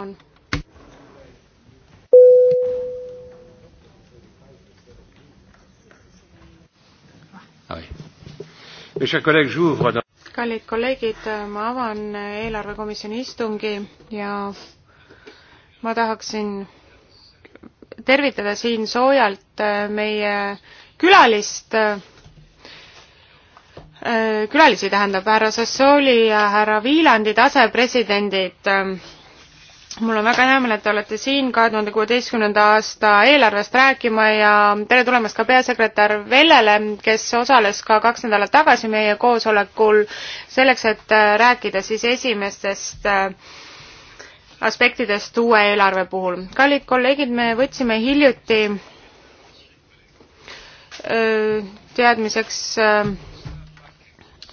on. Ah kallid kolleegid, ma avan eelarvekomisjoni istungi ja ma tahaksin tervitada siin soojalt meie külalist, külalisi tähendab härra Sassooli ja härra Viilandid, asepresidendid mul on väga hea meel, et te olete siin kahe tuhande kuueteistkümnenda aasta eelarvest rääkima ja tere tulemast ka peasekretär Vellele, kes osales ka kaks nädalat tagasi meie koosolekul selleks, et äh, rääkida siis esimestest äh, aspektidest uue eelarve puhul. kallid kolleegid, me võtsime hiljuti äh, teadmiseks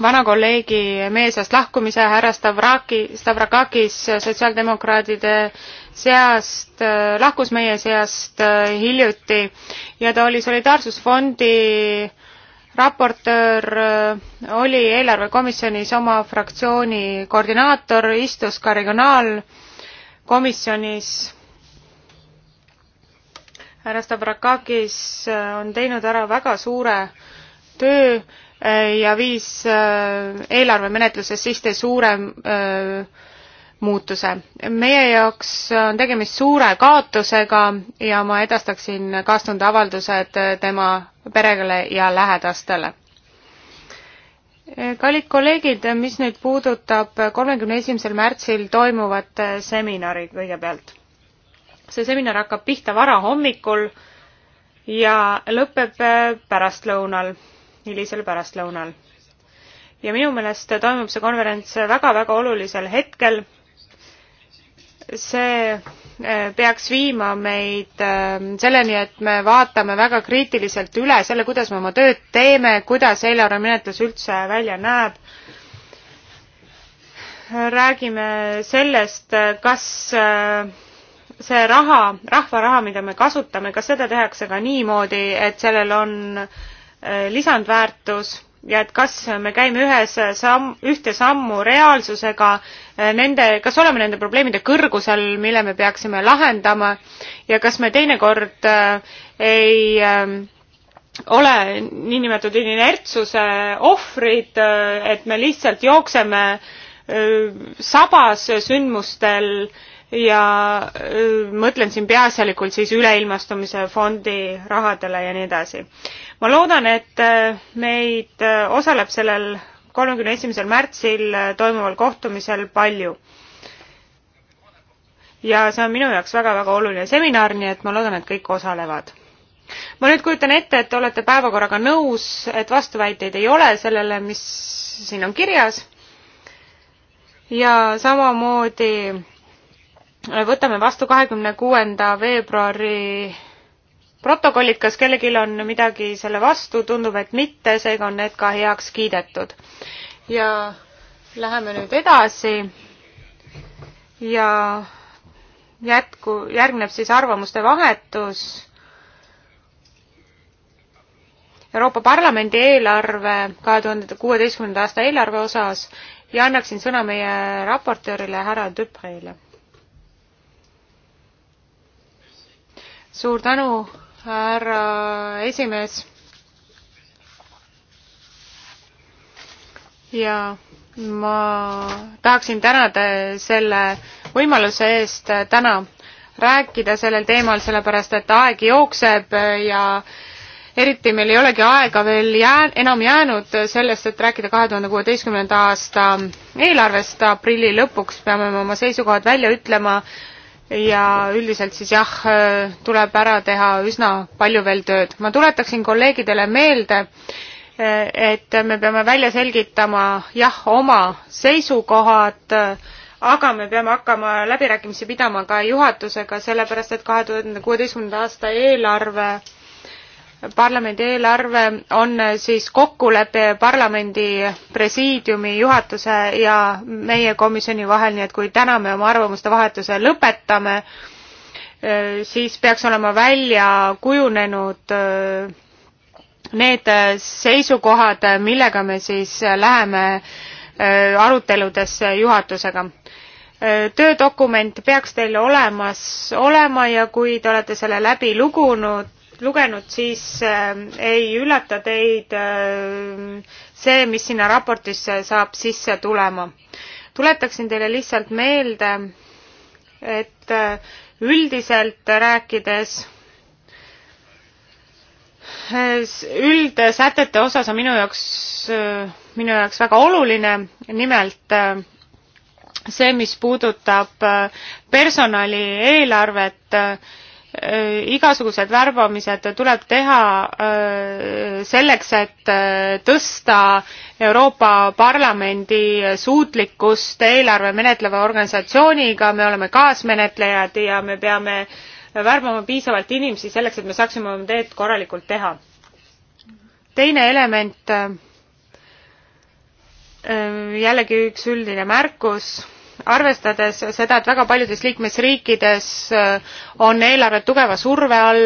vana kolleegi meie seast lahkumise härra Stavraki, Stavrakakis sotsiaaldemokraadide seast, äh, lahkus meie seast äh, hiljuti ja ta oli Solidaarsusfondi raportöör, äh, oli eelarvekomisjonis oma fraktsiooni koordinaator, istus ka regionaalkomisjonis. härra Stavrakakis on teinud ära väga suure töö ja viis äh, eelarvemenetluses sisse suure äh, muutuse. meie jaoks on tegemist suure kaotusega ja ma edastaksin kaastunde avaldused äh, tema perele ja lähedastele kallid kolleegid, mis nüüd puudutab kolmekümne esimesel märtsil toimuvat seminari kõigepealt. see seminar hakkab pihta varahommikul ja lõpeb pärastlõunal hilisel pärastlõunal. ja minu meelest toimub see konverents väga-väga olulisel hetkel. see eh, peaks viima meid eh, selleni, et me vaatame väga kriitiliselt üle selle, kuidas me oma tööd teeme, kuidas eelarvemenetlus üldse välja näeb räägime sellest, kas eh, see raha, rahva raha, mida me kasutame, kas seda tehakse ka niimoodi, et sellel on Äh, lisandväärtus ja et kas me käime ühes samm, ühte sammu reaalsusega, äh, nende, kas oleme nende probleemide kõrgusel, mille me peaksime lahendama ja kas me teinekord äh, ei ole niinimetatud inertsuse ohvrid, et me lihtsalt jookseme sabas sündmustel ja mõtlen siin peaasjalikult siis üleilmastumise fondi rahadele ja nii edasi ma loodan, et äh, meid äh, osaleb sellel kolmekümne esimesel märtsil äh, toimuval kohtumisel palju. ja see on minu jaoks väga-väga oluline seminar, nii et ma loodan, et kõik osalevad ma nüüd kujutan ette, et te olete päevakorraga nõus, et vastuväiteid ei ole sellele, mis siin on kirjas. ja samamoodi võtame vastu kahekümne kuuenda veebruari protokollid, kas kellelgi on midagi selle vastu, tundub, et mitte, seega on need ka heaks kiidetud. ja läheme nüüd edasi ja jätku, järgneb siis arvamuste vahetus Euroopa Parlamendi eelarve kahe tuhande kuueteistkümnenda aasta eelarve osas ja annaksin sõna meie raportöörile härra Dupreile. suur tänu härra esimees. ja ma tahaksin tänada selle võimaluse eest täna rääkida sellel teemal, sellepärast et aeg jookseb ja eriti meil ei olegi aega veel jää-, enam jäänud sellest, et rääkida kahe tuhande kuueteistkümnenda aasta eelarvest aprilli lõpuks, peame me oma seisukohad välja ütlema ja üldiselt siis jah, tuleb ära teha üsna palju veel tööd. ma tuletaksin kolleegidele meelde, et me peame välja selgitama jah, oma seisukohad, aga me peame hakkama läbirääkimisi pidama ka juhatusega, sellepärast et kahe tuhande kuueteistkümnenda aasta eelarve parlamendi eelarve on siis kokkulepe parlamendi presiidiumi, juhatuse ja meie komisjoni vahel, nii et kui täna me oma arvamuste vahetuse lõpetame, siis peaks olema välja kujunenud äh, need seisukohad, millega me siis läheme äh, aruteludesse juhatusega äh, töödokument peaks teil olemas olema ja kui te olete selle läbi lugunud, lugenud, siis äh, ei üllata teid äh, see, mis sinna raportisse saab sisse tulema. tuletaksin teile lihtsalt meelde, et äh, üldiselt rääkides üldsätete osas on minu jaoks, minu jaoks väga oluline, nimelt see, mis puudutab personali eelarvet Äh, igasugused värbamised tuleb teha äh, selleks, et äh, tõsta Euroopa Parlamendi suutlikkust eelarve menetleva organisatsiooniga, me oleme kaasmenetlejad ja me peame värbama piisavalt inimesi selleks, et me saaksime oma teed korralikult teha. teine element, jällegi üks üldine märkus arvestades seda, et väga paljudes liikmesriikides äh, on eelarved tugeva surve all,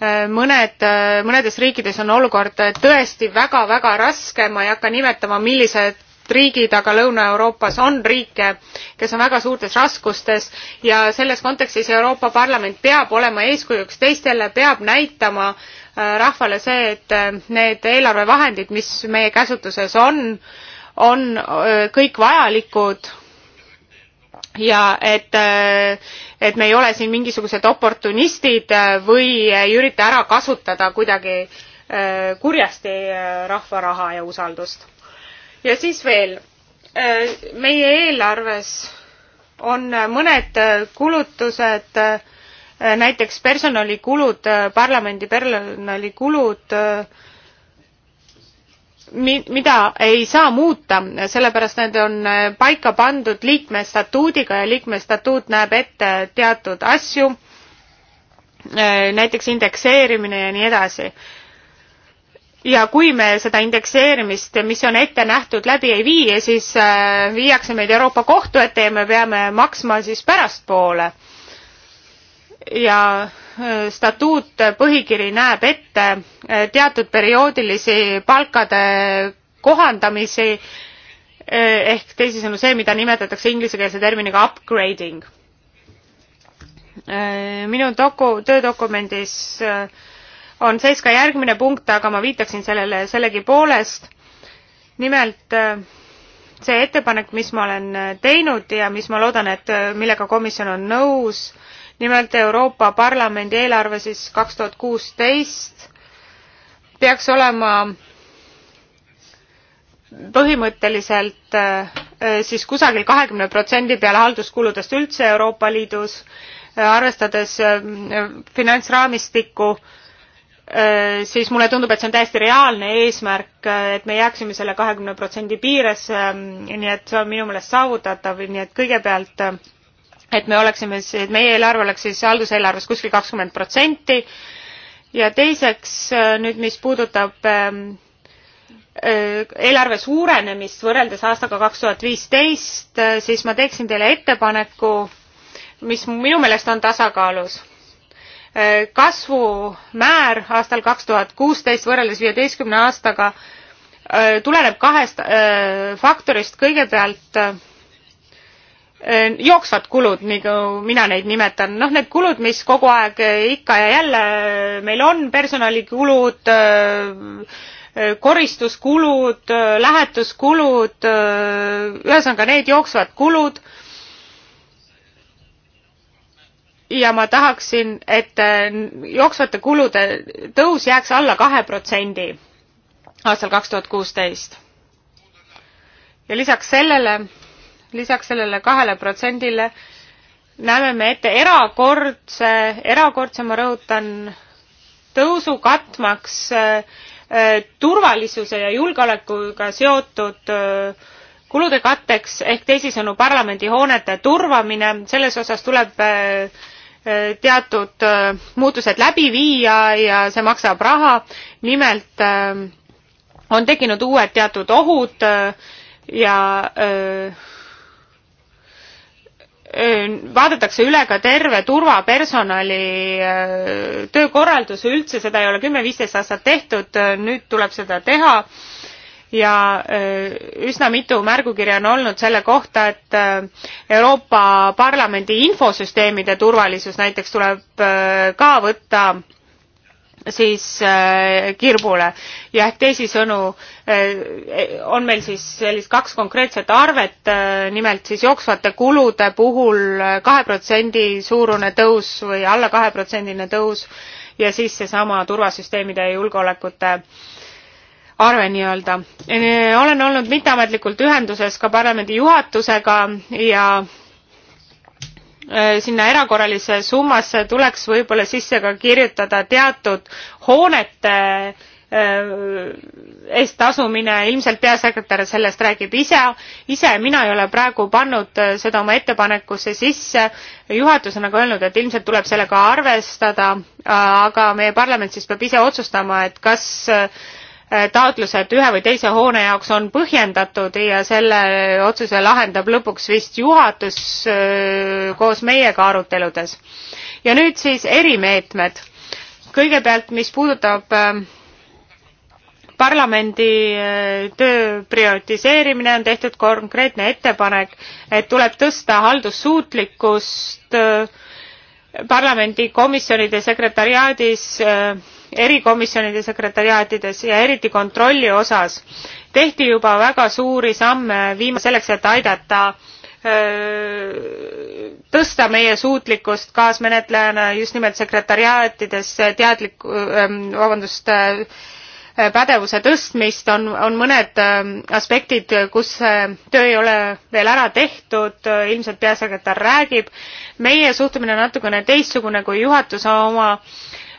äh, mõned, äh, mõnedes riikides on olukord tõesti väga-väga raske, ma ei hakka nimetama, millised riigid, aga Lõuna-Euroopas on riike, kes on väga suurtes raskustes ja selles kontekstis Euroopa Parlament peab olema eeskujuks teistele, peab näitama rahvale see, et need eelarvevahendid, mis meie käsutuses on, on kõik vajalikud ja et, äh, et me ei ole siin mingisugused oportunistid äh, või ei ürita ära kasutada kuidagi äh, kurjasti rahva raha ja usaldust. ja siis veel, meie eelarves on mõned kulutused, näiteks personalikulud, parlamendi personalikulud, mi-, mida ei saa muuta, sellepärast need on paika pandud liikme statuudiga ja liikme statuut näeb ette teatud asju, näiteks indekseerimine ja nii edasi. ja kui me seda indekseerimist, mis on ette nähtud, läbi ei vii, siis äh, viiakse meid Euroopa Kohtu ette ja me peame maksma siis pärastpoole. ja statuut, põhikiri näeb ette eh, teatud perioodilisi palkade kohandamisi eh, ehk teisisõnu see, mida nimetatakse inglisekeelse terminiga upgrading. Eh, minu doku-, töödokumendis on sees ka järgmine punkt, aga ma viitaksin sellele sellegipoolest. nimelt see ettepanek, mis ma olen teinud ja mis ma loodan, et millega komisjon on nõus, nimelt Euroopa Parlamendi eelarve siis kaks tuhat kuusteist peaks olema põhimõtteliselt äh, siis kusagil kahekümne protsendi peale halduskuludest üldse Euroopa Liidus, äh, arvestades äh, finantsraamistikku, siis mulle tundub, et see on täiesti reaalne eesmärk, et me jääksime selle kahekümne protsendi piiresse, nii et see on minu meelest saavutatav, nii et kõigepealt et me oleksime, et meie eelarve oleks siis halduseelarves kuskil kakskümmend protsenti ja teiseks äh, nüüd, mis puudutab ähm, äh, eelarve suurenemist võrreldes aastaga kaks tuhat viisteist, äh, siis ma teeksin teile ettepaneku, mis minu meelest on tasakaalus. kasvumäär aastal kaks tuhat kuusteist võrreldes viieteistkümne aastaga tuleneb kahest faktorist, kõigepealt Äh, jooksvad kulud, nagu mina neid nimetan, noh, need kulud, mis kogu aeg äh, ikka ja jälle äh, meil on, personalikulud, koristuskulud, lähetuskulud, ühesõnaga need jooksvad kulud. ja ma tahaksin, et jooksvate kulude tõus jääks alla kahe protsendi aastal kaks tuhat kuusteist. ja lisaks sellele lisaks sellele kahele protsendile näeme me ette erakordse, erakordse, ma rõhutan, tõusu katmaks äh, äh, turvalisuse ja julgeolekuga seotud äh, kulude katteks ehk teisisõnu parlamendihoonete turvamine, selles osas tuleb teatud muutused läbi viia ja see maksab raha. nimelt on tekkinud uued teatud ohud ja öö, vaadatakse üle ka terve turvapersonali töökorraldus üldse, seda ei ole kümme-viisteist aastat tehtud, nüüd tuleb seda teha ja üsna mitu märgukirja on olnud selle kohta, et Euroopa Parlamendi infosüsteemide turvalisus näiteks tuleb ka võtta siis äh, kirbule ja teisisõnu äh, on meil siis sellist kaks konkreetset arvet, äh, nimelt siis jooksvate kulude puhul kahe protsendi suurune tõus või alla kaheprotsendine tõus ja siis seesama turvasüsteemide ja julgeolekute arve nii-öelda. olen olnud mitteametlikult ühenduses ka parlamendi juhatusega ja Äh, sinna erakorralise summasse tuleks võib-olla sisse ka kirjutada teatud hoonete äh, eest tasumine, ilmselt peasekretär sellest räägib ise, ise mina ei ole praegu pannud äh, seda oma ettepanekusse sisse, juhatus on aga öelnud, et ilmselt tuleb sellega arvestada, aga meie parlament siis peab ise otsustama, et kas äh, Äh, taotlused ühe või teise hoone jaoks on põhjendatud ja selle otsuse lahendab lõpuks vist juhatus äh, koos meiega aruteludes. ja nüüd siis erimeetmed. kõigepealt, mis puudutab äh, parlamendi töö prioritiseerimine, on tehtud konkreetne ettepanek, et tuleb tõsta haldussuutlikkust parlamendi komisjonide sekretariaadis äh, erikomisjonide sekretariaatides ja eriti kontrolli osas tehti juba väga suuri samme viima- selleks et aidata öö, äh, tõsta meie suutlikkust kaasmenetlejana just nimelt sekretariaatides teadlik äh, vabandust Äh, pädevuse tõstmist, on, on mõned ähm, aspektid, kus see töö ei ole veel ära tehtud, äh, ilmselt peasekretär räägib. meie suhtumine on natukene teistsugune kui juhatuse oma.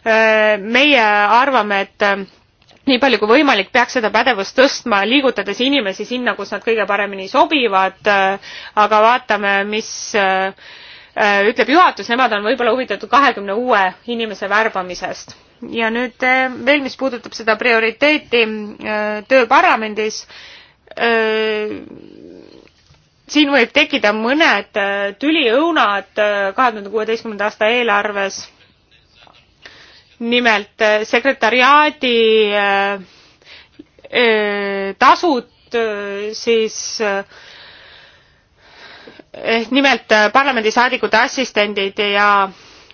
Äh, meie arvame, et nii palju kui võimalik, peaks seda pädevust tõstma, liigutades inimesi sinna, kus nad kõige paremini sobivad, aga vaatame, mis ütleb juhatus, nemad on võib-olla huvitatud kahekümne uue inimese värbamisest ja nüüd eh, veel, mis puudutab seda prioriteeti eh, töö parlamendis, eh, siin võib tekkida mõned tüliõunad kahe tuhande kuueteistkümnenda aasta eelarves. nimelt sekretariaadi tasud siis ehk nimelt parlamendisaadikute assistendid ja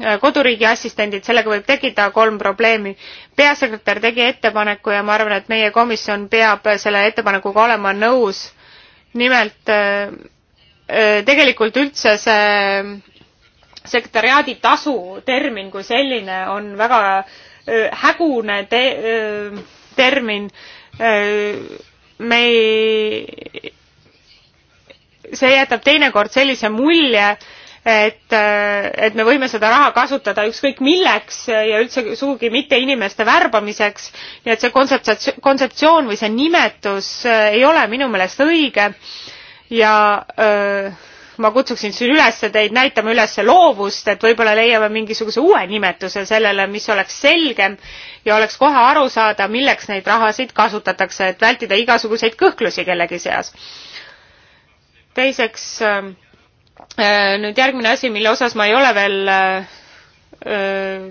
Äh, koduriigi assistendid, sellega võib tekitada kolm probleemi. peasekretär tegi ettepaneku ja ma arvan, et meie komisjon peab selle ettepanekuga olema nõus. nimelt äh, äh, tegelikult üldse see sekretariaadi tasu termin kui selline on väga hägune te termin. me ei, see jätab teinekord sellise mulje, et, et me võime seda raha kasutada ükskõik milleks ja üldse sugugi mitte inimeste värbamiseks. nii et see kontseptsioon, kontseptsioon või see nimetus äh, ei ole minu meelest õige ja öö, äh, ma kutsuksin siin üles teid näitama üles loovust, et võib-olla leiame mingisuguse uue nimetuse sellele, mis oleks selgem ja oleks kohe aru saada, milleks neid rahasid kasutatakse, et vältida igasuguseid kõhklusi kellegi seas. teiseks öö, äh, Äh, nüüd järgmine asi, mille osas ma ei ole veel äh, äh,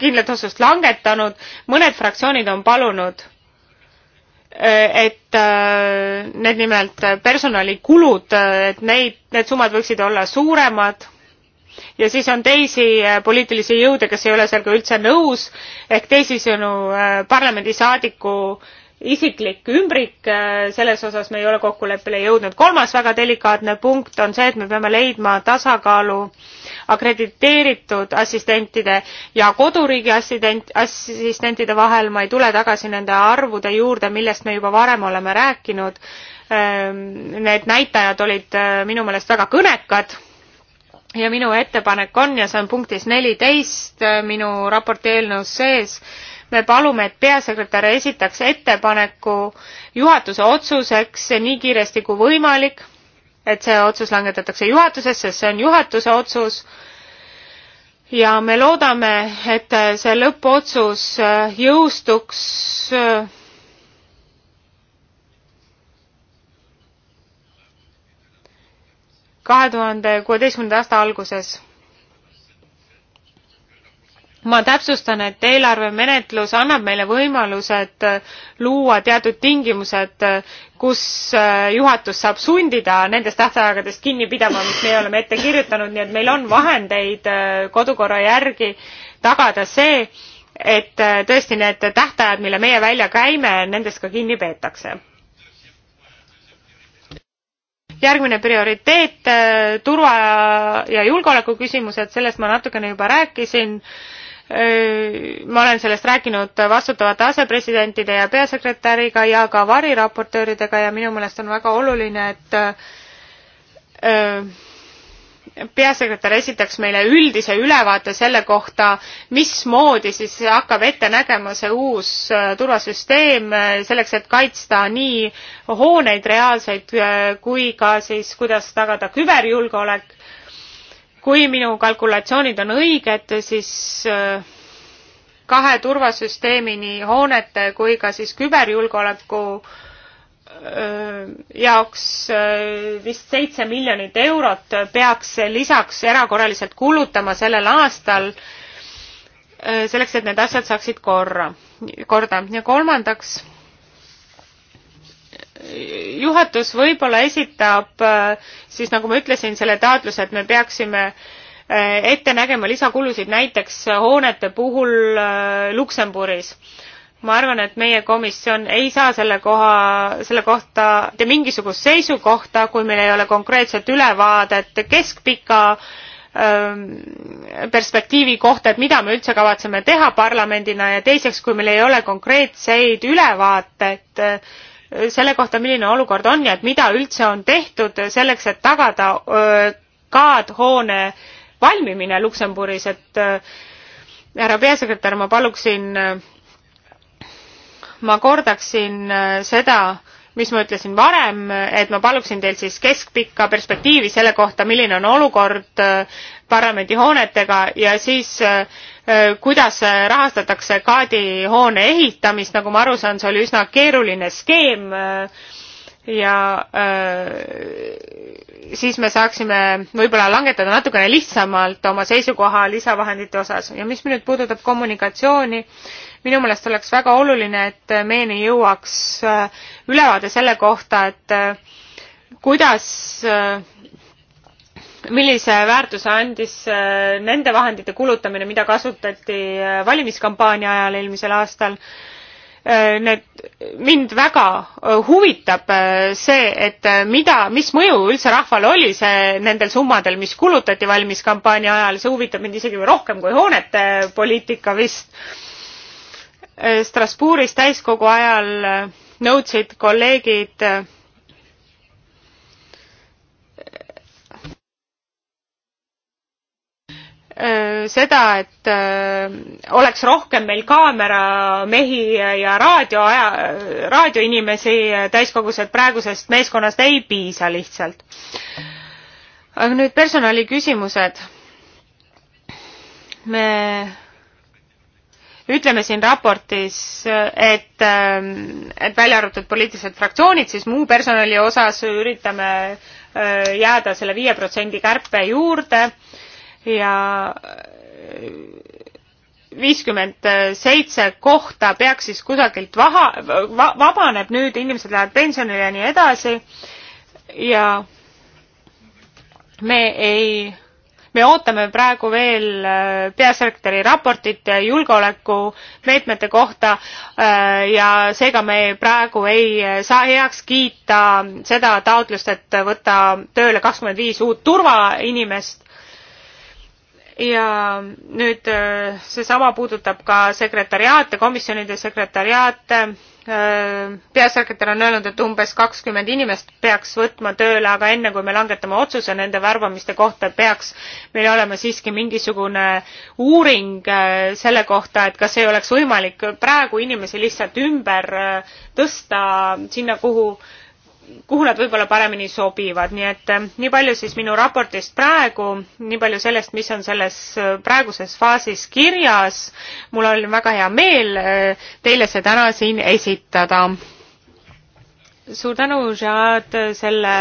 kindlat otsust langetanud, mõned fraktsioonid on palunud, et need nimelt personalikulud, et neid, need summad võiksid olla suuremad ja siis on teisi poliitilisi jõude, kes ei ole sellega üldse nõus, ehk teisisõnu parlamendisaadiku isiklik ümbrik, äh, selles osas me ei ole kokkuleppele jõudnud. kolmas väga delikaatne punkt on see, et me peame leidma tasakaalu akrediteeritud assistentide ja koduriigi assistent, assistentide vahel. ma ei tule tagasi nende arvude juurde, millest me juba varem oleme rääkinud. Ähm, need näitajad olid äh, minu meelest väga kõnekad ja minu ettepanek on ja see on punktis neliteist äh, minu raporti eelnõus sees me palume, et peasekretär esitaks ettepaneku juhatuse otsuseks nii kiiresti kui võimalik, et see otsus langetatakse juhatuses, sest see on juhatuse otsus ja me loodame, et see lõppotsus jõustuks kahe tuhande kuueteistkümnenda aasta alguses ma täpsustan, et eelarvemenetlus annab meile võimalused äh, luua teatud tingimused, äh, kus äh, juhatus saab sundida nendest tähtaegadest kinni pidama, mis meie oleme ette kirjutanud, nii et meil on vahendeid kodukorra järgi tagada see, et tõesti need tähtajad, mille meie välja käime, nendest ka kinni peetakse. järgmine prioriteet, turva ja julgeoleku küsimused, sellest ma natukene juba rääkisin ma olen sellest rääkinud vastutavate asepresidentide ja peasekretäriga ja ka variraportööridega ja minu meelest on väga oluline, et peasekretär esitaks meile üldise ülevaate selle kohta, mismoodi siis hakkab ette nägema see uus turvasüsteem selleks, et kaitsta nii hooneid reaalseid kui ka siis, kuidas tagada küberjulgeolek kui minu kalkulatsioonid on õiged, siis äh, kahe turvasüsteemi, nii hoonete kui ka siis küberjulgeoleku äh, jaoks äh, vist seitse miljonit eurot peaks lisaks erakorraliselt kulutama sellel aastal selleks, et need asjad saaksid korra, korda. ja kolmandaks juhatus võib-olla esitab äh, siis nagu ma ütlesin, selle taotluse, et me peaksime äh, ette nägema lisakulusid näiteks hoonete puhul äh, Luksemburis. ma arvan, et meie komisjon ei saa selle koha, selle kohta mitte mingisugust seisukohta, kui meil ei ole konkreetset ülevaadet keskpika ähm, perspektiivi kohta, et mida me üldse kavatseme teha parlamendina ja teiseks, kui meil ei ole konkreetseid ülevaateid selle kohta, milline olukord on ja et mida üldse on tehtud selleks, et tagada kaadhoone valmimine Luksemburgis, et härra peasekretär, ma paluksin, ma kordaksin seda, mis ma ütlesin varem, et ma paluksin teil siis keskpikka perspektiivi selle kohta, milline on olukord parlamendihoonetega ja siis äh, äh, kuidas rahastatakse Kaadi hoone ehitamist, nagu ma aru saan, see oli üsna keeruline skeem äh, ja siis me saaksime võib-olla langetada natukene lihtsamalt oma seisukoha lisavahendite osas ja mis nüüd puudutab kommunikatsiooni, minu meelest oleks väga oluline, et meieni jõuaks ülevaade selle kohta, et kuidas millise väärtuse andis äh, nende vahendite kulutamine, mida kasutati äh, valimiskampaania ajal eelmisel aastal. Äh, need, mind väga huvitab see, et mida, mis mõju üldse rahval oli see nendel summadel, mis kulutati valimiskampaania ajal, see huvitab mind isegi rohkem kui hoonete poliitika vist. Strasbourgis täiskogu ajal nõudsid kolleegid Äh, seda, et äh, oleks rohkem meil kaameramehi ja raadio, raadioinimesi täiskogus, et praegusest meeskonnast ei piisa lihtsalt. aga nüüd personali küsimused. me ütleme siin raportis, et, äh, et välja arvatud poliitilised fraktsioonid, siis muu personali osas üritame jääda selle viie protsendi kärpe juurde ja viiskümmend seitse kohta peaks siis kusagilt vaha va,, vabaneb nüüd, inimesed lähevad pensionile ja nii edasi. ja me ei, me ootame praegu veel äh, peasekretäri raportit julgeolekumeetmete kohta äh, ja seega me praegu ei saa heaks kiita seda taotlust, et võtta tööle kakskümmend viis uut turvainimest ja nüüd äh, seesama puudutab ka sekretariaate, komisjonide sekretariaate, äh, peasekretär on öelnud, et umbes kakskümmend inimest peaks võtma tööle, aga enne kui me langetame otsuse nende värbamiste kohta, peaks meil olema siiski mingisugune uuring äh, selle kohta, et kas ei oleks võimalik praegu inimesi lihtsalt ümber tõsta sinna, kuhu kuhu nad võib-olla paremini sobivad, nii et äh, nii palju siis minu raportist praegu, nii palju sellest, mis on selles äh, praeguses faasis kirjas. mul on väga hea meel äh, teile see täna siin esitada. suur tänu, Jad, selle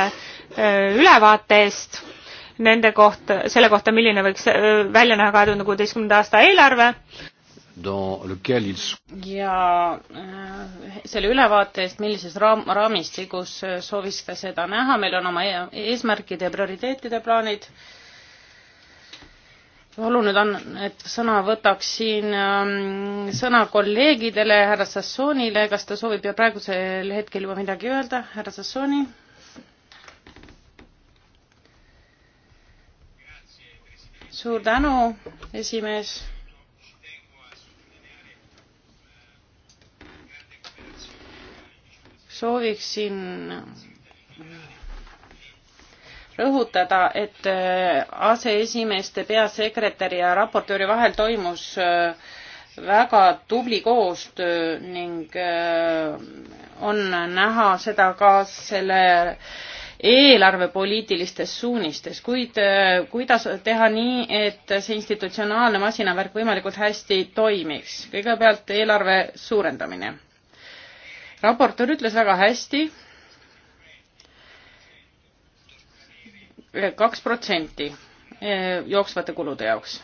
ülevaate eest nende kohta, selle kohta, milline võiks välja näha kahe tuhande kuueteistkümnenda aasta eelarve dans lequel ils ja äh, selle ülevaate eest, millises raam, raamistikus äh, soovis ta seda näha, meil on oma e-, eesmärkid ja prioriteetide plaanid. palun nüüd on, et sõna võtaks siin ähm, sõna kolleegidele, härra Sassoonile, kas ta soovib ja praegusel hetkel juba midagi öelda, härra Sassooni? suur tänu, esimees sooviksin rõhutada, et äh, aseesimeeste, peasekretäri ja raportööri vahel toimus äh, väga tubli koostöö ning äh, on näha seda ka selle eelarvepoliitilistes suunistes, kuid kuidas teha nii, et see institutsionaalne masinavärk võimalikult hästi toimiks. kõigepealt eelarve suurendamine raportöör ütles väga hästi, kaks protsenti e, jooksvate kulude jaoks.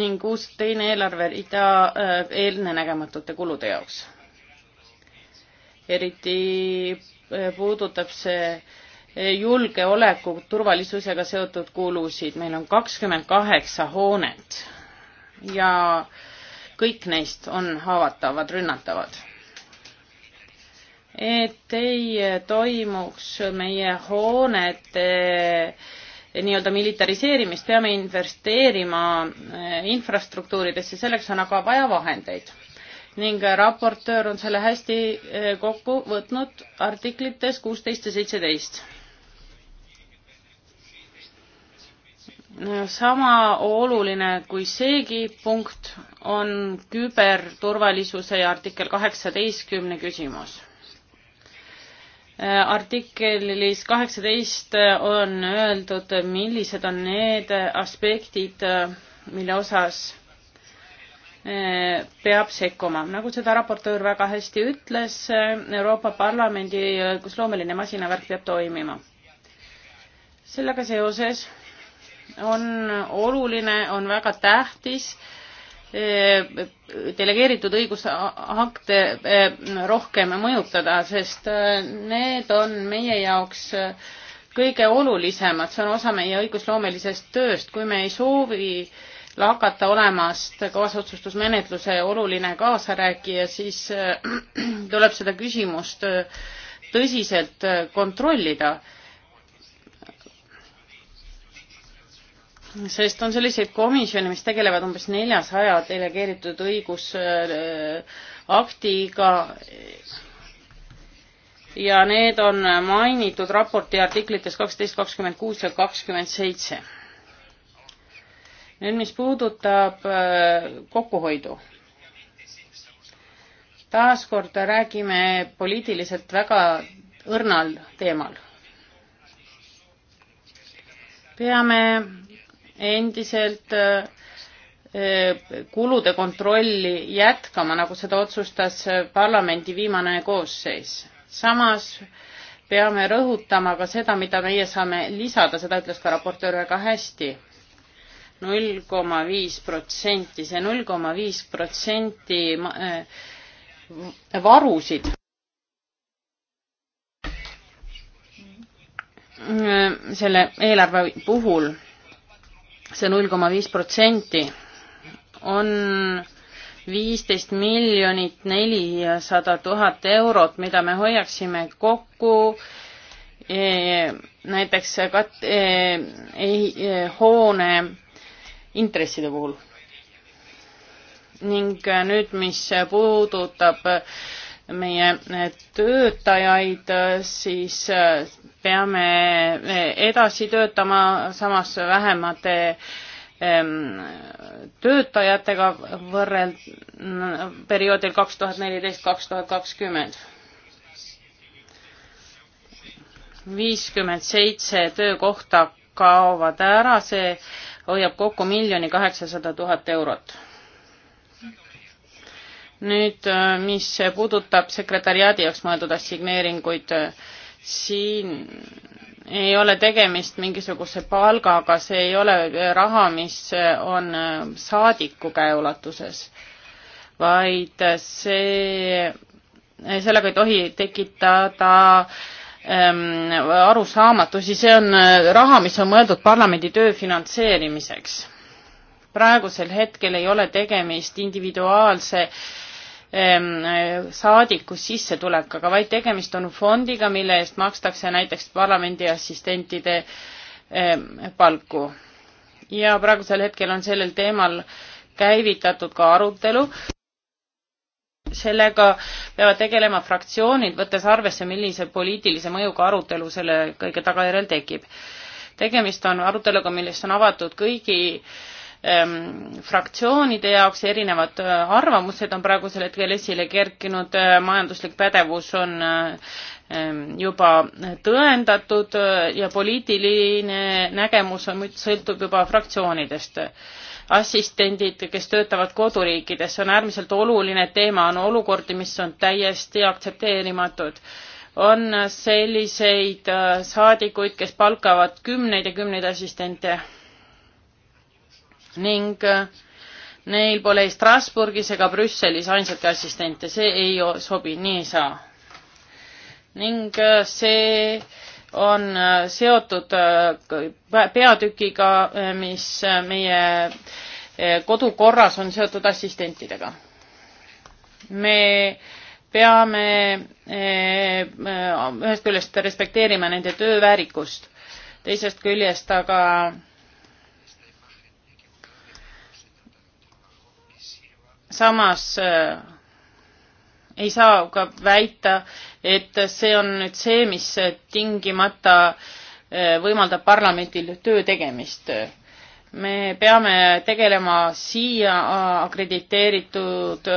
ning uus teine eelarverida e, eelnenägematute kulude jaoks. eriti e, puudutab see julgeoleku turvalisusega seotud kulusid, meil on kakskümmend kaheksa hoonet ja äh, kõik neist on haavatavad, rünnatavad. et ei toimuks meie hoonete eh, nii-öelda militariseerimist, peame investeerima eh, infrastruktuuridesse, selleks on aga vaja vahendeid. ning raportöör on selle hästi eh, kokku võtnud artiklites kuusteist ja seitseteist sama oluline kui seegi punkt on küberturvalisuse ja artikkel kaheksateistkümne küsimus. Äh, artiklis kaheksateist on öeldud, millised on need aspektid, äh, mille osas äh, peab sekkuma. nagu seda raportöör väga hästi ütles, Euroopa Parlamendi õigusloomeline masinavärk peab toimima. sellega seoses on oluline, on väga tähtis eh, delegeeritud õigusakte eh, rohkem mõjutada, sest eh, need on meie jaoks kõige olulisemad, see on osa meie õigusloomelisest tööst, kui me ei soovi hakata olemast kaasotsustusmenetluse oluline kaasarääkija, siis tuleb seda küsimust tõsiselt kontrollida sest on selliseid komisjone, mis tegelevad umbes neljasaja delegeeritud õigusaktiga ja need on mainitud raporti artiklites kaksteist, kakskümmend kuus ja kakskümmend seitse. nüüd, mis puudutab äh, kokkuhoidu. taaskord räägime poliitiliselt väga õrnal teemal. peame endiselt äh, kulude kontrolli jätkama, nagu seda otsustas äh, parlamendi viimane koosseis. samas peame rõhutama ka seda, mida meie saame lisada, seda ütles ka raportöör väga hästi. null koma viis protsenti, see null koma viis protsenti äh, varusid. selle eelarve puhul see null koma viis protsenti on viisteist miljonit nelisada tuhat eurot, mida me hoiaksime kokku e, näiteks kat-, e, e, hoone intresside puhul. ning nüüd, mis puudutab meie töötajaid, siis eh, peame eh, edasi töötama samas vähemate ehm, töötajatega võrreld-, perioodil kaks tuhat neliteist, kaks tuhat kakskümmend. viiskümmend seitse töökohta kaovad ära, see hoiab kokku miljoni kaheksasada tuhat eurot nüüd, äh, mis puudutab sekretäriaadi jaoks mõeldud assigneeringuid, äh, siin ei ole tegemist mingisuguse palgaga, see ei ole äh, raha, mis on saadiku käeulatuses, vaid see, sellega ei tohi tekitada ähm, arusaamatusi, see on raha, mis on mõeldud parlamendi töö finantseerimiseks. praegusel hetkel ei ole tegemist individuaalse äh, Ehm, eh, saadiku sissetulekaga, vaid tegemist on fondiga, mille eest makstakse näiteks parlamendi assistentide ehm, palku. ja praegusel hetkel on sellel teemal käivitatud ka arutelu. sellega peavad tegelema fraktsioonid, võttes arvesse, millise poliitilise mõjuga arutelu selle kõige tagajärjel tekib. tegemist on aruteluga, millest on avatud kõigi äh, Ähm, fraktsioonide jaoks erinevad äh, arvamused on praegusel hetkel esile kerkinud, äh, majanduslik pädevus on äh, ähm, juba tõendatud ja poliitiline nägemus on, sõltub juba fraktsioonidest. assistendid, kes töötavad koduriikides, see on äärmiselt oluline teema, on olukordi, mis on täiesti aktsepteerimatud on selliseid saadikuid, kes palkavad kümneid ja kümneid assistente ning äh, neil pole ei Strasbourgis ega Brüsselis ainsatki assistente, see ei sobi, nii ei saa. ning äh, see on äh, seotud peatükiga, mis meie kodukorras on seotud assistentidega. me peame ühest küljest respekteerima nende tööväärikust, teisest küljest aga samas äh, ei saa ka väita, et see on nüüd see, mis tingimata äh, võimaldab parlamendil töö tegemist. me peame tegelema siia äh, akrediteeritud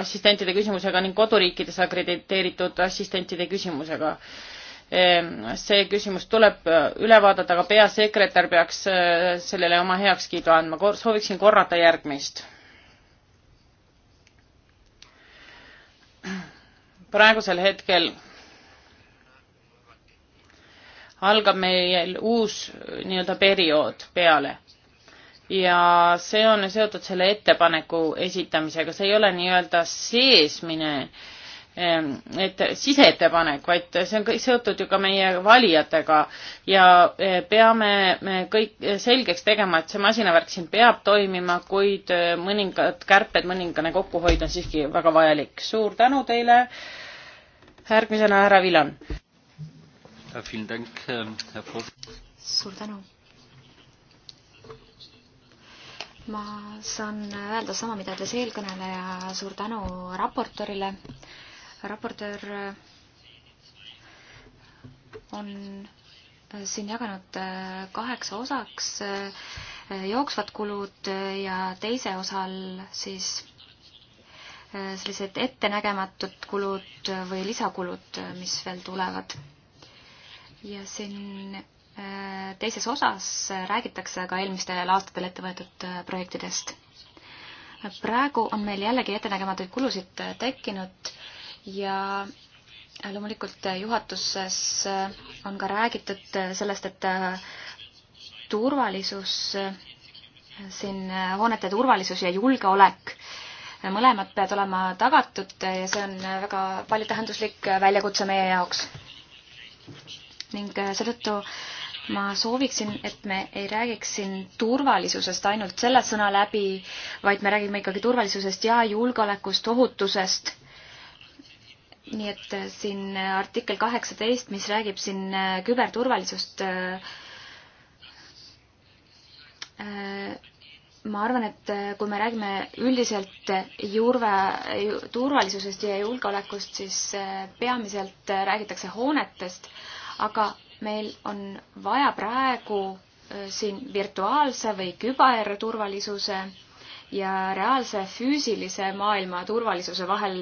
assistentide küsimusega ning koduriikides akrediteeritud assistentide küsimusega. Ähm, see küsimus tuleb üle vaadata, aga peasekretär peaks sellele oma heakskiidu andma. sooviksin korrata järgmist praegusel hetkel algab meil uus nii-öelda periood peale ja see on seotud selle ettepaneku esitamisega, see ei ole nii-öelda seesmine ehm, et siseettepanek, vaid see on kõik seotud ju ka meie valijatega ja eh, peame me eh, kõik selgeks tegema, et see masinavärk siin peab toimima, kuid eh, mõningad kärped, mõningane kokkuhoid on siiski väga vajalik. suur tänu teile äh, järgmisena härra Vilan. Ähm, suur tänu. ma saan öelda sama, mida ütles eelkõneleja, suur tänu raportöörile. raportöör on siin jaganud äh, kaheksa osaks äh, jooksvad kulud ja teise osal siis sellised ettenägematud kulud või lisakulud, mis veel tulevad. ja siin äh, teises osas räägitakse ka eelmistel aastatel ette võetud äh, projektidest. praegu on meil jällegi ettenägematuid kulusid äh, tekkinud ja loomulikult juhatuses on ka räägitud sellest, et turvalisus, siin hoonete turvalisus ja julgeolek mõlemad peavad olema tagatud ja see on väga paljutähenduslik väljakutse meie jaoks. ning äh, seetõttu ma sooviksin, et me ei räägiks siin turvalisusest ainult selle sõna läbi, vaid me räägime ikkagi turvalisusest ja julgeolekust, ohutusest. nii et äh, siin äh, artikkel kaheksateist, mis räägib siin küberturvalisust äh,, ma arvan, et äh, kui me räägime üldiselt juurve ju, turvalisusest ja julgeolekust, siis äh, peamiselt äh, räägitakse hoonetest, aga meil on vaja praegu siin virtuaalse või küberturvalisuse ja reaalse füüsilise maailma turvalisuse vahel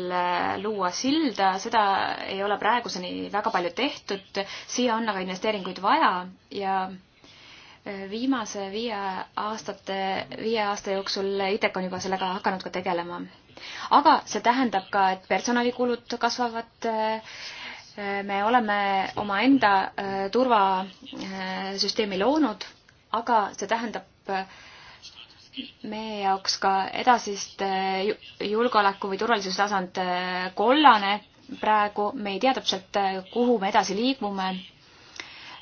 luua silda, seda ei ole praeguseni väga palju tehtud, siia on aga investeeringuid vaja ja viimase viie aastate, viie aasta jooksul ITEK on juba sellega hakanud ka tegelema. aga see tähendab ka, et personalikulud kasvavad. me oleme omaenda äh, turvasüsteemi äh, loonud, aga see tähendab äh, meie jaoks ka edasist julgeoleku või turvalisustasand kollane praegu, me ei tea täpselt, kuhu me edasi liigume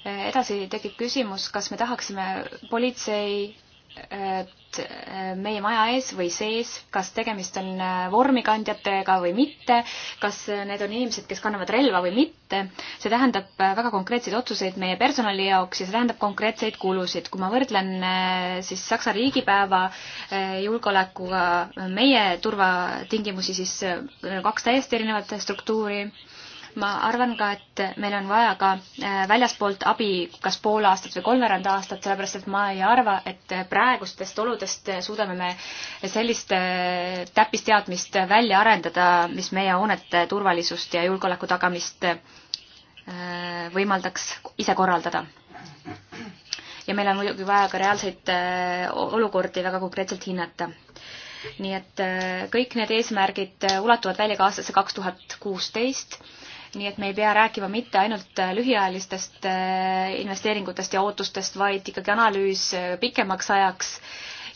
edasi tekib küsimus, kas me tahaksime politsei äh, meie maja ees või sees, kas tegemist on äh, vormikandjatega või mitte, kas äh, need on inimesed, kes kannavad relva või mitte. see tähendab väga konkreetseid otsuseid meie personali jaoks ja see tähendab konkreetseid kulusid. kui ma võrdlen siis Saksa riigipäeva julgeolekuga meie turvatingimusi, siis kaks täiesti erinevat struktuuri ma arvan ka, et meil on vaja ka äh, väljaspoolt abi kas pool aastat või kolmveerand aastat, sellepärast et ma ei arva, et praegustest oludest suudame me sellist äh, täppisteadmist välja arendada, mis meie hoonete turvalisust ja julgeoleku tagamist äh, võimaldaks ise korraldada ja meil on muidugi vaja ka reaalseid olukordi väga konkreetselt hinnata. nii et kõik need eesmärgid ulatuvad välja ka aastasse kaks tuhat kuusteist nii et me ei pea rääkima mitte ainult äh, lühiajalistest äh, investeeringutest ja ootustest, vaid ikkagi analüüs äh, pikemaks ajaks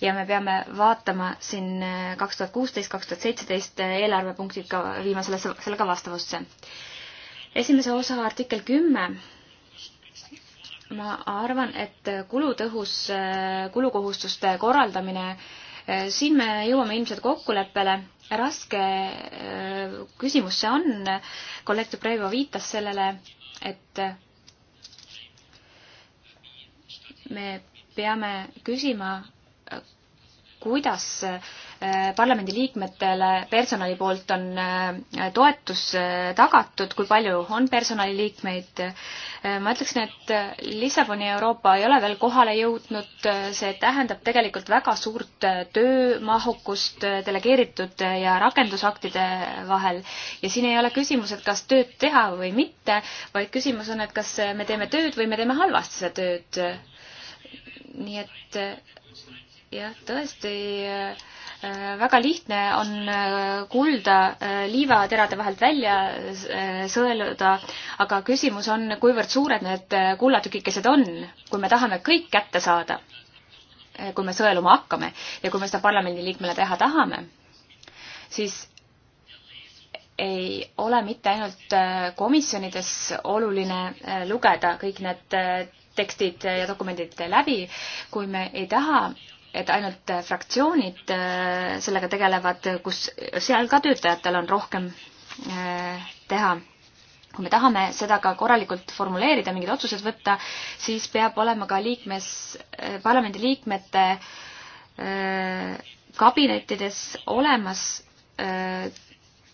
ja me peame vaatama siin kaks tuhat kuusteist, kaks tuhat seitseteist eelarvepunktid ka, viima selle, sellega vastavusse. esimese osa artikkel kümme ma arvan, et kulutõhus kulukohustuste korraldamine äh, Eh, siin me jõuame ilmselt kokkuleppele, raske eh, küsimus see on, kolleeg Dubreva viitas sellele, et me peame küsima, kuidas Äh, parlamendiliikmetele personali poolt on äh, toetus äh, tagatud, kui palju on personaliliikmeid. ma ütleksin, et Lissaboni Euroopa ei ole veel kohale jõudnud, see tähendab tegelikult väga suurt töömahukust delegeeritud ja rakendusaktide vahel. ja siin ei ole küsimus, et kas tööd teha või mitte, vaid küsimus on, et kas me teeme tööd või me teeme halvasti seda tööd. nii et jah, tõesti äh, Äh, väga lihtne on äh, kulda äh, liivaterade vahelt välja sõeluda, aga küsimus on, kuivõrd suured need kullatükikesed on, kui me tahame kõik kätte saada, kui me sõeluma hakkame ja kui me seda parlamendiliikmele teha tahame, siis ei ole mitte ainult komisjonides oluline lugeda kõik need tekstid ja dokumendid läbi, kui me ei taha, et ainult fraktsioonid äh, sellega tegelevad, kus seal ka töötajatel on rohkem äh, teha. kui me tahame seda ka korralikult formuleerida, mingid otsused võtta, siis peab olema ka liikmes, äh, parlamendi liikmete kabinettides olemas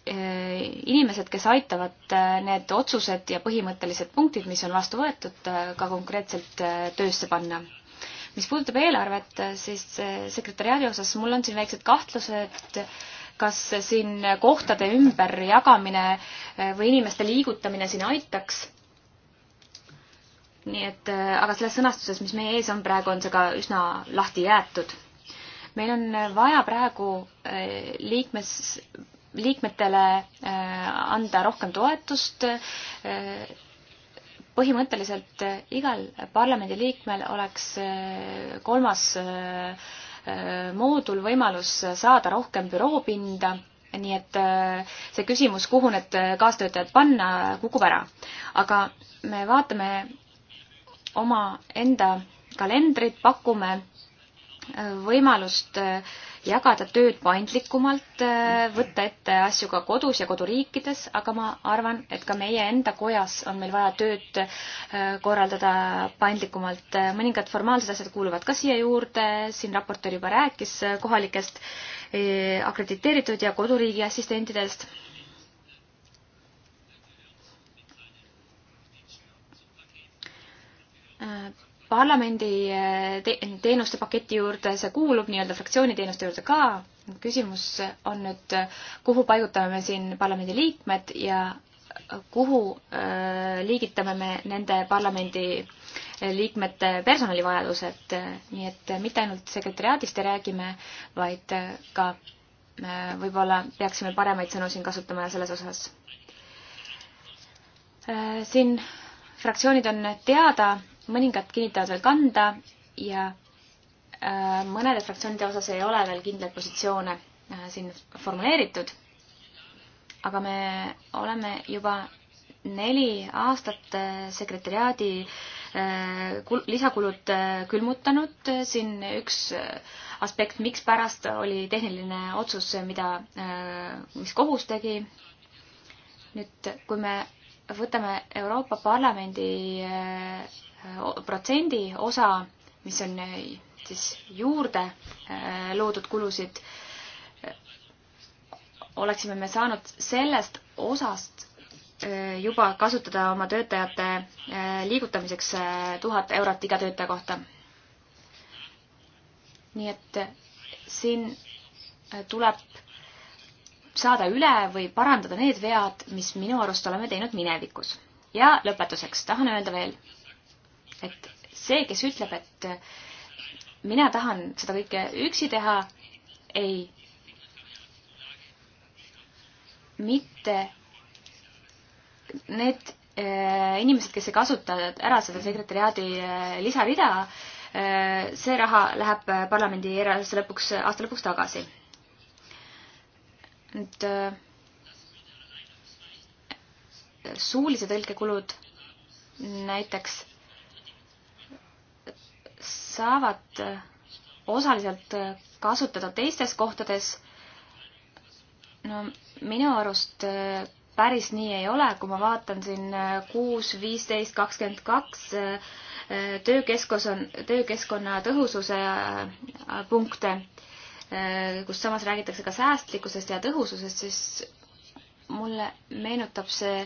inimesed, kes aitavad need otsused ja põhimõttelised punktid, mis on vastu võetud, ka konkreetselt töösse panna mis puudutab eelarvet, siis eh, sekretäriaadi osas mul on siin väiksed kahtlused, kas siin kohtade ümberjagamine eh, või inimeste liigutamine siin aitaks. nii et, eh, aga selles sõnastuses, mis meie ees on praegu, on see ka üsna lahti jäetud. meil on vaja praegu liikmes, liikmetele anda rohkem toetust põhimõtteliselt eh, igal parlamendiliikmel oleks eh, kolmas eh, moodul võimalus saada rohkem büroopinda, nii et see küsimus, kuhu need kaastöötajad panna, kukub ära. aga me vaatame omaenda kalendrit, pakume võimalust äh, jagada tööd paindlikumalt, äh, võtta ette asju ka kodus ja koduriikides, aga ma arvan, et ka meie enda kojas on meil vaja tööd äh, korraldada paindlikumalt. Äh, mõningad formaalsed asjad kuuluvad ka siia juurde, siin raportöör juba rääkis kohalikest akrediteeritud ja koduriigi assistentidest parlamendi eh, teenuste paketi juurde, see kuulub nii-öelda fraktsiooni teenuste juurde ka. küsimus on nüüd, kuhu paigutame siin parlamendi liikmed ja kuhu eh, liigitame me nende parlamendi eh, liikmete personalivajadused, nii et mitte ainult sekretäriaadist ei räägi me, vaid ka võib-olla peaksime paremaid sõnu siin kasutama selles osas. siin fraktsioonid on teada mõningad kinnitavad veel kanda ja äh, mõnede fraktsioonide osas ei ole veel kindlaid positsioone äh, siin formuleeritud. aga me oleme juba neli aastat äh, sekretäriaadi lisakulud külmutanud. siin üks aspekt, mikspärast oli tehniline otsus, mida, mis kohus tegi. nüüd, kui me võtame Euroopa Parlamendi protsendi osa, mis on eh, siis juurde eh, loodud kulusid, oleksime me saanud sellest osast eh, juba kasutada oma töötajate liigutamiseks tuhat eurot iga töötaja kohta. nii et siin tuleb saada üle või parandada need vead, mis minu arust oleme teinud minevikus. ja lõpetuseks tahan öelda veel, et see, kes ütleb, et äh, mina tahan seda kõike üksi teha, ei. mitte need äh, inimesed, kes ei kasuta ära seda sekretäriaadi äh, lisarida äh,, see raha läheb äh, parlamendi erasse lõpuks, aasta lõpuks tagasi. nüüd äh, suulise tõlke kulud näiteks saavad osaliselt kasutada teistes kohtades. no minu arust äh, päris nii ei ole, kui ma vaatan siin äh, kuus, viisteist, kakskümmend kaks äh, töökeskus on, töökeskkonna tõhususe punkte, kus samas räägitakse ka säästlikkusest ja tõhususest, siis mulle meenutab see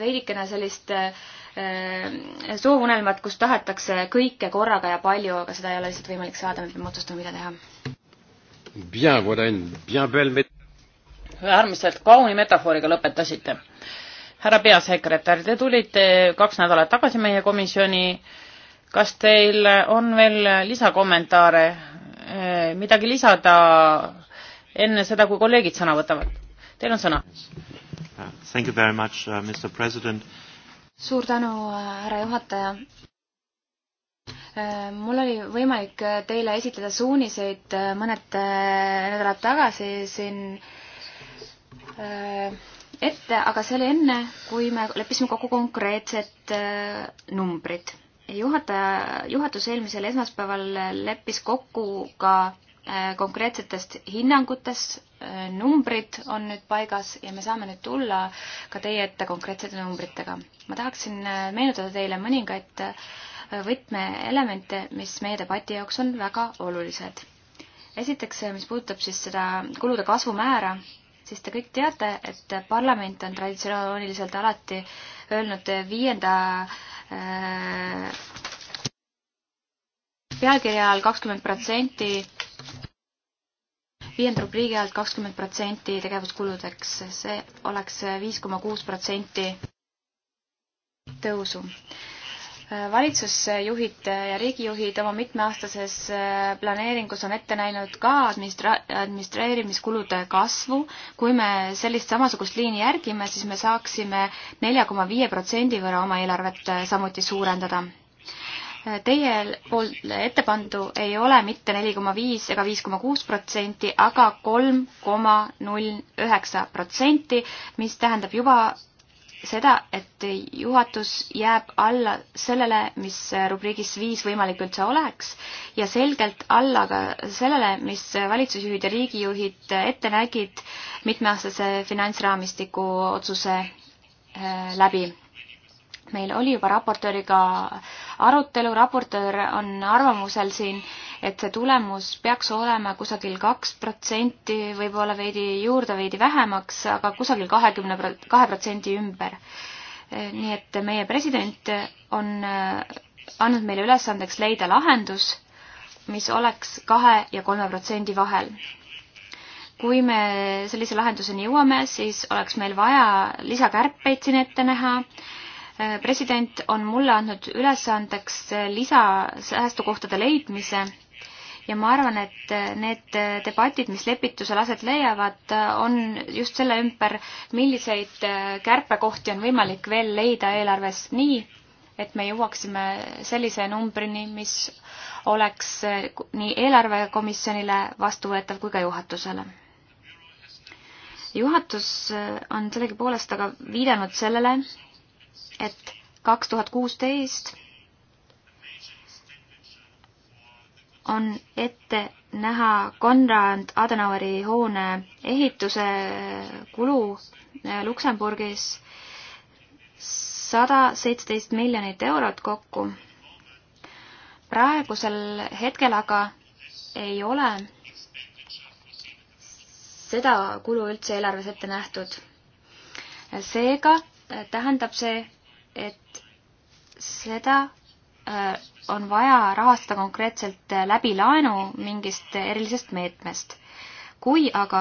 veidikene sellist äh, Ehm, soovunelmad, kus tahetakse kõike korraga ja palju, aga seda ei ole lihtsalt võimalik saada, me peame otsustama, mida teha. äärmiselt kauni metafooriga lõpetasite. härra peasekretär, te tulite kaks nädalat tagasi meie komisjoni. kas teil on veel lisakommentaare, ehm, midagi lisada enne seda, kui kolleegid sõna võtavad? Teil on sõna. Thank you very much uh,, Mr President uh, suur tänu, äh, härra juhataja. Äh, mul oli võimalik äh, teile esitleda suuniseid mõned nädalad tagasi siin ette, aga see oli enne, kui me leppisime kokku konkreetsed numbrid. juhataja, juhatus eelmisel esmaspäeval leppis kokku ka konkreetsetest hinnangutest numbrid on nüüd paigas ja me saame nüüd tulla ka teie ette konkreetsete numbritega. ma tahaksin äh, meenutada teile mõningaid äh, võtmeelemente, mis meie debati jaoks on väga olulised. esiteks, äh, mis puudutab siis seda kulude kasvumäära, siis te kõik teate, et parlament on traditsiooniliselt alati öelnud viienda äh, pealkirja all kakskümmend protsenti viiendab riigi alt kakskümmend protsenti tegevuskuludeks, see oleks viis koma kuus protsenti tõusu. valitsusjuhid ja riigijuhid oma mitmeaastases planeeringus on ette näinud ka administra-, administreerimiskulude kasvu. kui me sellist samasugust liini järgime, siis me saaksime nelja koma viie protsendi võrra oma eelarvet samuti suurendada Teie poole ette pandu ei ole mitte neli koma viis ega viis koma kuus protsenti, aga kolm koma null üheksa protsenti, mis tähendab juba seda, et juhatus jääb alla sellele, mis rubriigis viis võimalik üldse oleks ja selgelt alla ka sellele, mis valitsusjuhid ja riigijuhid ette nägid mitmeaastase finantsraamistiku otsuse äh, läbi meil oli juba raportööriga arutelu, raportöör on arvamusel siin, et see tulemus peaks olema kusagil kaks protsenti, võib-olla veidi juurde, veidi vähemaks, aga kusagil kahekümne, kahe protsendi ümber. nii et meie president on äh, andnud meile ülesandeks leida lahendus, mis oleks kahe ja kolme protsendi vahel kui me sellise lahenduseni jõuame, siis oleks meil vaja lisakärpeid siin ette näha äh,, Äh, president on mulle andnud ülesandeks äh, lisasäästukohtade leidmise ja ma arvan, et äh, need debatid, mis lepitusel aset leiavad, on just selle ümber, milliseid kärpekohti on võimalik veel leida eelarves nii, et me jõuaksime sellise numbrini, mis oleks nii eelarvekomisjonile vastuvõetav kui ka juhatusele. juhatus on sellegipoolest aga viidanud sellele, et kaks tuhat kuusteist on ette näha Konrad Adenaueri hoone ehituse kulu äh, Luksemburgis sada seitseteist miljonit eurot kokku. praegusel hetkel aga ei ole seda kulu üldse eelarves ette nähtud. seega tähendab see, et seda äh, on vaja rahastada konkreetselt äh, läbi laenu mingist erilisest meetmest kui aga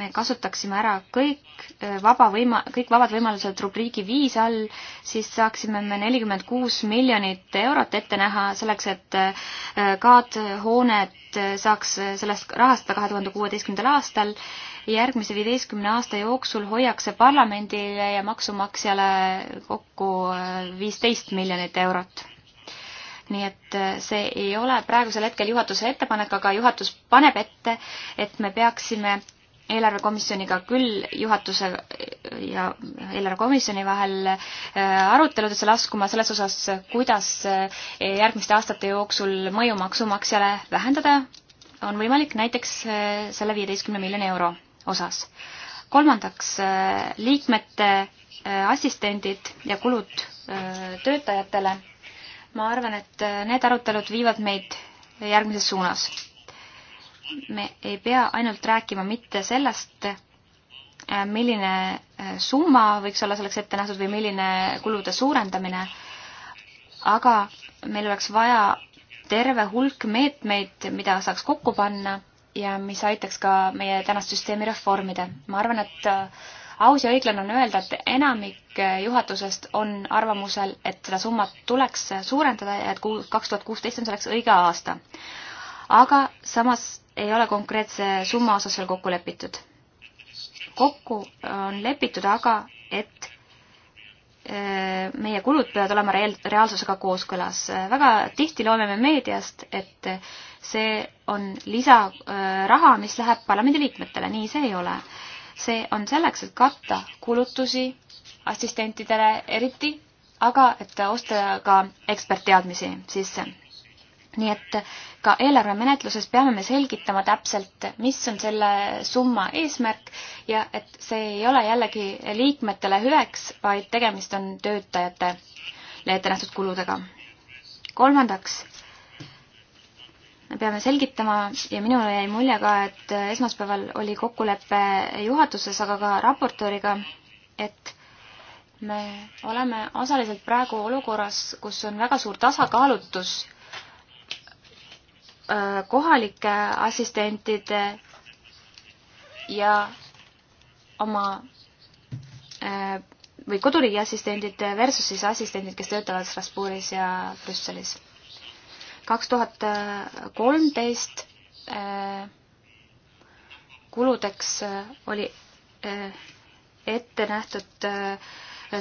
me kasutaksime ära kõik äh, vaba võima-, kõik vabad võimalused rubriigi viis all, siis saaksime me nelikümmend kuus miljonit eurot ette näha selleks, et äh, kaadhoonet äh, saaks sellest rahastada kahe tuhande kuueteistkümnendal aastal. järgmise viieteistkümne aasta jooksul hoiaks see parlamendile ja maksumaksjale kokku viisteist miljonit eurot nii et äh, see ei ole praegusel hetkel juhatuse ettepanek, aga juhatus paneb ette, et me peaksime eelarvekomisjoniga küll juhatuse äh, ja eelarvekomisjoni vahel äh, aruteludesse laskuma selles osas, kuidas järgmiste aastate jooksul mõju maksumaksjale vähendada on võimalik näiteks selle viieteistkümne miljoni euro osas. kolmandaks, liikmete assistendid ja kulud töötajatele ma arvan, et äh, need arutelud viivad meid järgmises suunas. me ei pea ainult rääkima mitte sellest, äh, milline äh, summa võiks olla selleks ette nähtud või milline kulude suurendamine, aga meil oleks vaja terve hulk meetmeid, mida saaks kokku panna ja mis aitaks ka meie tänast süsteemi reformida. ma arvan, et aus ja õiglane on öelda, et enamik eh, juhatusest on arvamusel, et seda summat tuleks suurendada ja et kaks tuhat kuusteist on selleks õige aasta. aga samas ei ole konkreetse summa osas veel kokku lepitud. kokku eh, on lepitud aga, et eh, meie kulud peavad olema reaal-, reaalsusega kooskõlas. väga tihti loeme me meediast, et see on lisaraha, mis läheb parlamendiliikmetele, nii see ei ole see on selleks, et katta kulutusi assistentidele eriti, aga et osta ka ekspertteadmisi sisse. nii et ka eelarvemenetluses peame me selgitama täpselt, mis on selle summa eesmärk ja et see ei ole jällegi liikmetele hüveks, vaid tegemist on töötajatele ette nähtud kuludega. kolmandaks me peame selgitama ja minule jäi mulje ka, et esmaspäeval oli kokkulepe juhatuses, aga ka raportööriga, et me oleme osaliselt praegu olukorras, kus on väga suur tasakaalutus äh, kohalike assistentide ja oma äh, või koduriigi assistendid versus siis assistendid, kes töötavad Strasbourgis ja Brüsselis kaks tuhat kolmteist äh, kuludeks äh, oli äh, ette nähtud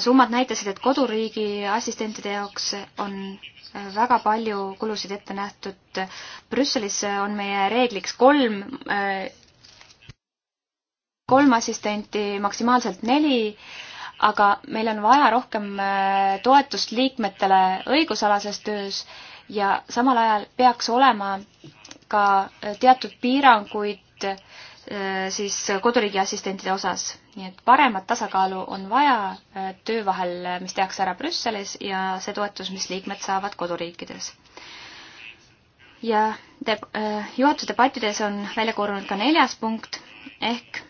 summad näitasid, et koduriigi assistentide jaoks on väga palju kulusid ette nähtud. Brüsselis on meie reegliks kolm, kolm assistenti, maksimaalselt neli, aga meil on vaja rohkem toetust liikmetele õigusalases töös ja samal ajal peaks olema ka äh, teatud piiranguid äh, siis koduriigi assistentide osas. nii et paremat tasakaalu on vaja äh, töö vahel, mis tehakse ära Brüsselis ja see toetus, mis liikmed saavad koduriikides ja te, juhatuse debattides on välja korrunud ka neljas punkt ehk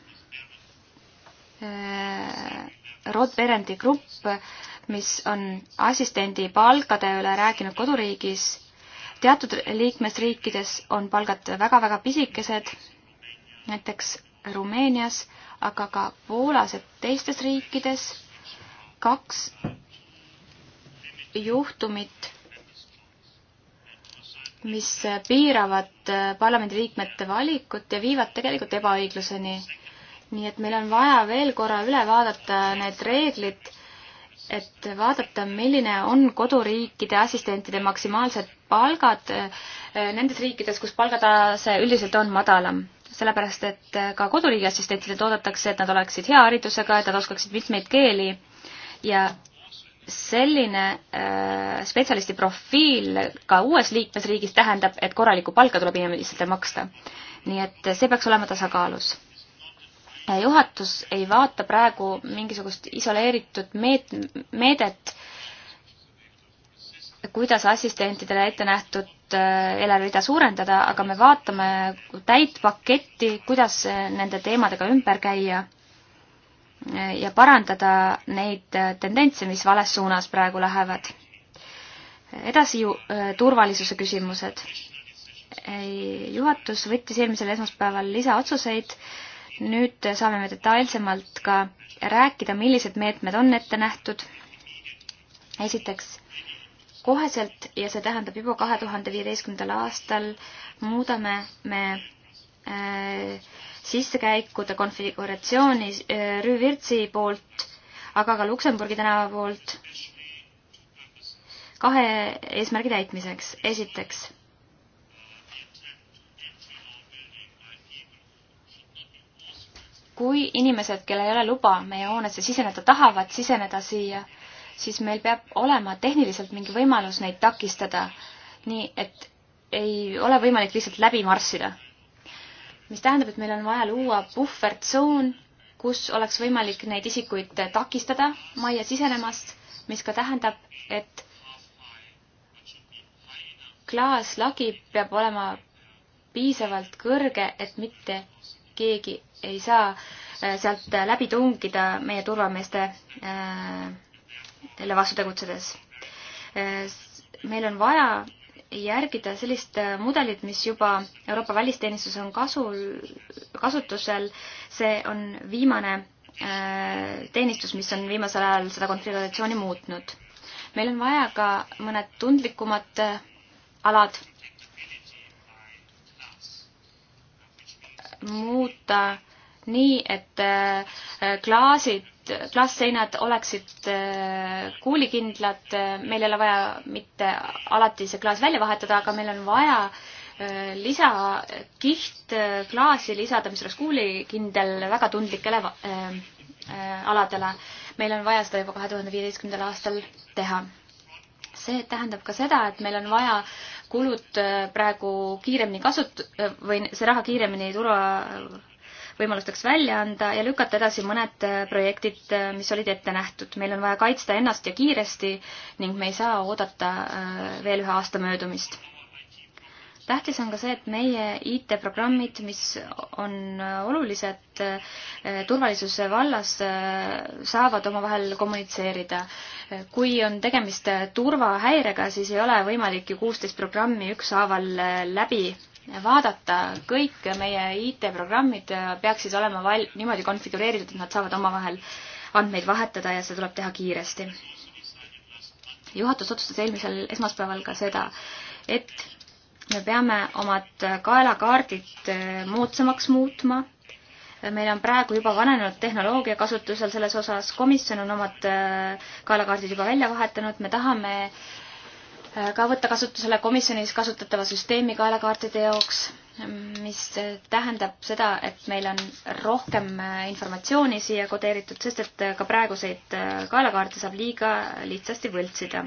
äh, Rod Berendi grupp mis on assistendi palkade üle rääkinud koduriigis. teatud liikmesriikides on palgad väga-väga pisikesed, näiteks Rumeenias, aga ka Poolas ja teistes riikides kaks juhtumit, mis piiravad parlamendiliikmete valikut ja viivad tegelikult ebaõigluseni. nii et meil on vaja veel korra üle vaadata need reeglid et vaadata, milline on koduriikide assistentide maksimaalsed palgad eh, nendes riikides, kus palgatase üldiselt on madalam. sellepärast, et eh, ka koduriigi assistentidelt oodatakse, et nad oleksid hea haridusega, et nad oskaksid mitmeid keeli ja selline äh, spetsialisti profiil ka uues liikmesriigis tähendab, et korralikku palka tuleb inimestele maksta. nii et see peaks olema tasakaalus juhatus ei vaata praegu mingisugust isoleeritud meet-, meedet, kuidas assistentidele ette nähtud äh, eelarverida suurendada, aga me vaatame täit paketti, kuidas äh, nende teemadega ümber käia äh, ja parandada neid tendentse, mis vales suunas praegu lähevad. edasi ju turvalisuse küsimused. juhatus võttis eelmisel esmaspäeval lisaotsuseid nüüd saame me detailsemalt ka rääkida, millised meetmed on ette nähtud. esiteks, koheselt ja see tähendab juba kahe tuhande viieteistkümnendal aastal muudame me äh, sissekäikude konfiguratsiooni äh, Rüü Virtsi poolt, aga ka Luksemburgi tänava poolt kahe eesmärgi täitmiseks. esiteks kui inimesed, kellel ei ole luba meie hoonesse siseneda, tahavad siseneda siia, siis meil peab olema tehniliselt mingi võimalus neid takistada, nii et ei ole võimalik lihtsalt läbi marssida. mis tähendab, et meil on vaja luua puhvertsoon, kus oleks võimalik neid isikuid takistada majja sisenemast, mis ka tähendab, et klaaslagi peab olema piisavalt kõrge, et mitte keegi ei saa äh, sealt äh, läbi tungida meie turvameestele äh, vastu tegutsedes. meil on vaja järgida sellist mudelit, mis juba Euroopa välisteenistus on kasul, kasutusel. see on viimane teenistus, mis on viimasel ajal seda konfiguratsiooni muutnud. meil on vaja ka mõned tundlikumad alad muuta nii, et äh, klaasid, klaasseinad oleksid äh, kuulikindlad, meil ei ole vaja mitte alati see klaas välja vahetada, aga meil on vaja äh, lisakiht klaasi lisada, mis oleks kuulikindel väga tundlikele aladele. meil on vaja seda juba kahe tuhande viieteistkümnendal aastal teha see tähendab ka seda, et meil on vaja kulud äh, praegu kiiremini kasut- äh, või see raha kiiremini turvavõimalusteks äh, välja anda ja lükata edasi mõned projektid, mis olid ette nähtud. meil on vaja kaitsta ennast ja kiiresti ning me ei saa oodata veel ühe aasta möödumist tähtis on ka see, et meie IT-programmid, mis on olulised eh, turvalisuse vallas, eh, saavad omavahel kommunitseerida. kui on tegemist eh, turvahäirega, siis ei ole võimalik ju kuusteist programmi ükshaaval läbi vaadata, kõik meie IT-programmid peaksid olema val-, niimoodi konfigureeritud, et nad saavad omavahel andmeid vahetada ja seda tuleb teha kiiresti. juhatus otsustas eelmisel esmaspäeval ka seda, et me peame omad kaelakaardid eh, moodsamaks muutma. meil on praegu juba vananenud tehnoloogia kasutusel selles osas, komisjon on omad eh, kaelakaardid juba välja vahetanud, me tahame eh, ka võtta kasutusele komisjonis kasutatava süsteemi kaelakaartide jaoks, mis tähendab seda, et meil on rohkem informatsiooni siia kodeeritud, sest et ka praeguseid kaelakaarte saab liiga lihtsasti võltsida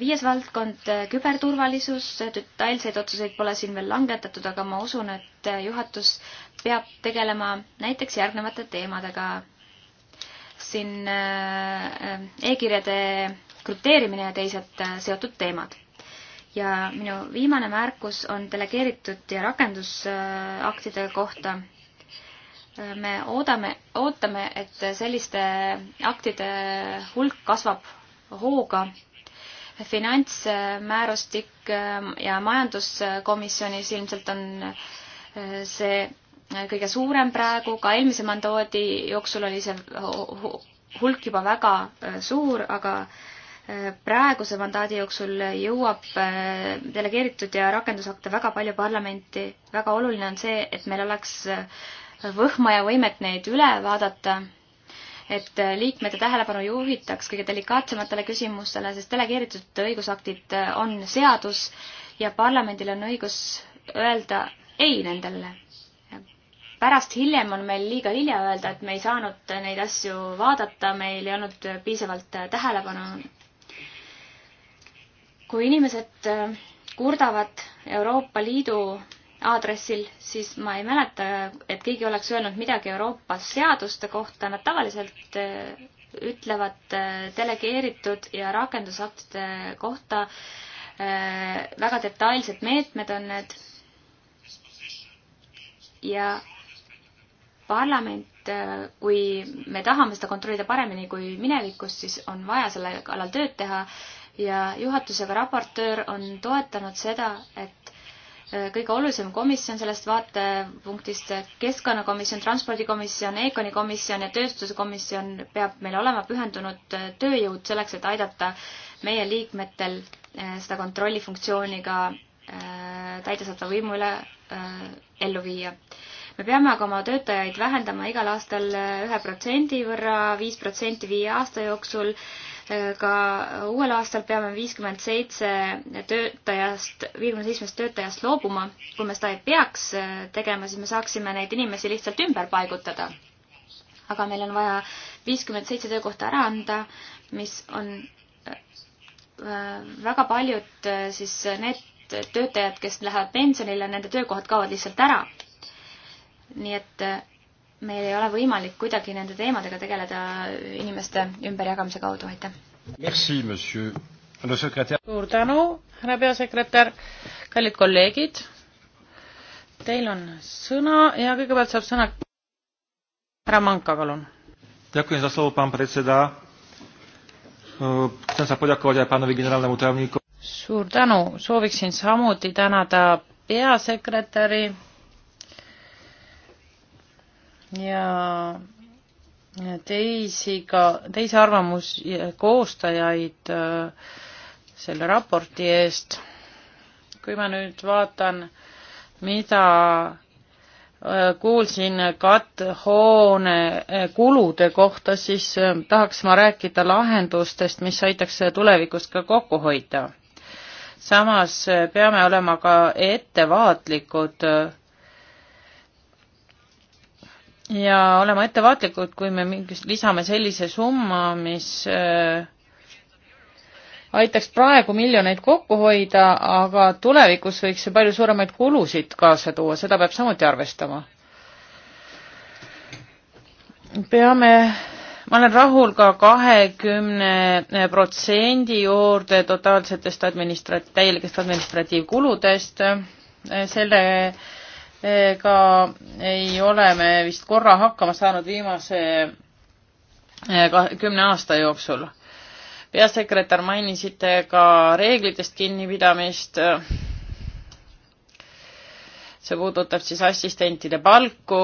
viies valdkond, äh, küberturvalisus, detailseid otsuseid pole siin veel langetatud, aga ma usun, et äh, juhatus peab tegelema näiteks järgnevate teemadega. siin äh, e-kirjade krüpteerimine ja teised seotud teemad. ja minu viimane märkus on delegeeritud ja rakendusaktide kohta me oodame, ootame, et selliste aktide hulk kasvab hooga finantsmäärustik ähm, ja majanduskomisjonis ilmselt on äh, see äh, kõige suurem praegu, ka eelmise mandaadi jooksul oli see hulk juba väga äh, suur, aga praeguse mandaadi jooksul jõuab delegeeritud ja rakendusakte väga palju parlamenti. väga oluline on see, et meil oleks võhma ja võimet neid üle vaadata et liikmete tähelepanu juhitaks kõige delikaatsematele küsimustele, sest delegeeritud õigusaktid äh, on seadus ja parlamendil on õigus öelda ei nendele. pärast hiljem on meil liiga hilja öelda, et me ei saanud neid asju vaadata, meil ei olnud piisavalt äh, tähelepanu. kui inimesed äh, kurdavad Euroopa Liidu aadressil, siis ma ei mäleta, et keegi oleks öelnud midagi Euroopa seaduste kohta, nad tavaliselt eh, ütlevad eh, delegeeritud ja rakendusaktide kohta eh, väga detailsed meetmed on need ja parlament, kui me tahame seda kontrollida paremini kui minevikus, siis on vaja selle kallal tööd teha ja juhatusega raportöör on toetanud seda, et Äh, kõige olulisem komisjon sellest vaatepunktist, keskkonnakomisjon, transpordikomisjon, EKONi komisjon ja tööstuse komisjon peab meil olema pühendunud äh, tööjõud selleks, et aidata meie liikmetel äh, seda kontrollifunktsiooni ka täidesaatva võimu üle ellu viia. me peame aga oma töötajaid vähendama igal aastal ühe protsendi võrra, viis protsenti viie aasta jooksul ka uuel aastal peame viiskümmend seitse töötajast, viiekümne seitsmest töötajast loobuma. kui me seda ei peaks äh, tegema, siis me saaksime neid inimesi lihtsalt ümber paigutada. aga meil on vaja viiskümmend seitse töökohta ära anda, mis on äh, väga paljud äh, siis need töötajad, kes lähevad pensionile, nende töökohad kaovad lihtsalt ära. nii et meil ei ole võimalik kuidagi nende teemadega tegeleda inimeste ümberjagamise kaudu, aitäh. Merci, monsieur le secrétaire. suur tänu, härra peasekretär, kallid kolleegid. Teil on sõna ja kõigepealt saab sõna härra Manka, palun. Ďakujem za slovo, pán predseda. E, chcem sa poďakovať aj pánovi generálnemu tajomníku. Suur tänu, sooviksin samuti tänada peasekretäri ja teisi ka, teisi arvamusi koostajaid äh, selle raporti eest. kui ma nüüd vaatan, mida äh, kuulsin katthoone äh, kulude kohta, siis tahaks ma rääkida lahendustest, mis aitaks tulevikus ka kokku hoida. samas peame olema ka ettevaatlikud ja olema ettevaatlikud, kui me mingis, lisame sellise summa, mis äh, aitaks praegu miljoneid kokku hoida, aga tulevikus võiks see palju suuremaid kulusid kaasa tuua, seda peab samuti arvestama. peame, ma olen rahul ka kahekümne protsendi juurde totaalsetest administrat-, täielikest administratiivkuludest, äh, selle ka ei ole me vist korra hakkama saanud viimase eh, kümne aasta jooksul. peasekretär, mainisite ka reeglitest kinnipidamist. see puudutab siis assistentide palku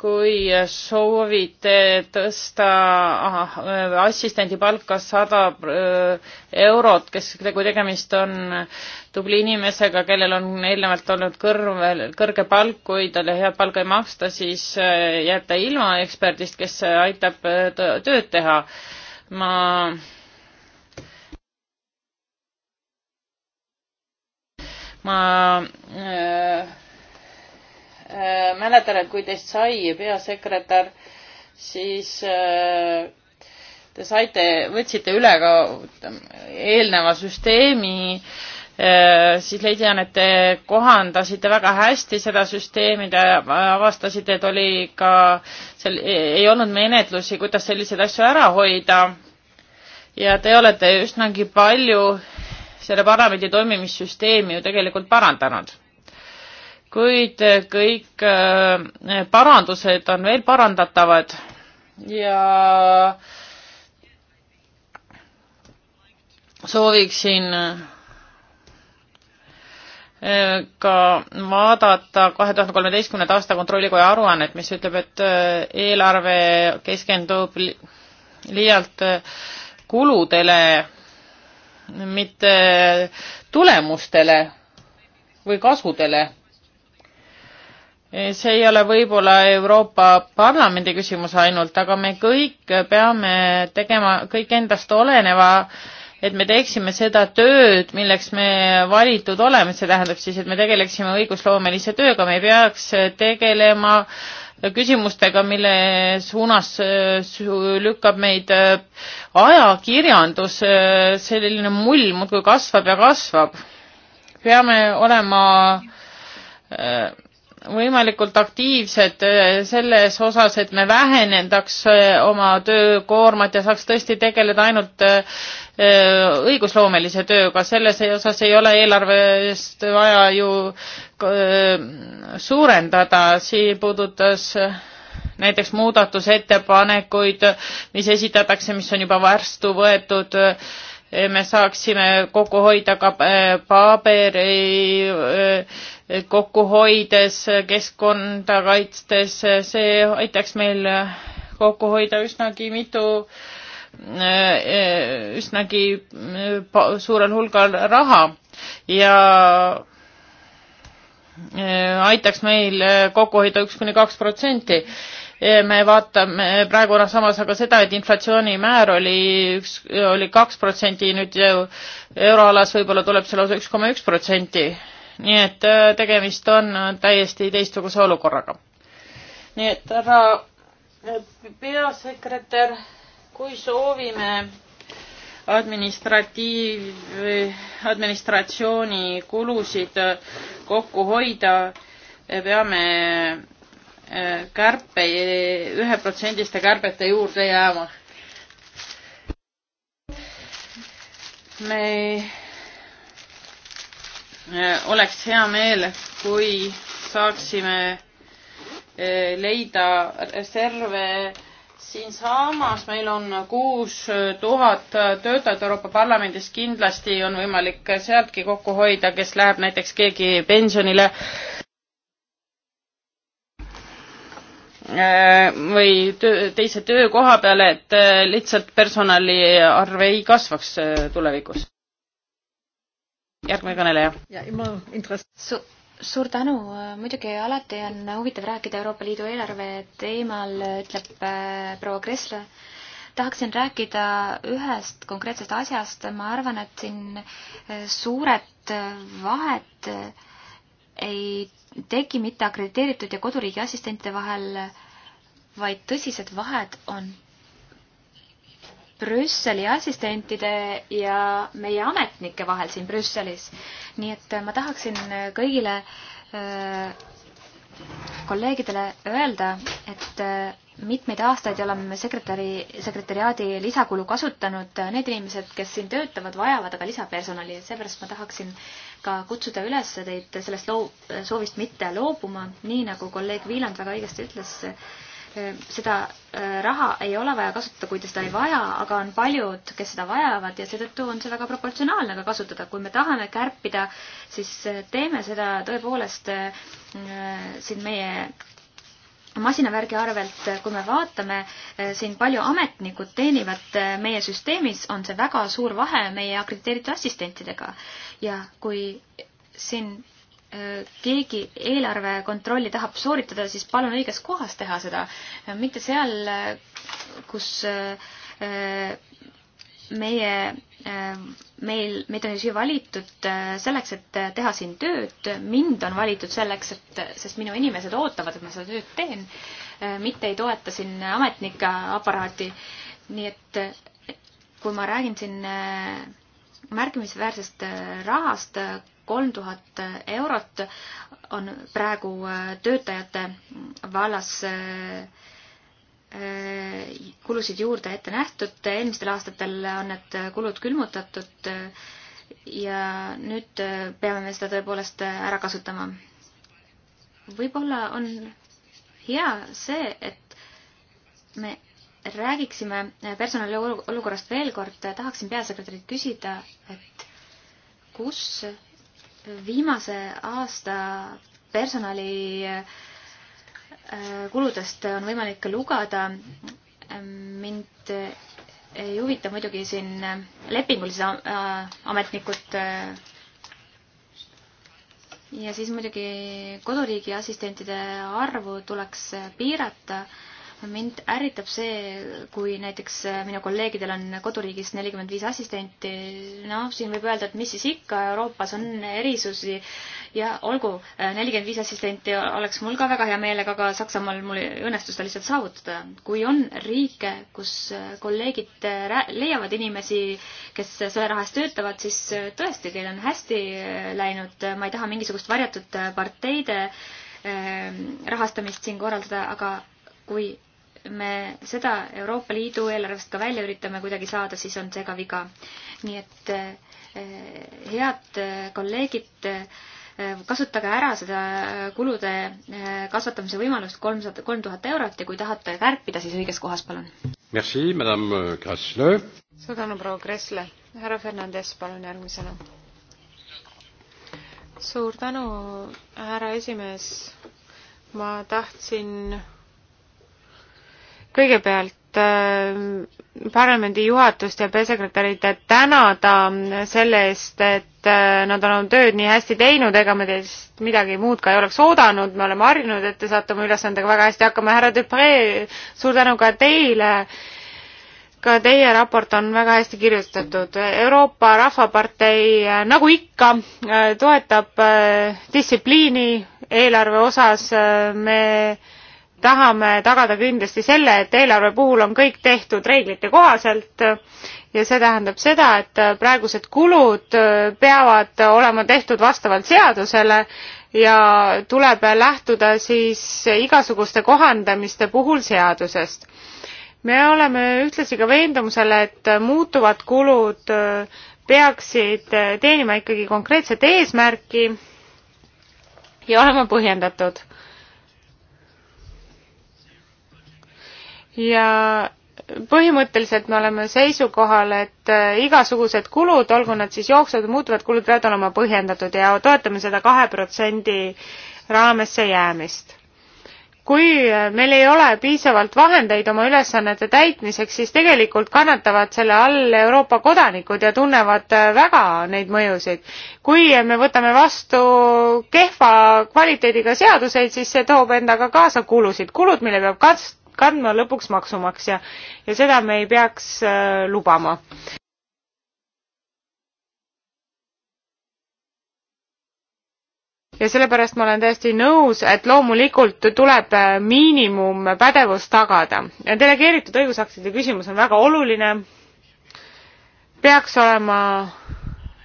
kui soovite tõsta aha, äh, assistendi palka sada äh, eurot, kes, kui tegemist on tubli inimesega, kellel on eelnevalt olnud kõrvel, kõrge palk, kui talle head palka ei maksta, siis äh, jääb ta ilma eksperdist, kes aitab tööd teha. ma ma äh, Äh, mäletan, et kui teist sai peasekretär, siis äh, te saite, võtsite üle ka eelneva süsteemi, äh, siis leian, et te kohandasite väga hästi seda süsteemi, te avastasite, et oli ka, seal ei olnud menetlusi, kuidas selliseid asju ära hoida. ja te olete üsnagi palju selle parlamendi toimimissüsteemi ju tegelikult parandanud kuid kõik äh, parandused on veel parandatavad ja sooviksin äh, ka vaadata kahe tuhande kolmeteistkümnenda aasta kontrollikoja aruannet, mis ütleb, et äh, eelarve keskendub liialt kuludele, mitte tulemustele või kasudele Eh, see ei ole võib-olla Euroopa Parlamendi küsimus ainult, aga me kõik peame tegema kõik endast oleneva, et me teeksime seda tööd, milleks me valitud oleme, see tähendab siis, et me tegeleksime õigusloomelise tööga, me ei peaks tegelema küsimustega, mille suunas eh, lükkab meid eh, ajakirjandus, selline mull muudkui kasvab ja kasvab. peame olema äh, võimalikult aktiivsed äh, selles osas, et me vähenendaks äh, oma töökoormat ja saaks tõesti tegeleda ainult äh, õigusloomelise tööga, selles osas ei ole eelarvest vaja ju suurendada, siin puudutas näiteks muudatusettepanekuid, mis esitatakse, mis on juba varstu võetud me saaksime kokku hoida ka paberi kokku hoides, keskkonda kaitstes, see aitaks meil kokku hoida üsnagi mitu, üsnagi suurel hulgal raha ja aitaks meil kokku hoida üks kuni kaks protsenti. me vaatame praegu noh, samas aga seda, et inflatsioonimäär oli üks, oli kaks protsenti, nüüd euroalas võib-olla tuleb see lausa üks koma üks protsenti nii et äh, tegemist on äh, täiesti teistsuguse olukorraga. nii et härra äh, peasekretär, kui soovime administratiiv, administratsiooni kulusid kokku hoida, peame kärpe, üheprotsendiste kärbete juurde jääma. me Äh, oleks hea meel, kui saaksime äh, leida reserve siinsamas, meil on kuus tuhat töötajat Euroopa Parlamendis, kindlasti on võimalik sealtki kokku hoida, kes läheb näiteks keegi pensionile äh, või töö, teise töökoha peale, et lihtsalt personali arv ei kasvaks tulevikus järgmine kõneleja Su. suur tänu, muidugi alati on huvitav rääkida Euroopa Liidu eelarve teemal, ütleb äh, proua Kressle tahaksin rääkida ühest konkreetsest asjast, ma arvan, et siin äh, suuret äh, vahet ei teki mitte akrediteeritud ja koduriigi assistentide vahel, vaid tõsised vahed on Brüsseli assistentide ja meie ametnike vahel siin Brüsselis. nii et äh, ma tahaksin äh, kõigile äh, kolleegidele öelda, et äh, mitmeid aastaid oleme sekretäri, sekretäriaadi lisakulu kasutanud. Need inimesed, kes siin töötavad, vajavad aga lisapersonali ja seepärast ma tahaksin ka kutsuda üles teid sellest loo-, soovist mitte loobuma, nii nagu kolleeg Viiland väga õigesti ütles äh,, Ehm, seda ehm, raha ei ole vaja kasutada, kui te seda ei vaja, aga on paljud, kes seda vajavad ja seetõttu on see väga proportsionaalne ka kasutada. kui me tahame kärpida, siis ehm, teeme seda tõepoolest siin meie masinavärgi arvelt, kui me vaatame siin palju ametnikud teenivad meie süsteemis, on see väga suur vahe meie akrediteeritud assistentidega. ja kui siin keegi eelarve kontrolli tahab sooritada, siis palun õiges kohas teha seda, mitte seal, kus äh, meie, äh, meil, meid on siia valitud äh, selleks, et teha siin tööd, mind on valitud selleks, et, sest minu inimesed ootavad, et ma seda tööd teen, mitte ei toeta siin ametnike aparaati. nii et kui ma räägin siin märkimisväärsest rahast, kolm tuhat eurot on praegu äh, töötajate vallas äh, kulusid juurde ette nähtud, eelmistel aastatel on need kulud külmutatud äh, ja nüüd peame me seda tõepoolest ära kasutama. võib-olla on hea see, et me räägiksime personali olukorrast veel kord, tahaksin peasekretärilt küsida, et kus viimase aasta personali äh, kuludest on võimalik lugeda. mind ei huvita muidugi siin lepingulised äh, ametnikud. Äh, ja siis muidugi koduriigi assistentide arvu tuleks piirata mind ärritab see, kui näiteks äh, minu kolleegidel on koduriigis nelikümmend viis assistenti, noh, siin võib öelda, et mis siis ikka, Euroopas on erisusi ja olgu, äh, nelikümmend viis assistenti oleks mul ka väga hea meelega, aga Saksamaal mul õnnestus seda lihtsalt saavutada. kui on riike, kus äh, kolleegid leiavad inimesi, kes selle raha eest töötavad, siis tõesti, teil on hästi läinud, ma ei taha mingisugust varjatud parteide rahastamist siin korraldada, aga kui me seda Euroopa Liidu eelarvest ka välja üritame kuidagi saada, siis on see ka viga. nii et eh, head eh, kolleegid, eh, kasutage ära seda kulude kasvatamise võimalust kolmsada, kolm tuhat eurot ja kui tahate kärpida, siis õiges kohas, palun. Merci, madame Kressle. Euh, suur tänu, proua Kressle. härra Fernandes, palun järgmisena. suur tänu, härra esimees. ma tahtsin kõigepealt äh, parlamendi juhatust ja peasekretärid tänada selle eest, et äh, nad on oma tööd nii hästi teinud, ega me teist midagi muud ka ei oleks oodanud, me oleme harjunud, et te saate oma ülesandega väga hästi hakkama, härra Dupre, suur tänu ka teile, ka teie raport on väga hästi kirjutatud. Euroopa Rahvapartei, äh, nagu ikka, toetab distsipliini eelarve osas, me tahame tagada kindlasti selle, et eelarve puhul on kõik tehtud reeglite kohaselt ja see tähendab seda, et praegused kulud peavad olema tehtud vastavalt seadusele ja tuleb lähtuda siis igasuguste kohandamiste puhul seadusest. me oleme ühtlasi ka veendumusel, et muutuvad kulud peaksid teenima ikkagi konkreetset eesmärki ja olema põhjendatud ja põhimõtteliselt me oleme seisukohal, et äh, igasugused kulud, olgu nad siis jooksvad või muutuvad kulud, peavad olema põhjendatud ja toetame seda kahe protsendi raamesse jäämist. kui äh, meil ei ole piisavalt vahendeid oma ülesannete täitmiseks, siis tegelikult kannatavad selle all Euroopa kodanikud ja tunnevad äh, väga neid mõjusid. kui me võtame vastu kehva kvaliteediga seaduseid, siis see toob endaga kaasa kulusid, kulud, mille peab kas-, kandma lõpuks maksumaksja ja seda me ei peaks äh, lubama. ja sellepärast ma olen täiesti nõus, et loomulikult tuleb äh, miinimumpädevus tagada. delegeeritud õigusaktide küsimus on väga oluline. peaks olema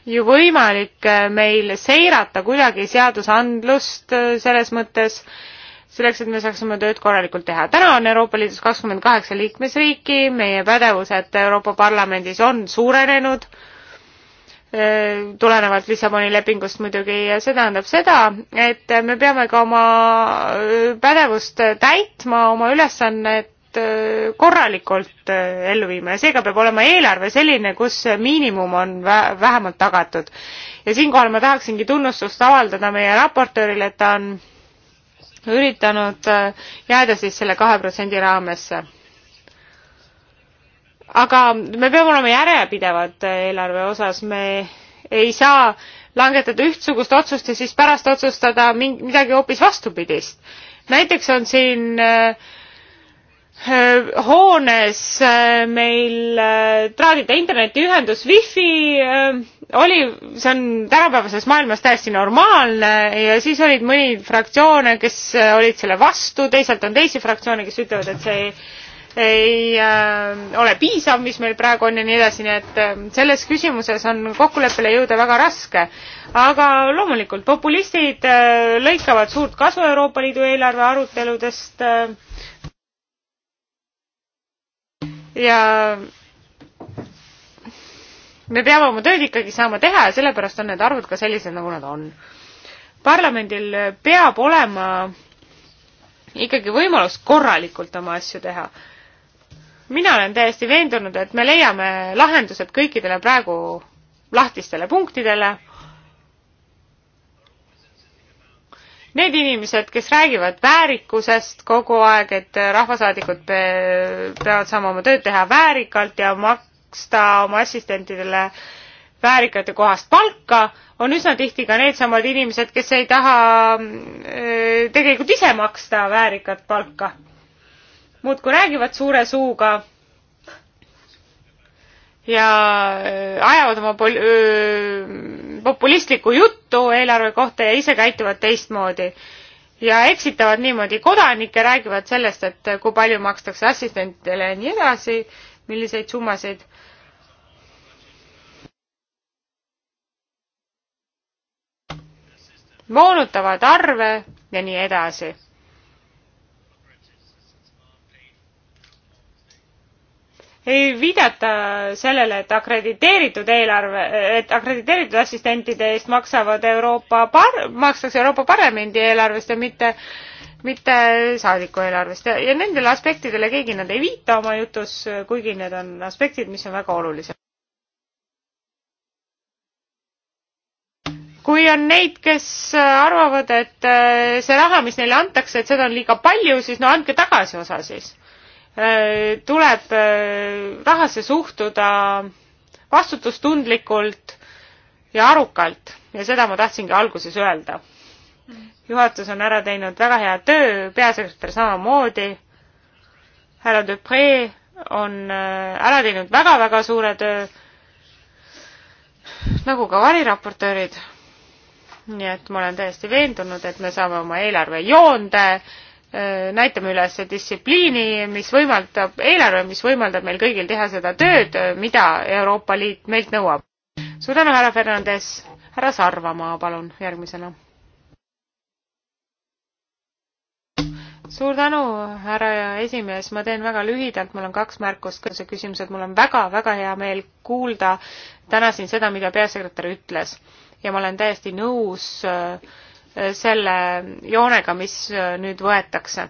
ju võimalik äh, meil seirata kuidagi seadusandlust selles mõttes, selleks, et me saaksime tööd korralikult teha. täna on Euroopa Liidus kakskümmend kaheksa liikmesriiki, meie pädevused Euroopa Parlamendis on suurenenud, e, tulenevalt Lissaboni lepingust muidugi ja see tähendab seda, et me peame ka oma e, pädevust täitma, oma ülesannet e, korralikult ellu viima ja seega peab olema eelarve selline, kus miinimum on vähemalt tagatud. ja siinkohal ma tahaksingi tunnustust avaldada meie raportöörile, et ta on üritanud äh, jääda siis selle kahe protsendi raamesse. aga me peame olema järjepidevad äh, eelarve osas, me ei saa langetada ühtsugust otsust ja siis pärast otsustada midagi hoopis vastupidist. näiteks on siin äh, hoones meil traadida internetiühendus wifi oli, see on tänapäevases maailmas täiesti normaalne ja siis olid mõni fraktsioone, kes äh, olid selle vastu, teisalt on teisi fraktsioone, kes ütlevad, et see ei, ei äh, ole piisav, mis meil praegu on ja nii edasi, nii et äh, selles küsimuses on kokkuleppele jõuda väga raske. aga loomulikult populistid äh, lõikavad suurt kasu Euroopa Liidu eelarve aruteludest äh,. ja äh, me peame oma tööd ikkagi saama teha ja sellepärast on need arvud ka sellised, nagu nad on. parlamendil peab olema ikkagi võimalus korralikult oma asju teha. mina olen täiesti veendunud, et me leiame lahendused kõikidele praegu lahtistele punktidele. Need inimesed, kes räägivad väärikusest kogu aeg, et rahvasaadikud pe peavad saama oma tööd teha väärikalt ja mak-, maksta oma assistentidele väärikate kohast palka, on üsna tihti ka needsamad inimesed, kes ei taha mm, tegelikult ise maksta väärikat palka. muudkui räägivad suure suuga ja äh, ajavad oma pol-, öö, populistlikku juttu eelarve kohta ja ise käituvad teistmoodi. ja eksitavad niimoodi kodanikke, räägivad sellest, et kui palju makstakse assistentidele ja nii edasi, milliseid summasid moonutavad arve ja nii edasi. ei viidata sellele, et akrediteeritud eelarve, et akrediteeritud assistentide eest maksavad Euroopa par-, makstakse Euroopa Parlamendi eelarvest ja mitte, mitte saadiku eelarvest ja, ja nendele aspektidele keegi nad ei viita oma jutus, kuigi need on aspektid, mis on väga olulised. kui on neid, kes äh, arvavad, et äh, see raha, mis neile antakse, et seda on liiga palju, siis no andke tagasi osa siis. Äh, tuleb rahasse suhtuda vastutustundlikult ja arukalt ja seda ma tahtsingi alguses öelda. juhatus on ära teinud väga hea töö, peasekretär samamoodi, härra Dupre on ära teinud väga-väga suure töö, nagu ka variraportöörid nii et ma olen täiesti veendunud, et me saame oma eelarve joonde, näitame üles distsipliini, mis võimaldab, eelarve, mis võimaldab meil kõigil teha seda tööd, mida Euroopa Liit meilt nõuab. suur tänu, härra Fernandes, härra Sarvamaa, palun järgmisena. suur tänu, härra esimees, ma teen väga lühidalt, mul on kaks märkust, kas küsimused, mul on väga-väga hea meel kuulda täna siin seda, mida peasekretär ütles ja ma olen täiesti nõus äh, selle joonega, mis äh, nüüd võetakse.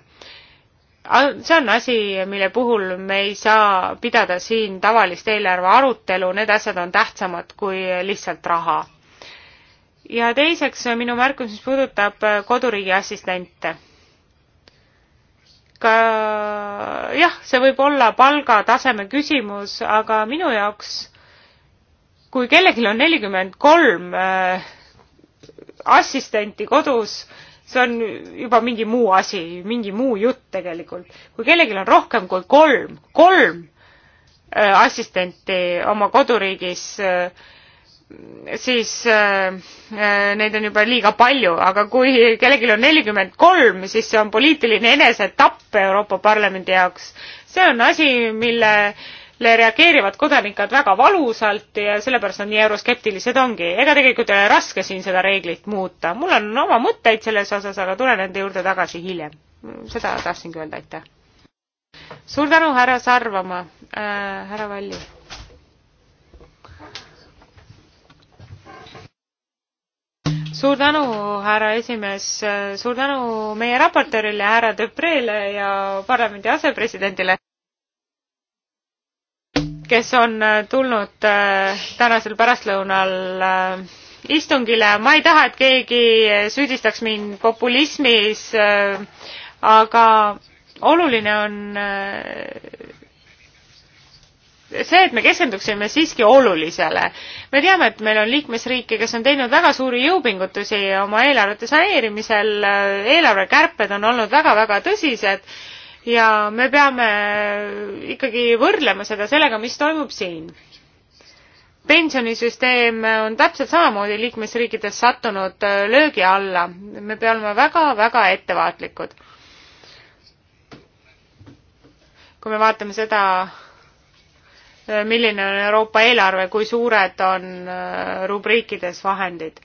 see on asi, mille puhul me ei saa pidada siin tavalist eelarve arutelu, need asjad on tähtsamad kui lihtsalt raha. ja teiseks minu märkus, mis puudutab äh, koduriigi assistente ka jah, see võib olla palgataseme küsimus, aga minu jaoks kui kellelgi on nelikümmend kolm äh, assistenti kodus, see on juba mingi muu asi, mingi muu jutt tegelikult. kui kellelgi on rohkem kui kolm, kolm äh, assistenti oma koduriigis, äh, siis neid on juba liiga palju, aga kui kellelgi on nelikümmend kolm, siis see on poliitiline enesetapp Euroopa Parlamendi jaoks. see on asi, mille reageerivad kodanikud väga valusalt ja sellepärast nad nii euroskeptilised ongi. ega tegelikult ei ole raske siin seda reeglit muuta. mul on oma mõtteid selles osas, aga tulen nende juurde tagasi hiljem. seda tahtsingi öelda, aitäh. suur tänu, härra Sarvamaa äh,, härra Valli. suur tänu, härra esimees, suur tänu meie raportöörile, härra Debrele ja parlamendi asepresidendile kes on äh, tulnud äh, tänasel pärastlõunal äh, istungile. ma ei taha, et keegi süüdistaks mind populismis, aga oluline on see, et me keskenduksime siiski olulisele. me teame, et meil on liikmesriike, kes on teinud väga suuri jõupingutusi oma eelarvete saneerimisel, eelarvekärped on olnud väga-väga tõsised ja me peame ikkagi võrdlema seda sellega, mis toimub siin. pensionisüsteem on täpselt samamoodi liikmesriikides sattunud äh, löögi alla. me peame olema väga-väga ettevaatlikud. kui me vaatame seda, äh, milline on Euroopa eelarve, kui suured on äh, rubriikides vahendid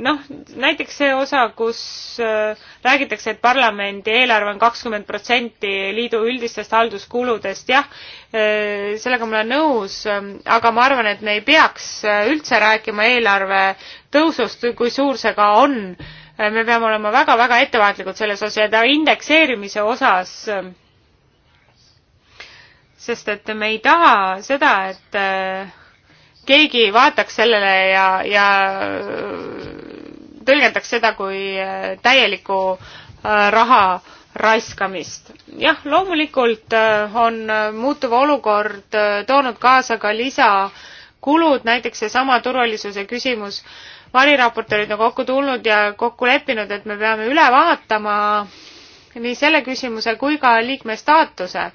noh, näiteks see osa, kus äh, räägitakse, et parlamendi eelarve on kakskümmend protsenti liidu üldistest halduskuludest, jah, äh, sellega ma olen nõus, ähm, aga ma arvan, et me ei peaks äh, üldse rääkima eelarve tõusust, kui suur see ka on. me peame olema väga-väga ettevaatlikud selles osas ja indekseerimise osas ähm, sest et me ei taha seda, et keegi vaataks sellele ja, ja tõlgendaks seda kui äh, täielikku äh, raha raiskamist. jah, loomulikult äh, on muutuv olukord toonud kaasa ka lisakulud, näiteks seesama turvalisuse küsimus. variraportorid on kokku tulnud ja kokku leppinud, et me peame üle vaatama nii selle küsimuse kui ka liikme staatuse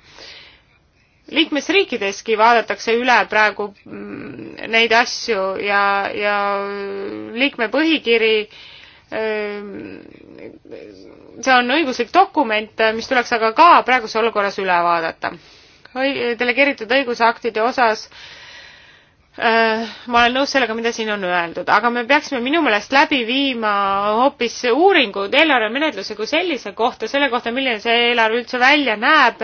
liikmesriikideski vaadatakse üle praegu mm, neid asju ja, ja liikme põhikiri mm, see on õiguslik dokument, mis tuleks aga ka praeguses olukorras üle vaadata. delegeeritud õigusaktide osas äh, ma olen nõus sellega, mida siin on öeldud, aga me peaksime minu meelest läbi viima hoopis uuringud eelarvemenetluse kui sellise kohta, selle kohta, milline see eelarve üldse välja näeb,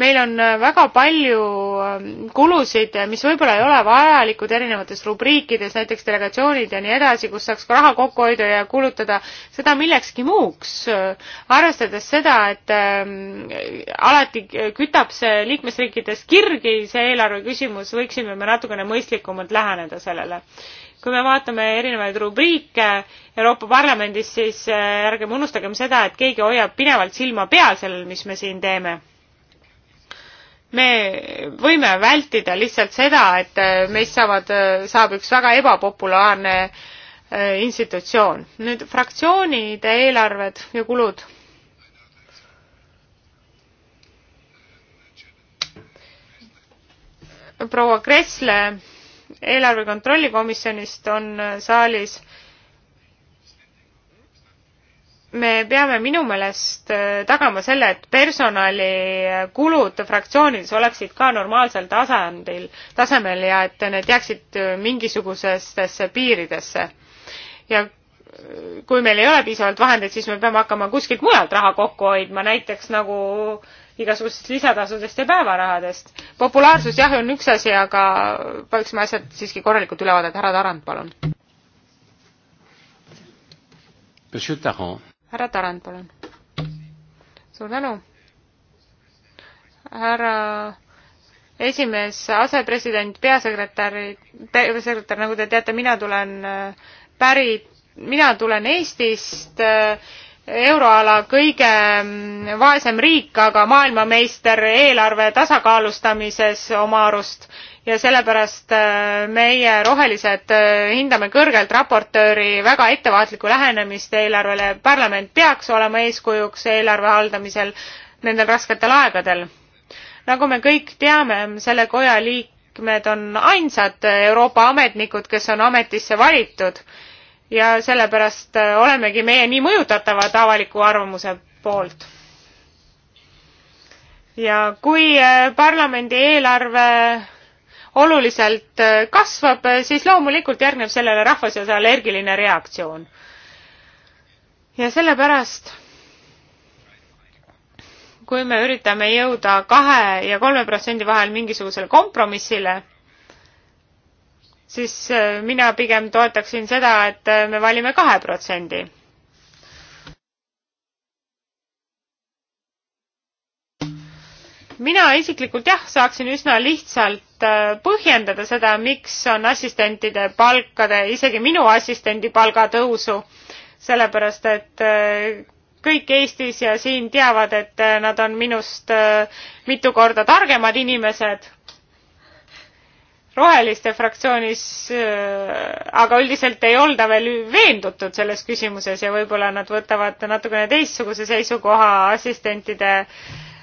meil on äh, väga palju ähm, kulusid, äh, mis võib-olla ei ole vajalikud erinevates rubriikides, näiteks delegatsioonid ja nii edasi, kus saaks ka raha kokku hoida ja kulutada seda millekski muuks. Äh, arvestades seda, et ähm, alati kütab see liikmesriikides kirgi, see eelarve küsimus, võiksime me natukene mõistlikumalt läheneda sellele kui me vaatame erinevaid rubriike Euroopa Parlamendis, siis ärgem unustagem seda, et keegi hoiab pidevalt silma peal sellel, mis me siin teeme me võime vältida lihtsalt seda, et meist saavad, saab üks väga ebapopulaarne äh, institutsioon. nüüd fraktsioonide eelarved ja kulud. proua Kressle eelarve kontrolli komisjonist on saalis me peame minu meelest äh, tagama selle, et personalikulud äh, fraktsioonides oleksid ka normaalsel tasandil, tasemel ja et need jääksid äh, mingisugusestesse piiridesse. ja kui meil ei ole piisavalt vahendeid, siis me peame hakkama kuskilt mujalt raha kokku hoidma, näiteks nagu igasugustest lisatasudest ja päevarahadest. populaarsus jah, on üks asi, aga paluksime asjad siiski korralikult üle vaadata. härra Tarand, palun. Monsieur Tarand härra Tarand, palun. suur tänu. härra esimees, asepresident, peasekretär, peasekretär, nagu te teate, mina tulen äh, pärit, mina tulen Eestist äh, euroala kõige mm, vaesem riik, aga maailmameister eelarve tasakaalustamises oma arust ja sellepärast äh, meie rohelised äh, hindame kõrgelt raportööri väga ettevaatlikku lähenemist eelarvele. parlament peaks olema eeskujuks eelarve haldamisel nendel rasketel aegadel. nagu me kõik teame, selle koja liikmed on ainsad Euroopa ametnikud, kes on ametisse valitud ja sellepärast äh, olemegi meie nii mõjutatavad avaliku arvamuse poolt. ja kui parlamendi eelarve oluliselt äh, kasvab, äh, siis loomulikult järgneb sellele rahva seas allergiline reaktsioon. ja sellepärast kui me üritame jõuda kahe ja kolme protsendi vahel mingisugusele kompromissile, siis äh, mina pigem toetaksin seda, et me valime kahe protsendi mina isiklikult jah, saaksin üsna lihtsalt äh, põhjendada seda, miks on assistentide palkade, isegi minu assistendi palga tõusu, sellepärast et äh, kõik Eestis ja siin teavad, et äh, nad on minust mitu korda targemad inimesed. roheliste fraktsioonis aga üldiselt ei olda veel veendutud selles küsimuses ja võib-olla nad võtavad natukene teistsuguse seisukoha assistentide äh,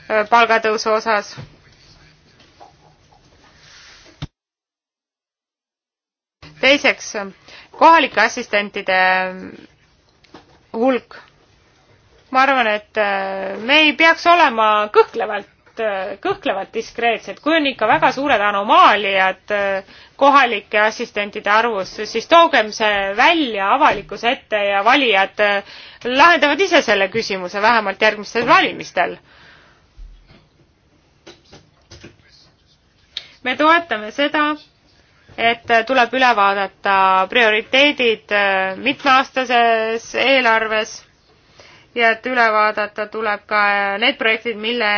Äh, palgatõusu osas. teiseks, kohalike assistentide hulk. ma arvan, et äh, me ei peaks olema kõhklevalt äh, kõhklevad diskreetsed, kui on ikka väga suured anomaaliad kohalike assistentide arvus, siis toogem see välja avalikkuse ette ja valijad lahendavad ise selle küsimuse, vähemalt järgmistel valimistel. me toetame seda, et tuleb üle vaadata prioriteedid äh, mitmeaastases eelarves ja et üle vaadata tuleb ka äh, need projektid, mille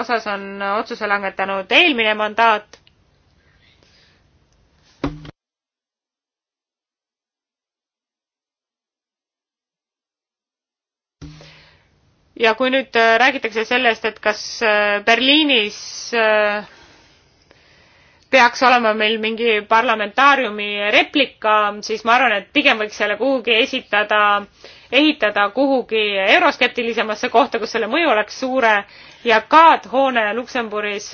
osas on otsuse langetanud eelmine mandaat. ja kui nüüd äh, räägitakse sellest, et kas Berliinis peaks olema meil mingi parlamentaariumi replika, siis ma arvan, et pigem võiks selle kuhugi esitada, ehitada kuhugi euroskeptilisemasse kohta, kus selle mõju oleks suure ja kaadhoone Luksemburis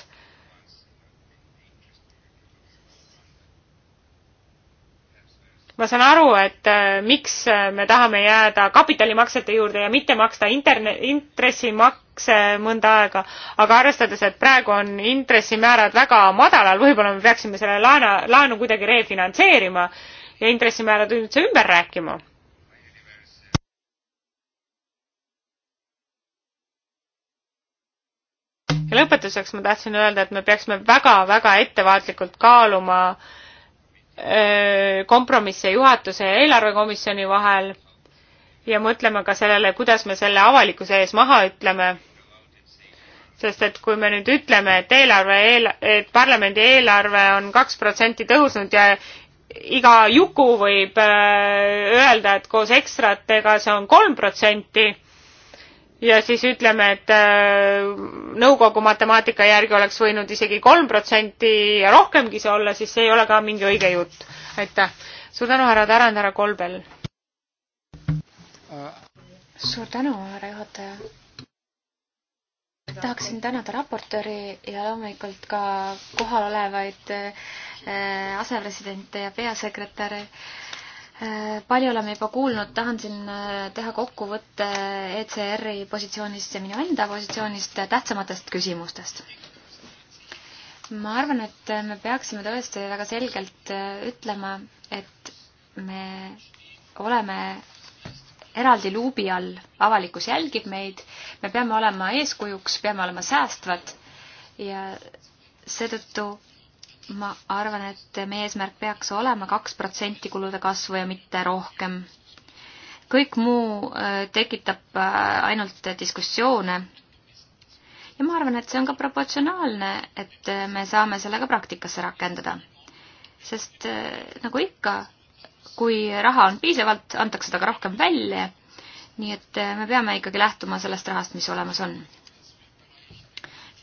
ma saan aru, et äh, miks äh, me tahame jääda kapitalimaksete juurde ja mitte maksta interne-, intressimakse mõnda aega, aga arvestades, et praegu on intressimäärad väga madalal, võib-olla me peaksime selle laena, laenu kuidagi refinantseerima ja intressimäärad üldse ümber rääkima ja lõpetuseks ma tahtsin öelda, et me peaksime väga-väga ettevaatlikult kaaluma äh, kompromisse juhatuse ja eelarvekomisjoni vahel ja mõtlema ka sellele, kuidas me selle avalikkuse ees maha ütleme. sest et kui me nüüd ütleme, et eelarve, et parlamendi eelarve on kaks protsenti tõusnud ja iga juku võib öelda, et koos ekstratega see on kolm protsenti ja siis ütleme, et äh, nõukogu matemaatika järgi oleks võinud isegi kolm protsenti ja rohkemgi see olla, siis see ei ole ka mingi õige jutt. aitäh. suur tänu, härra Tarand, härra Kolbel. suur tänu, härra juhataja. tahaksin tänada raportööri ja loomulikult ka kohal olevaid äh, aseresidente ja peasekretäre Äh, palju oleme juba kuulnud, tahan siin äh, teha kokkuvõtte ECR-i positsioonist ja minu enda positsioonist äh, tähtsamatest küsimustest. ma arvan, et me peaksime tõesti väga selgelt ütlema, et me oleme eraldi luubi all, avalikkus jälgib meid, me peame olema eeskujuks, peame olema säästvad ja seetõttu ma arvan, et meie eesmärk peaks olema kaks protsenti kulude kasvu ja mitte rohkem. kõik muu äh, tekitab äh, ainult diskussioone. ja ma arvan, et see on ka proportsionaalne, et äh, me saame selle ka praktikasse rakendada. sest nagu ikka, kui raha on piisavalt, antakse ta ka rohkem välja. nii et me peame ikkagi lähtuma sellest rahast, mis olemas on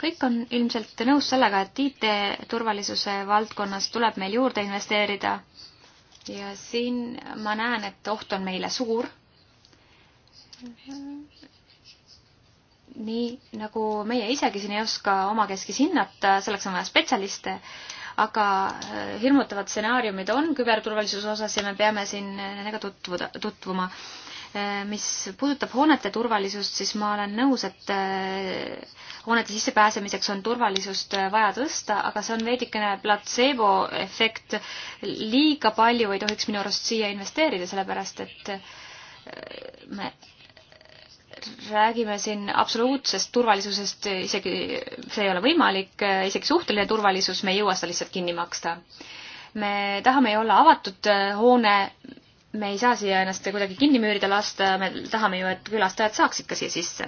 kõik on ilmselt nõus sellega, et IT-turvalisuse valdkonnas tuleb meil juurde investeerida. ja siin ma näen, et oht on meile suur. nii nagu meie isegi siin ei oska omakeskis hinnata, selleks on vaja spetsialiste, aga äh, hirmutavad stsenaariumid on küberturvalisuse osas ja me peame siin nendega tutvuda, tutvuma Eh, mis puudutab hoonete turvalisust, siis ma olen nõus, et eh, hoonete sissepääsemiseks on turvalisust eh, vaja tõsta, aga see on veidikene platseeboefekt. liiga palju ei tohiks minu arust siia investeerida, sellepärast et me räägime siin absoluutsest turvalisusest, isegi see ei ole võimalik, isegi suhteline turvalisus, me ei jõua seda lihtsalt kinni maksta. me tahame ju olla avatud hoone, me ei saa siia ennast kuidagi kinni müürida lasta, me tahame ju, et külastajad saaks ikka siia sisse.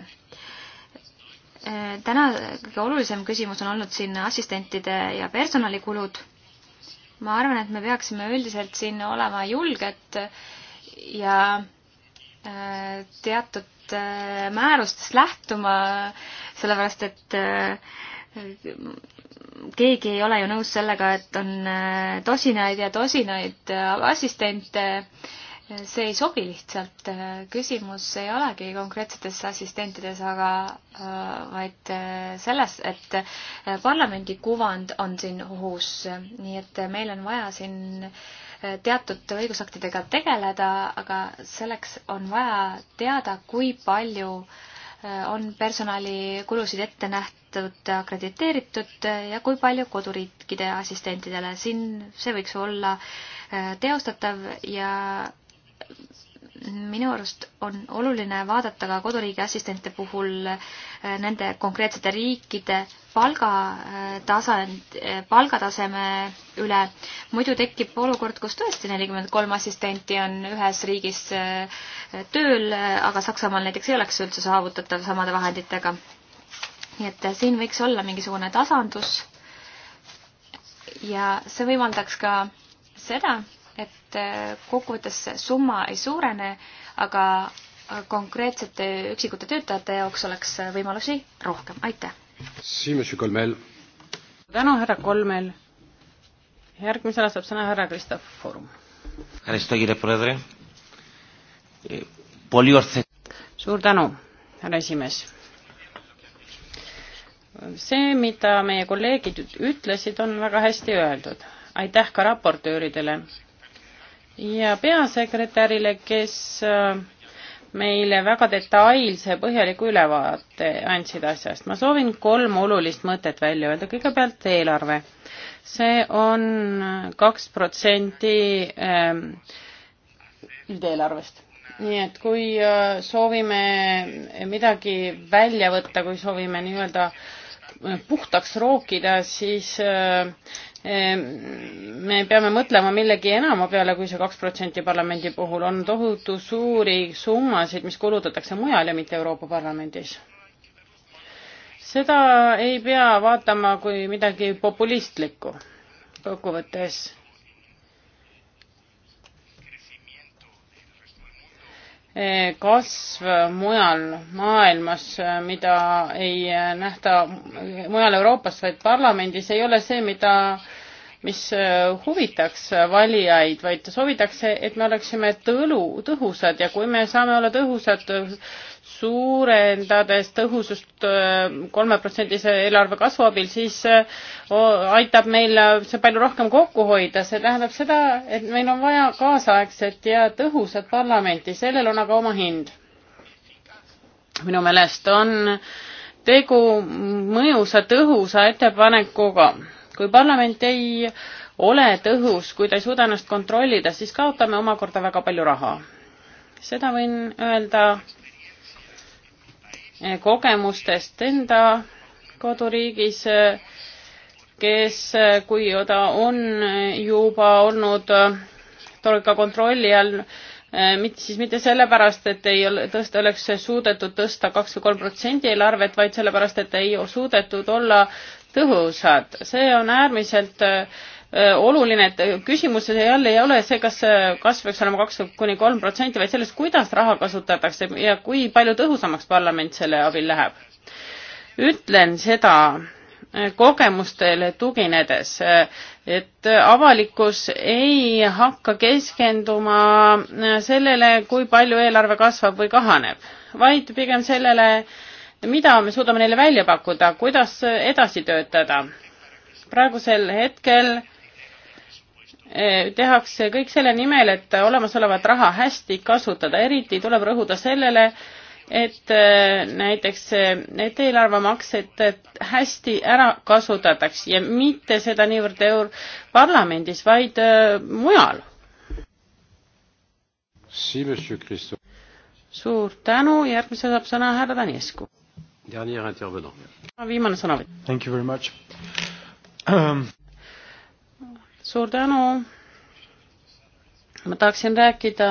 täna kõige olulisem küsimus on olnud siin assistentide ja personalikulud. ma arvan, et me peaksime üldiselt siin olema julged ja äh, teatud äh, määrustest lähtuma, sellepärast et äh, keegi ei ole ju nõus sellega, et on äh, tosinaid ja tosinaid äh, assistente. see ei sobi lihtsalt. Äh, küsimus ei olegi konkreetsetes assistentides, aga vaid selles, et parlamendi kuvand on siin ohus, nii et meil on vaja siin teatud õigusaktidega tegeleda, aga selleks on vaja teada, kui palju äh, Äh, on personalikulusid ette nähtud akrediteeritud äh, ja kui palju koduriikide assistentidele. siin see võiks olla äh, teostatav ja minu arust on oluline vaadata ka koduriigi assistente puhul äh, nende konkreetsete riikide palgatasand, äh, äh, palgataseme üle. muidu tekib olukord, kus tõesti nelikümmend kolm assistenti on ühes riigis tööl, aga Saksamaal näiteks ei oleks üldse saavutatav samade vahenditega. nii et siin võiks olla mingisugune tasandus ja see võimaldaks ka seda, et äh, kokkuvõttes summa ei suurene, aga äh, konkreetsete üksikute töötajate jaoks oleks äh, võimalusi rohkem, aitäh! tänu, härra Kolmel! järgmisena saab sõna härra Kristof Foorum. suur tänu, härra esimees! see, mida meie kolleegid ütlesid, on väga hästi öeldud. aitäh ka raportööridele ja peasekretärile, kes äh, meile väga detailse põhjaliku ülevaate andsid asjast. ma soovin kolm olulist mõtet välja öelda. kõigepealt eelarve. see on kaks protsenti ähm, üldeelarvest. nii et kui äh, soovime midagi välja võtta, kui soovime nii-öelda äh, puhtaks rookida, siis Ehm, me peame mõtlema millegi enama peale, kui see kaks protsenti parlamendi puhul on tohutu suuri summasid, mis kulutatakse mujal ja mitte Euroopa Parlamendis. seda ei pea vaatama kui midagi populistlikku kokkuvõttes kasv mujal maailmas, mida ei nähta mujal Euroopas, vaid parlamendis, ei ole see, mida, mis huvitaks valijaid, vaid soovitakse, et me oleksime tõlu, tõhusad ja kui me saame olla tõhusad suurendades tõhusust äh, kolmeprotsendise eelarve kasvu abil, siis äh, aitab meil äh, see palju rohkem kokku hoida. see tähendab seda, et meil on vaja kaasaegset ja tõhusat parlamenti, sellel on aga oma hind. minu meelest on tegu mõjusa tõhusa ettepanekuga. kui parlament ei ole tõhus, kui ta ei suuda ennast kontrollida, siis kaotame omakorda väga palju raha. seda võin öelda kogemustest enda koduriigis, kes, kui ta on juba olnud troika kontrolli all, mitte siis mitte sellepärast, et ei ole tõsta, oleks suudetud tõsta kaks või kolm protsenti eelarvet, vaid sellepärast, et ei suudetud olla tõhusad. see on äärmiselt äh, oluline, et küsimus jälle ei ole see, kas kasv peaks olema kaks kuni kolm protsenti, vaid selles, kuidas raha kasutatakse ja kui palju tõhusamaks parlament selle abil läheb. ütlen seda kogemustele tuginedes, et avalikkus ei hakka keskenduma sellele, kui palju eelarve kasvab või kahaneb, vaid pigem sellele, mida me suudame neile välja pakkuda, kuidas edasi töötada. praegusel hetkel Eh, tehakse kõik selle nimel, et olemasolevat raha hästi kasutada, eriti tuleb rõhuda sellele, et eh, näiteks eh, need eelarvemaksed hästi ära kasutataks ja mitte seda niivõrd europarlamendis, vaid mujal. suur tänu, järgmisena saab sõna härra Danescu. viimane sõnavõtt. Um suur tänu. ma tahaksin rääkida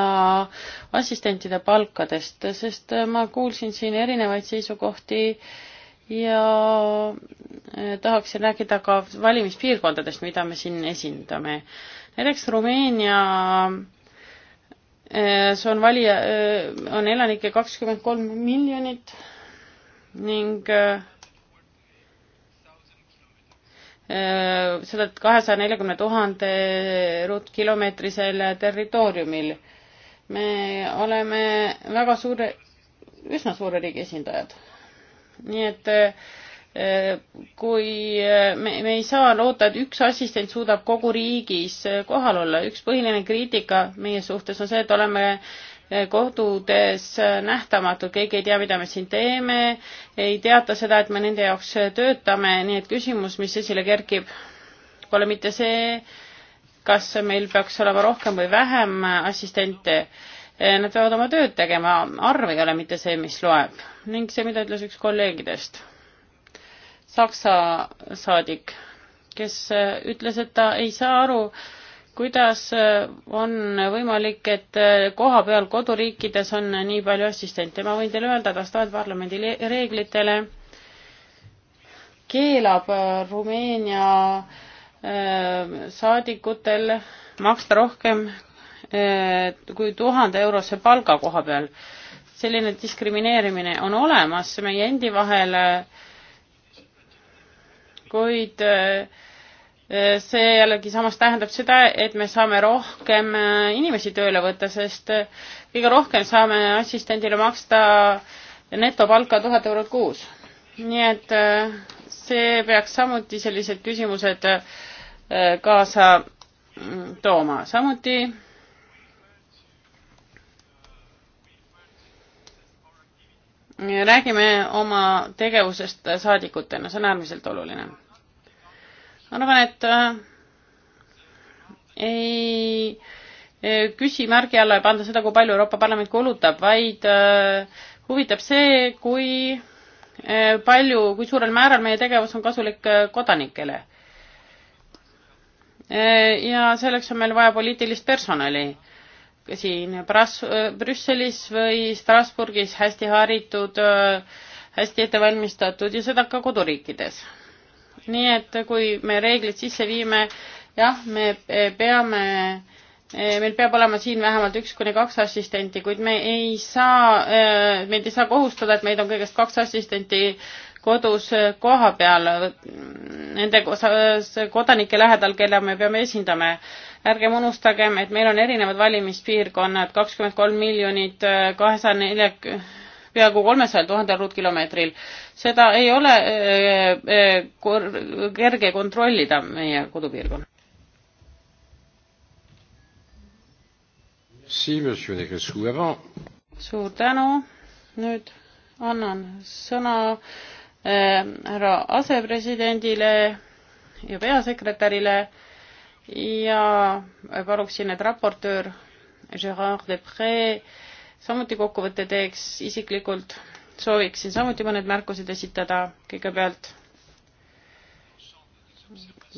assistentide palkadest, sest ma kuulsin siin erinevaid seisukohti ja eh, tahaksin rääkida ka valimispiirkondadest, mida me siin esindame. näiteks Rumeenia eh, see on valija, eh, on elanikke kakskümmend kolm miljonit ning Äh, seda kahesaja neljakümne tuhande ruutkilomeetrisel territooriumil. me oleme väga suure, üsna suure riigi esindajad. nii et äh, kui äh, me, me ei saa loota, et üks assistent suudab kogu riigis kohal olla, üks põhiline kriitika meie suhtes on see, et oleme äh, Eh, kodudes eh, nähtamatud, keegi ei tea, mida me siin teeme, ei teata seda, et me nende jaoks eh, töötame, nii et küsimus, mis esile kerkib, pole mitte see, kas meil peaks olema rohkem või vähem assistente. Nad peavad oma tööd tegema, arv ei ole mitte see, mis loeb ning see, mida ütles üks kolleegidest, Saksa saadik, kes ütles, et ta ei saa aru, kuidas äh, on võimalik, et äh, koha peal koduriikides on nii palju assistente, ma võin teile öelda, et vastavalt parlamendi reeglitele keelab äh, Rumeenia saadikutel maksta rohkem kui tuhande eurose palga koha peal. selline diskrimineerimine on olemas meie endi vahel, kuid äh, Äh, see jällegi samas tähendab seda, et me saame rohkem äh, inimesi tööle võtta, sest äh, kõige rohkem saame assistendile maksta netopalka tuhat eurot kuus. nii et see peaks samuti sellised küsimused kaasa mm, tooma, samuti räägime oma tegevusest saadikutena, see on äärmiselt oluline arvan, et äh, ei äh, küsimärgi alla ei panda seda, kui palju Euroopa Parlament kulutab, vaid äh, huvitab see, kui äh, palju, kui suurel määral meie tegevus on kasulik äh, kodanikele äh,. ja selleks on meil vaja poliitilist personali siin Pras-, äh, Brüsselis või Strasbourgis hästi haritud, äh, hästi ettevalmistatud ja seda ka koduriikides nii et kui me reeglid sisse viime, jah, me e, peame, e, meil peab olema siin vähemalt üks kuni kaks assistenti, kuid me ei saa, e, meid ei saa kohustada, et meid on kõigest kaks assistenti kodus koha peal nende kodanike lähedal, kelle me peame esindama. ärgem unustagem, et meil on erinevad valimispiirkonnad, kakskümmend kolm miljonit kahesaja nelja peaaegu kolmesajal tuhandel ruutkilomeetril. seda ei ole äh, äh, kerge kontrollida meie kodupiirkonnas. suur tänu, nüüd annan sõna äh, härra asepresidendile ja peasekretärile ja paluksin, et raportöör Gerard Depree samuti kokkuvõtte teeks isiklikult, sooviksin samuti mõned märkused esitada kõigepealt.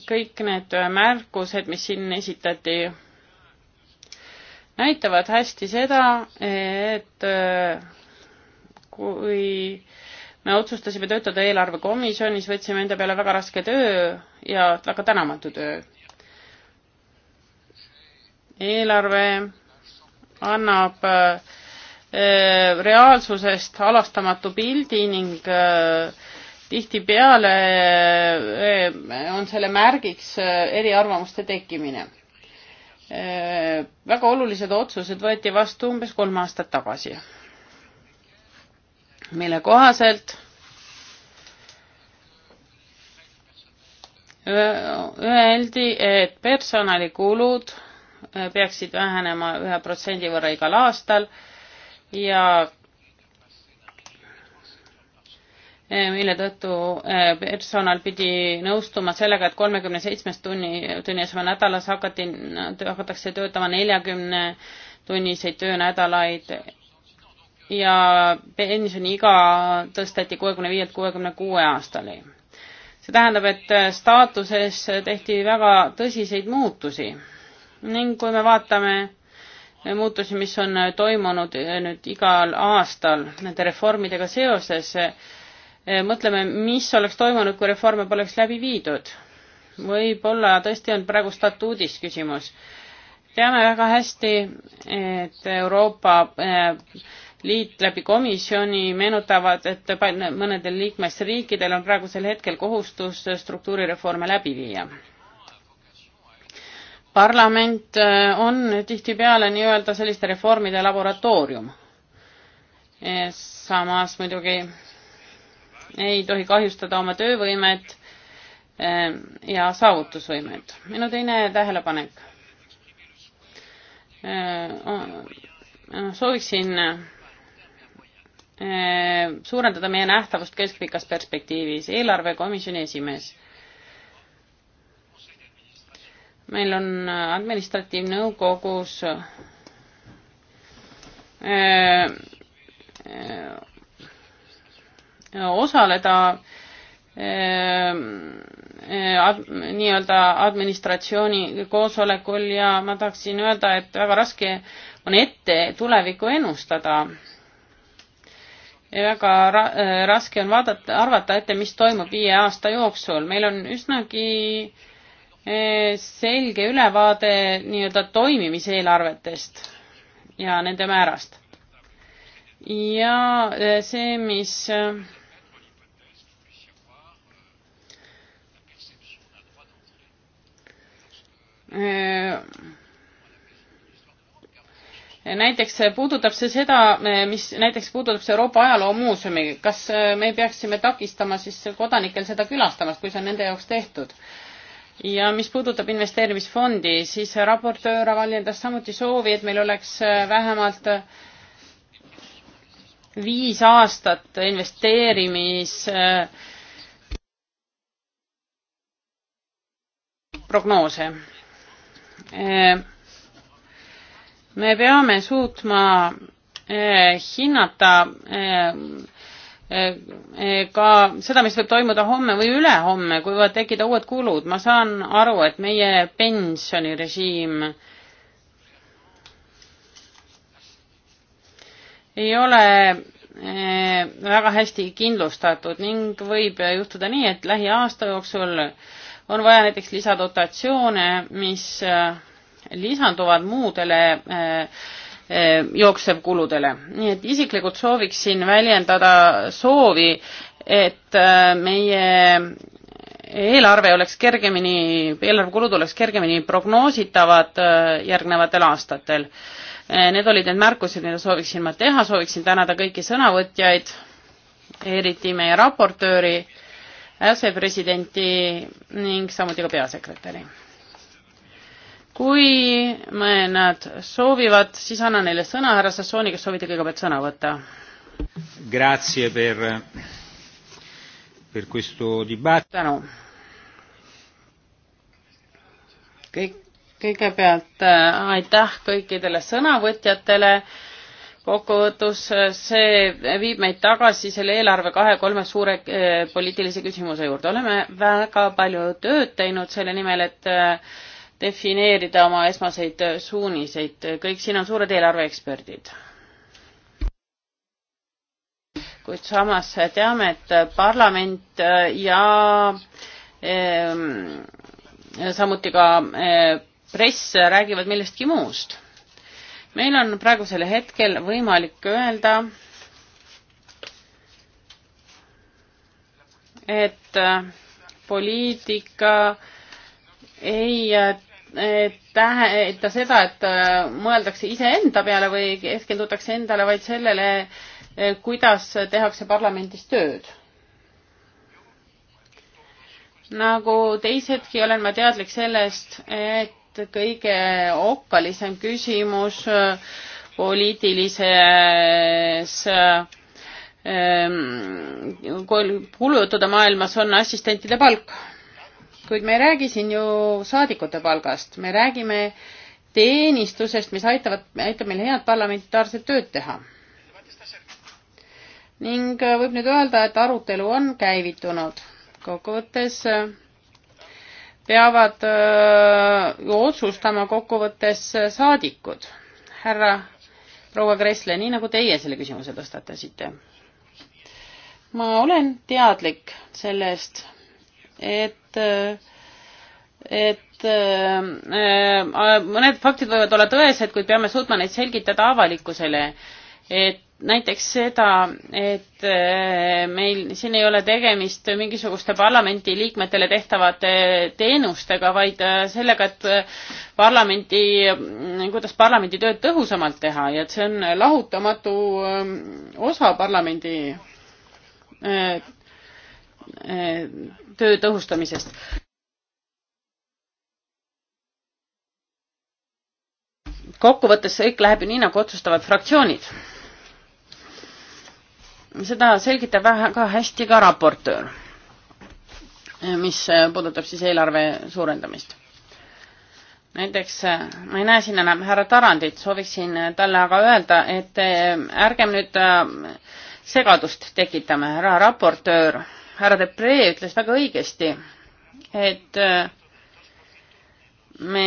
kõik need märkused, mis siin esitati, näitavad hästi seda, et äh, kui me otsustasime töötada eelarvekomisjonis, võtsime enda peale väga raske töö ja väga tänamatu töö. eelarve annab äh, Äh, reaalsusest halastamatu pildi ning äh, tihtipeale äh, on selle märgiks eriarvamuste tekkimine. väga olulised otsused võeti vastu umbes kolm aastat tagasi, mille kohaselt öeldi, et personalikulud peaksid vähenema ühe protsendi võrra igal aastal ja e, mille tõttu e, personal pidi nõustuma sellega, et kolmekümne seitsmest tunni, tunni asemel nädalas hakati, hakatakse töötama neljakümne tunniseid töönädalaid ja pensioniiga tõsteti kuuekümne viielt kuuekümne kuue aastani. see tähendab, et staatuses tehti väga tõsiseid muutusi ning kui me vaatame muutusi, mis on äh, toimunud äh, nüüd igal aastal nende reformidega seoses. Äh, mõtleme, mis oleks toimunud, kui reforme poleks läbi viidud. võib-olla tõesti on praegu statuudis küsimus. teame väga hästi, et Euroopa Liit läbi komisjoni meenutavad, et mõnedel liikmesriikidel on praegusel hetkel kohustus struktuurireforme läbi viia parlament äh, on tihtipeale nii-öelda selliste reformide laboratoorium. samas muidugi ei tohi kahjustada oma töövõimet äh, ja saavutusvõimet. minu teine tähelepanek. Äh, sooviksin suurendada meie nähtavust keskpikas perspektiivis. eelarvekomisjoni esimees meil on äh, administratiivnõukogus äh, äh, osaleda nii-öelda administratsiooni koosolekul ja ma tahaksin öelda, et väga raske on ette tulevikku ennustada. väga ra raske on vaadata, arvata ette, mis toimub viie aasta jooksul. meil on üsnagi äh, Eh, selge ülevaade nii-öelda toimimiseelarvetest ja nende määrast. ja eh, see, mis eh, näiteks puudutab see seda, mis näiteks puudutab see Euroopa Ajaloomuuseumi, kas me peaksime takistama siis kodanikel seda külastamast, kui see on nende jaoks tehtud? ja mis puudutab investeerimisfondi, siis raportöör avaldas samuti soovi, et meil oleks äh, vähemalt äh, viis aastat investeerimis äh, prognoose. me peame suutma hinnata ka seda, mis võib toimuda homme või ülehomme, kui võivad tekkida uued kulud. ma saan aru, et meie pensionirežiim ei ole eh, väga hästi kindlustatud ning võib juhtuda nii, et lähiaasta jooksul on vaja näiteks lisadotatsioone, mis eh, lisanduvad muudele äh, Eh, jooksevkuludele. nii et isiklikult sooviksin väljendada soovi, et eh, meie eelarve oleks kergemini, eelarvekulud oleks kergemini prognoositavad eh, järgnevatel aastatel. Need olid need märkused, mida sooviksin ma teha, sooviksin tänada kõiki sõnavõtjaid, eriti meie raportööri, asepresidenti ning samuti ka peasekretäri kui me nad soovivad, siis annan neile sõna, härra Sassooni, kas soovite kõigepealt sõna võtta? Grazie per, per questo dibat-. tänu. kõik, kõigepealt äh, aitäh kõikidele sõnavõtjatele, kokkuvõttes äh, see viib meid tagasi selle eelarve kahe-kolme suure eh, poliitilise küsimuse juurde, oleme väga palju tööd teinud selle nimel, et eh, defineerida oma esmaseid suuniseid, kõik siin on suured eelarveeksperdid. kuid samas teame, et parlament ja ehm, samuti ka ehm, press räägivad millestki muust. meil on praegusel hetkel võimalik öelda, et poliitika ei tähenda seda, et äh, mõeldakse iseenda peale või keskendutakse endale, vaid sellele, äh, kuidas tehakse parlamendis tööd. nagu teisedki, olen ma teadlik sellest, et kõige okkalisem küsimus äh, poliitilises ähm, kulutada maailmas on assistentide palk kuid me ei räägi siin ju saadikute palgast, me räägime teenistusest, mis aitavad, aitab meil head parlamentaarset tööd teha. ning äh, võib nüüd öelda, et arutelu on käivitunud. kokkuvõttes äh, peavad öö, äh, otsustama kokkuvõttes saadikud. härra proua Kressle, nii nagu teie selle küsimuse tõstatasite. ma olen teadlik sellest, et et äh, äh, mõned faktid võivad olla tõesed, kuid peame suutma neid selgitada avalikkusele. et näiteks seda, et äh, meil siin ei ole tegemist mingisuguste parlamendi liikmetele tehtavate teenustega, vaid sellega, et parlamendi, mm, kuidas parlamendi tööd tõhusamalt teha ja et see on lahutamatu osa parlamendi Äh, töö tõhustamisest. kokkuvõttes kõik läheb ju nii, nagu otsustavad fraktsioonid. seda selgitab väga hästi ka raportöör, mis puudutab siis eelarve suurendamist. näiteks ma ei näe siin enam härra Tarandit, sooviksin talle aga öelda, et ärgem nüüd äh, segadust tekitame, härra raportöör härra Depree ütles väga õigesti, et äh, me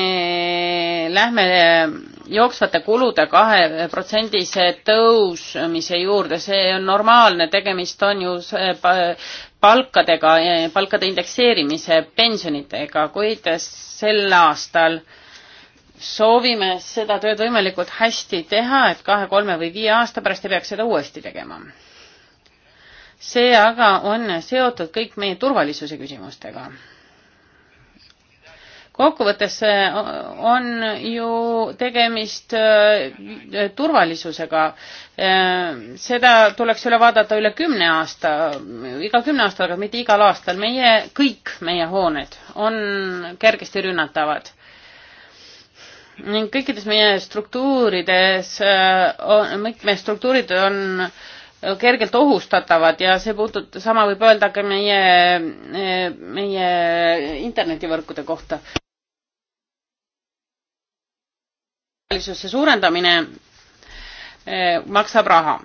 lähme äh, jooksvate kulude kaheprotsendise tõusmise juurde, see on normaalne, tegemist on ju äh, palkadega, palkade indekseerimise, pensionitega, kuid sel aastal soovime seda tööd võimalikult hästi teha, et kahe, kolme või viie aasta pärast ei peaks seda uuesti tegema see aga on seotud kõik meie turvalisuse küsimustega. kokkuvõttes äh, on ju tegemist äh, turvalisusega. Äh, seda tuleks üle vaadata üle kümne aasta, iga kümne aasta tagant, mitte igal aastal. meie, kõik meie hooned on kergesti rünnatavad ning kõikides meie struktuurides, kõik meie struktuurid on kergelt ohustatavad ja see puudut-, sama võib öelda ka meie, meie internetivõrkude kohta. turvalisuse suurendamine eh, maksab raha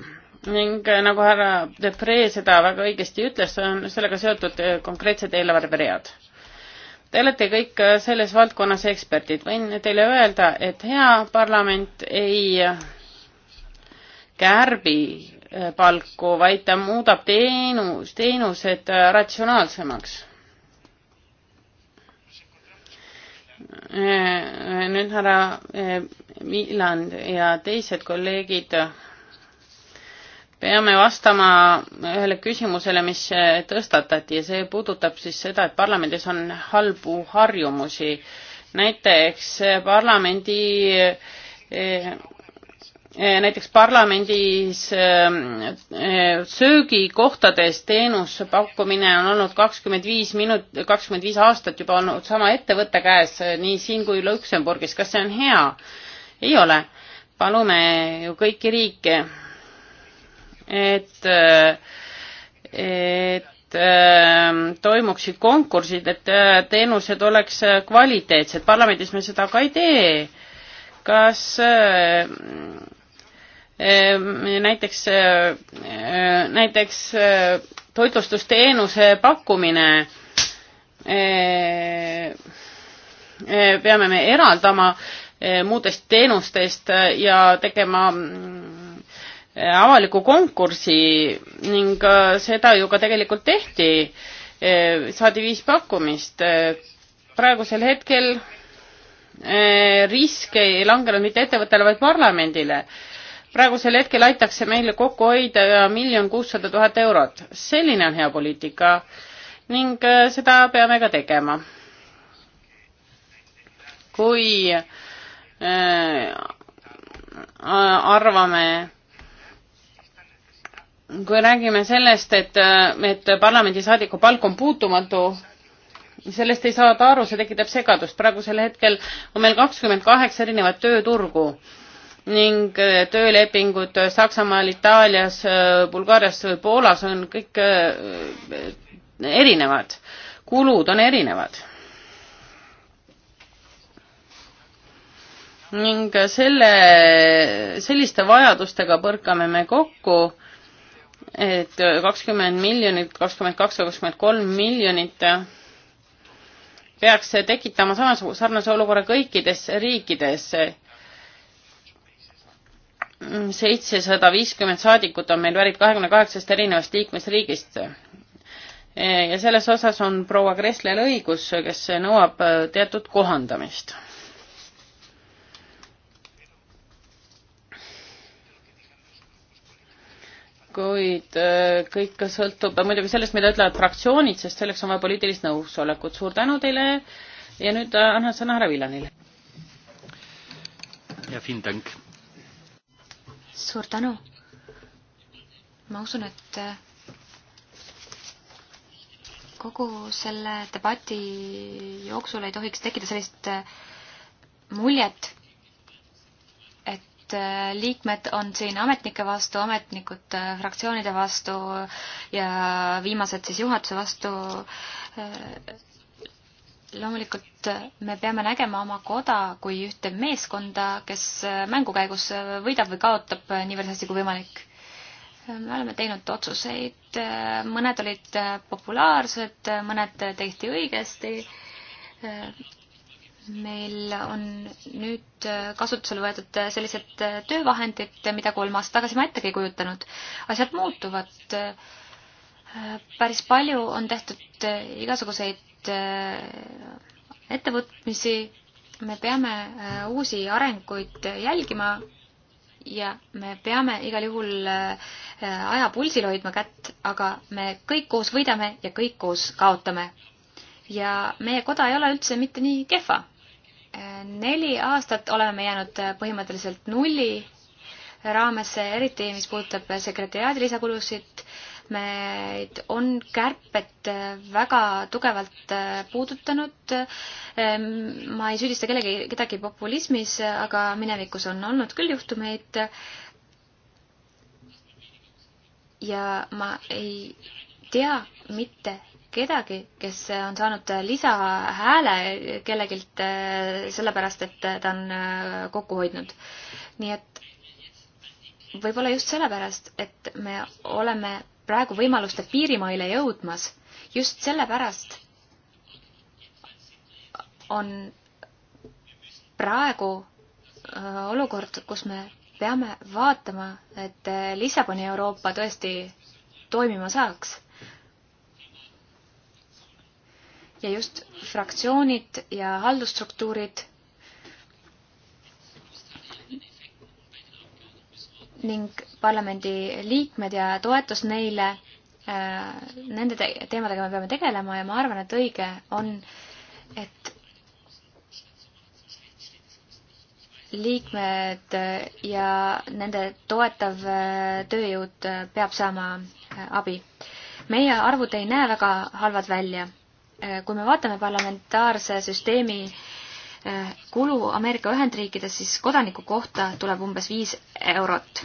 ning eh, nagu härra Depree seda väga õigesti ütles, on sellega seotud eh, konkreetsed eelarveread. Te olete kõik selles valdkonnas eksperdid, võin teile öelda, et hea parlament ei kärbi palku, vaid ta muudab teenus, teenused äh, ratsionaalsemaks. Äh, nüüd härra Viiland äh, ja teised kolleegid, peame vastama ühele küsimusele, mis tõstatati ja see puudutab siis seda, et parlamendis on halbu harjumusi. näiteks parlamendi Eh, näiteks parlamendis ehm, eh, söögikohtades teenuse pakkumine on olnud kakskümmend viis minut-, kakskümmend viis aastat juba olnud sama ettevõtte käes eh, nii siin kui Luksemburgis. kas see on hea? ei ole. palume ju kõiki riike, et, et ehm, toimuksid konkursid, et teenused oleks kvaliteetsed. parlamendis me seda ka ei tee. kas Ehm, näiteks, ehm, näiteks ehm, toitlustusteenuse pakkumine. peame me eraldama muudest teenustest ja tegema avaliku konkursi ning seda ju ka tegelikult tehti. saadi viis pakkumist. praegusel hetkel risk ei langenud mitte ettevõttele, vaid parlamendile praegusel hetkel aitaks see meil kokku hoida miljon kuussada tuhat eurot. selline on hea poliitika ning äh, seda peame ka tegema. kui äh, arvame kui räägime sellest, et, äh, et parlamendisaadiku palk on puutumatu, sellest ei saada aru, see tekitab segadust. praegusel hetkel on meil kakskümmend kaheksa erinevat tööturgu ning äh, töölepingud Saksamaal, Itaalias, äh, Bulgaarias või Poolas on kõik äh, erinevad, kulud on erinevad. ning selle, selliste vajadustega põrkame me kokku, et kakskümmend miljonit, kakskümmend kaks või kakskümmend kolm miljonit peaks tekitama samasuguse sarnase olukorra kõikides riikides seitsesada viiskümmend saadikut on meil pärit kahekümne kaheksast erinevast liikmesriigist. ja selles osas on proua Kresslel õigus, kes nõuab teatud kohandamist. kuid äh, kõik ka sõltub muidugi sellest, mida ütlevad fraktsioonid, sest selleks on vaja poliitilist nõusolekut. suur tänu teile ja nüüd annan sõna härra Villanile. ja, vielen Dank suur tänu. ma usun, et äh, kogu selle debati jooksul ei tohiks tekkida sellist äh, muljet, et äh, liikmed on siin ametnike vastu, ametnikud fraktsioonide vastu ja viimased siis juhatuse vastu loomulikult äh, me peame nägema oma koda kui ühte meeskonda, kes äh, mängu käigus äh, võidab või kaotab niivõrd hästi kui võimalik. me oleme teinud otsuseid, mõned olid populaarsed, mõned tehti õigesti. meil on nüüd kasutusele võetud sellised töövahendid, mida kolm aastat tagasi ma ettegi ei kujutanud. asjad muutuvad päris palju on tehtud igasuguseid uusi äh, ettevõtmisi, me peame äh, uusi arenguid jälgima ja me peame igal juhul äh, aja pulsil hoidma kätt, aga me kõik koos võidame ja kõik koos kaotame. ja meie koda ei ole üldse mitte nii kehva. neli aastat oleme me jäänud põhimõtteliselt nulli raamesse, eriti mis puudutab sekretäriaadi lisakulusid meid on kärped väga tugevalt äh, puudutanud. Ähm, ma ei süüdista kellegi, kedagi populismis, aga minevikus on olnud küll juhtumeid. ja ma ei tea mitte kedagi, kes on saanud lisahääle kellegilt äh, sellepärast, et ta on äh, kokku hoidnud. nii et võib-olla just sellepärast, et me oleme praegu võimaluste piirimaile jõudmas. just sellepärast on praegu äh, olukord, kus me peame vaatama, et äh, Lissaboni Euroopa tõesti toimima saaks. ja just fraktsioonid ja haldusstruktuurid ning parlamendi liikmed ja toetus neile, äh, nende te teemadega me peame tegelema ja ma arvan, et õige on, et liikmed äh, ja nende toetav äh, tööjõud peab saama abi. meie arvud ei näe väga halvad välja. kui me vaatame parlamentaarse süsteemi äh, kulu Ameerika Ühendriikides, siis kodaniku kohta tuleb umbes viis eurot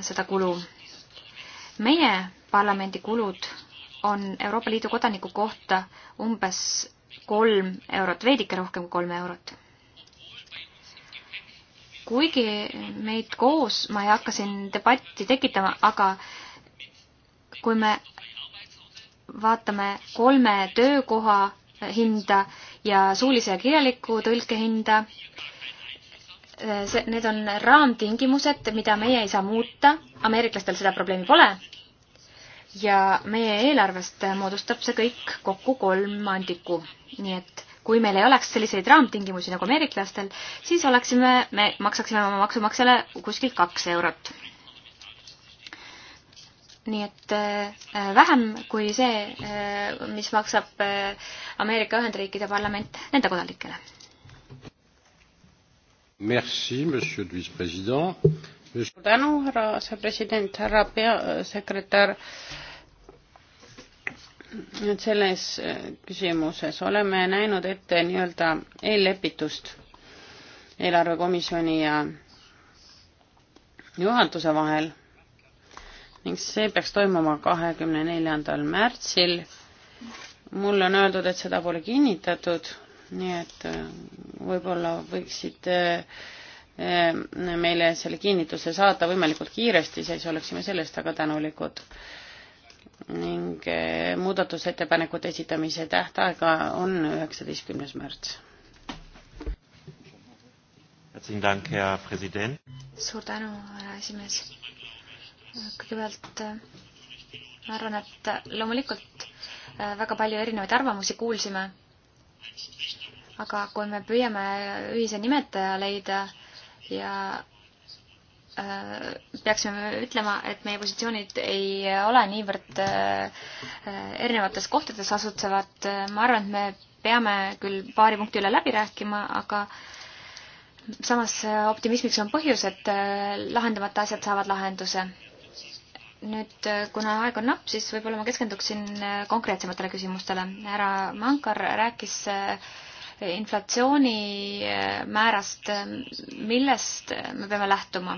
seda kulu. meie parlamendi kulud on Euroopa Liidu kodaniku kohta umbes kolm eurot, veidike rohkem kui kolm eurot. kuigi meid koos, ma ei hakka siin debatti tekitama, aga kui me vaatame kolme töökoha hinda, ja suulise ja kirjaliku tõlke hinda. see, need on raamtingimused, mida meie ei saa muuta, ameeriklastel seda probleemi pole. ja meie eelarvest moodustab see kõik kokku kolmandiku, nii et kui meil ei oleks selliseid raamtingimusi nagu ameeriklastel, siis oleksime, me maksaksime oma maksumaksjale kuskilt kaks eurot nii et äh, vähem kui see, äh, mis maksab äh, Ameerika Ühendriikide parlament nende kodanikele. Merci, monsieur le vice-president monsieur.... tänu, härra asepresident, härra peasekretär. et selles küsimuses oleme näinud ette nii-öelda eellepitust eelarvekomisjoni ja juhatuse vahel ning see peaks toimuma kahekümne neljandal märtsil. mulle on öeldud, et seda pole kinnitatud, nii et äh, võib-olla võiksite äh, äh, meile selle kinnituse saata võimalikult kiiresti, siis oleksime sellest väga tänulikud. ning muudatusettepanekute esitamise tähtaega on üheksateistkümnes märts. suur tänu, härra esimees kõigepealt äh, ma arvan, et äh, loomulikult äh, väga palju erinevaid arvamusi kuulsime, aga kui me püüame ühise nimetaja leida ja peaksime ütlema, et meie positsioonid ei ole niivõrd erinevates kohtades asutsevad, ma arvan, et me peame küll paari punkti üle läbi rääkima, aga samas optimismiks on põhjus, et lahendamata asjad saavad lahenduse nüüd, äh, kuna aeg on napp, siis võib-olla ma keskenduksin äh, konkreetsematele küsimustele. härra Mankar rääkis äh, inflatsiooni määrast, millest me peame lähtuma?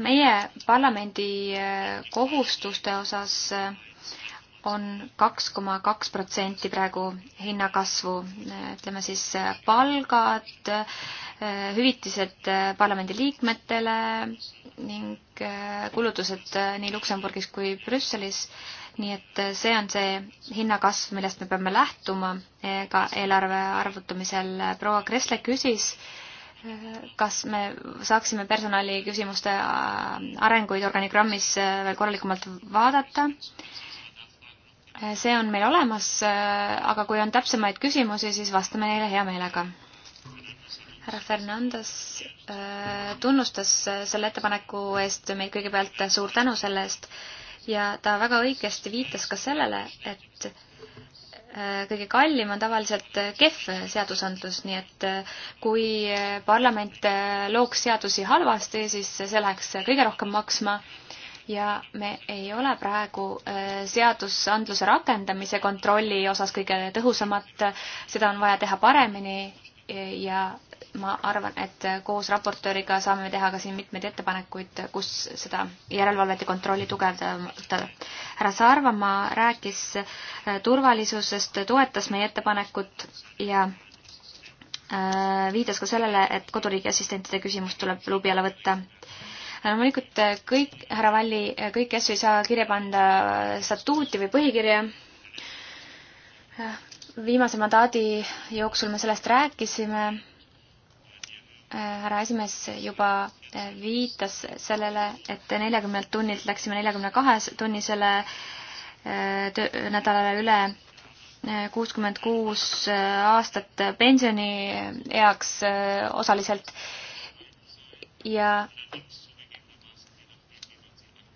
meie parlamendi kohustuste osas on kaks koma kaks protsenti praegu hinnakasvu, ütleme siis äh, palgad, äh, hüvitised äh, parlamendiliikmetele ning kulutused nii Luksemburgis kui Brüsselis. nii et see on see hinnakasv, millest me peame lähtuma ka eelarve arvutamisel. proua Kressle küsis, kas me saaksime personaliküsimuste arenguid organigrammis veel korralikumalt vaadata see on meil olemas, äh, aga kui on täpsemaid küsimusi, siis vastame neile hea meelega. härra Fernandes äh, tunnustas äh, selle ettepaneku eest meid kõigepealt, suur tänu selle eest, ja ta väga õigesti viitas ka sellele, et kõige kallim on tavaliselt kehv seadusandlus, nii et kui parlament looks seadusi halvasti, siis see läheks kõige rohkem maksma ja me ei ole praegu äh, seadusandluse rakendamise kontrolli osas kõige tõhusamad, seda on vaja teha paremini äh, ja ma arvan, et äh, koos raportööriga saame teha ka siin mitmeid ettepanekuid, kus seda järelevalvet ja kontrolli tugevdada. härra Sarvamaa rääkis turvalisusest, toetas meie ettepanekut ja viitas ka sellele, et koduriigi assistentide küsimus tuleb lubi alla võtta Äh, loomulikult äh, kõik, härra Valli, äh, kõiki asju ei saa kirja panda statuuti või põhikirja. viimase mandaadi jooksul me sellest rääkisime. härra esimees juba viitas sellele, et neljakümnelt tunnilt läksime neljakümne kahe tunnisele nädalale üle kuuskümmend kuus aastat pensionieaks osaliselt ja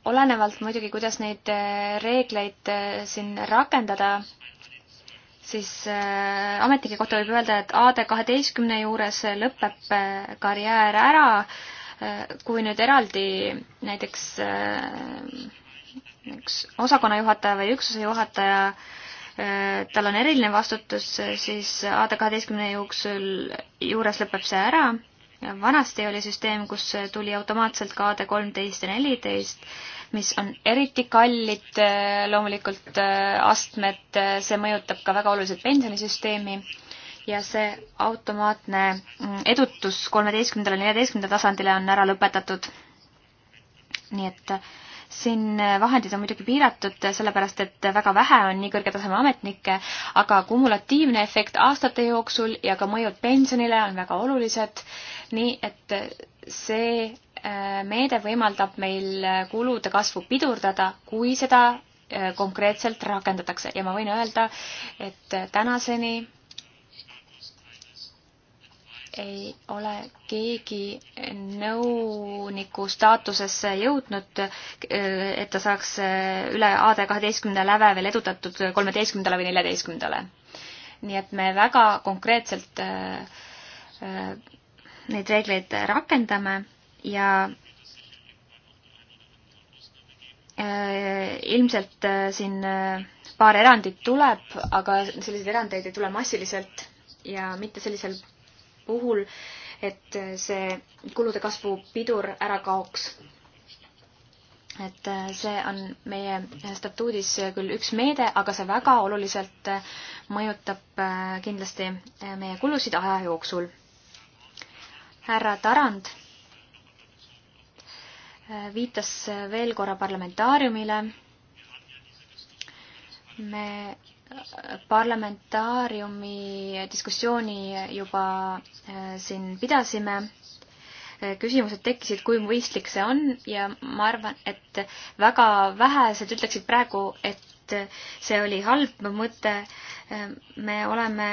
olenevalt muidugi, kuidas neid äh, reegleid äh, siin rakendada, siis äh, ametnike kohta võib öelda, et AD kaheteistkümne juures lõpeb karjäär ära, kui nüüd eraldi näiteks üks osakonnajuhataja või üksuse juhataja tal on eriline vastutus, siis AD kaheteistkümne jooksul, juures lõpeb see ära vanasti oli süsteem, kus tuli automaatselt KD kolmteist ja neliteist, mis on eriti kallid loomulikult äh, astmed, äh, see mõjutab ka väga oluliselt pensionisüsteemi ja see automaatne mm, edutus kolmeteistkümnendale, neljateistkümnendale tasandile on ära lõpetatud. nii et äh, siin äh, vahendid on muidugi piiratud, äh, sellepärast et äh, väga vähe on nii kõrge taseme ametnikke, aga kumulatiivne efekt aastate jooksul ja ka mõjud pensionile on väga olulised, nii et see meede võimaldab meil kulude kasvu pidurdada, kui seda konkreetselt rakendatakse ja ma võin öelda, et tänaseni ei ole keegi nõuniku staatusesse jõudnud, et ta saaks üle AD kaheteistkümnenda läve veel edutatud kolmeteistkümnendale või neljateistkümnendale. nii et me väga konkreetselt äh, äh, neid reegleid rakendame ja äh, ilmselt siin paar erandit tuleb, aga selliseid erandeid ei tule massiliselt ja mitte sellisel puhul, et see kulude kasvu pidur ära kaoks. et see on meie statuudis küll üks meede, aga see väga oluliselt mõjutab kindlasti meie kulusid aja jooksul. härra Tarand viitas veel korra parlamentaariumile. me parlamentaariumi diskussiooni juba äh, siin pidasime. Äh, küsimused tekkisid, kui mõistlik see on ja ma arvan, et väga vähesed ütleksid praegu, et see oli halb mõte. Äh, me oleme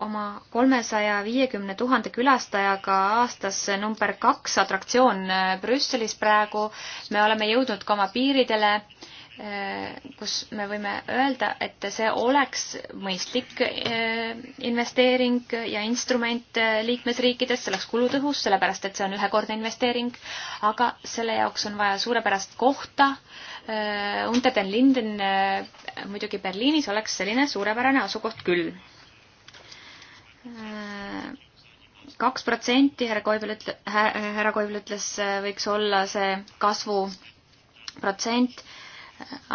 oma kolmesaja viiekümne tuhande külastajaga aastas number kaks atraktsioon Brüsselis praegu. me oleme jõudnud ka oma piiridele Äh, kus me võime öelda, et see oleks mõistlik äh, investeering ja instrument äh, liikmesriikides, see oleks kulutõhus, sellepärast et see on ühekordne investeering, aga selle jaoks on vaja suurepärast kohta. Unter den Linden muidugi Berliinis oleks selline suurepärane asukoht küll. kaks protsenti, härra Koivil ütle-, härra Koivil ütles, võiks olla see kasvuprotsent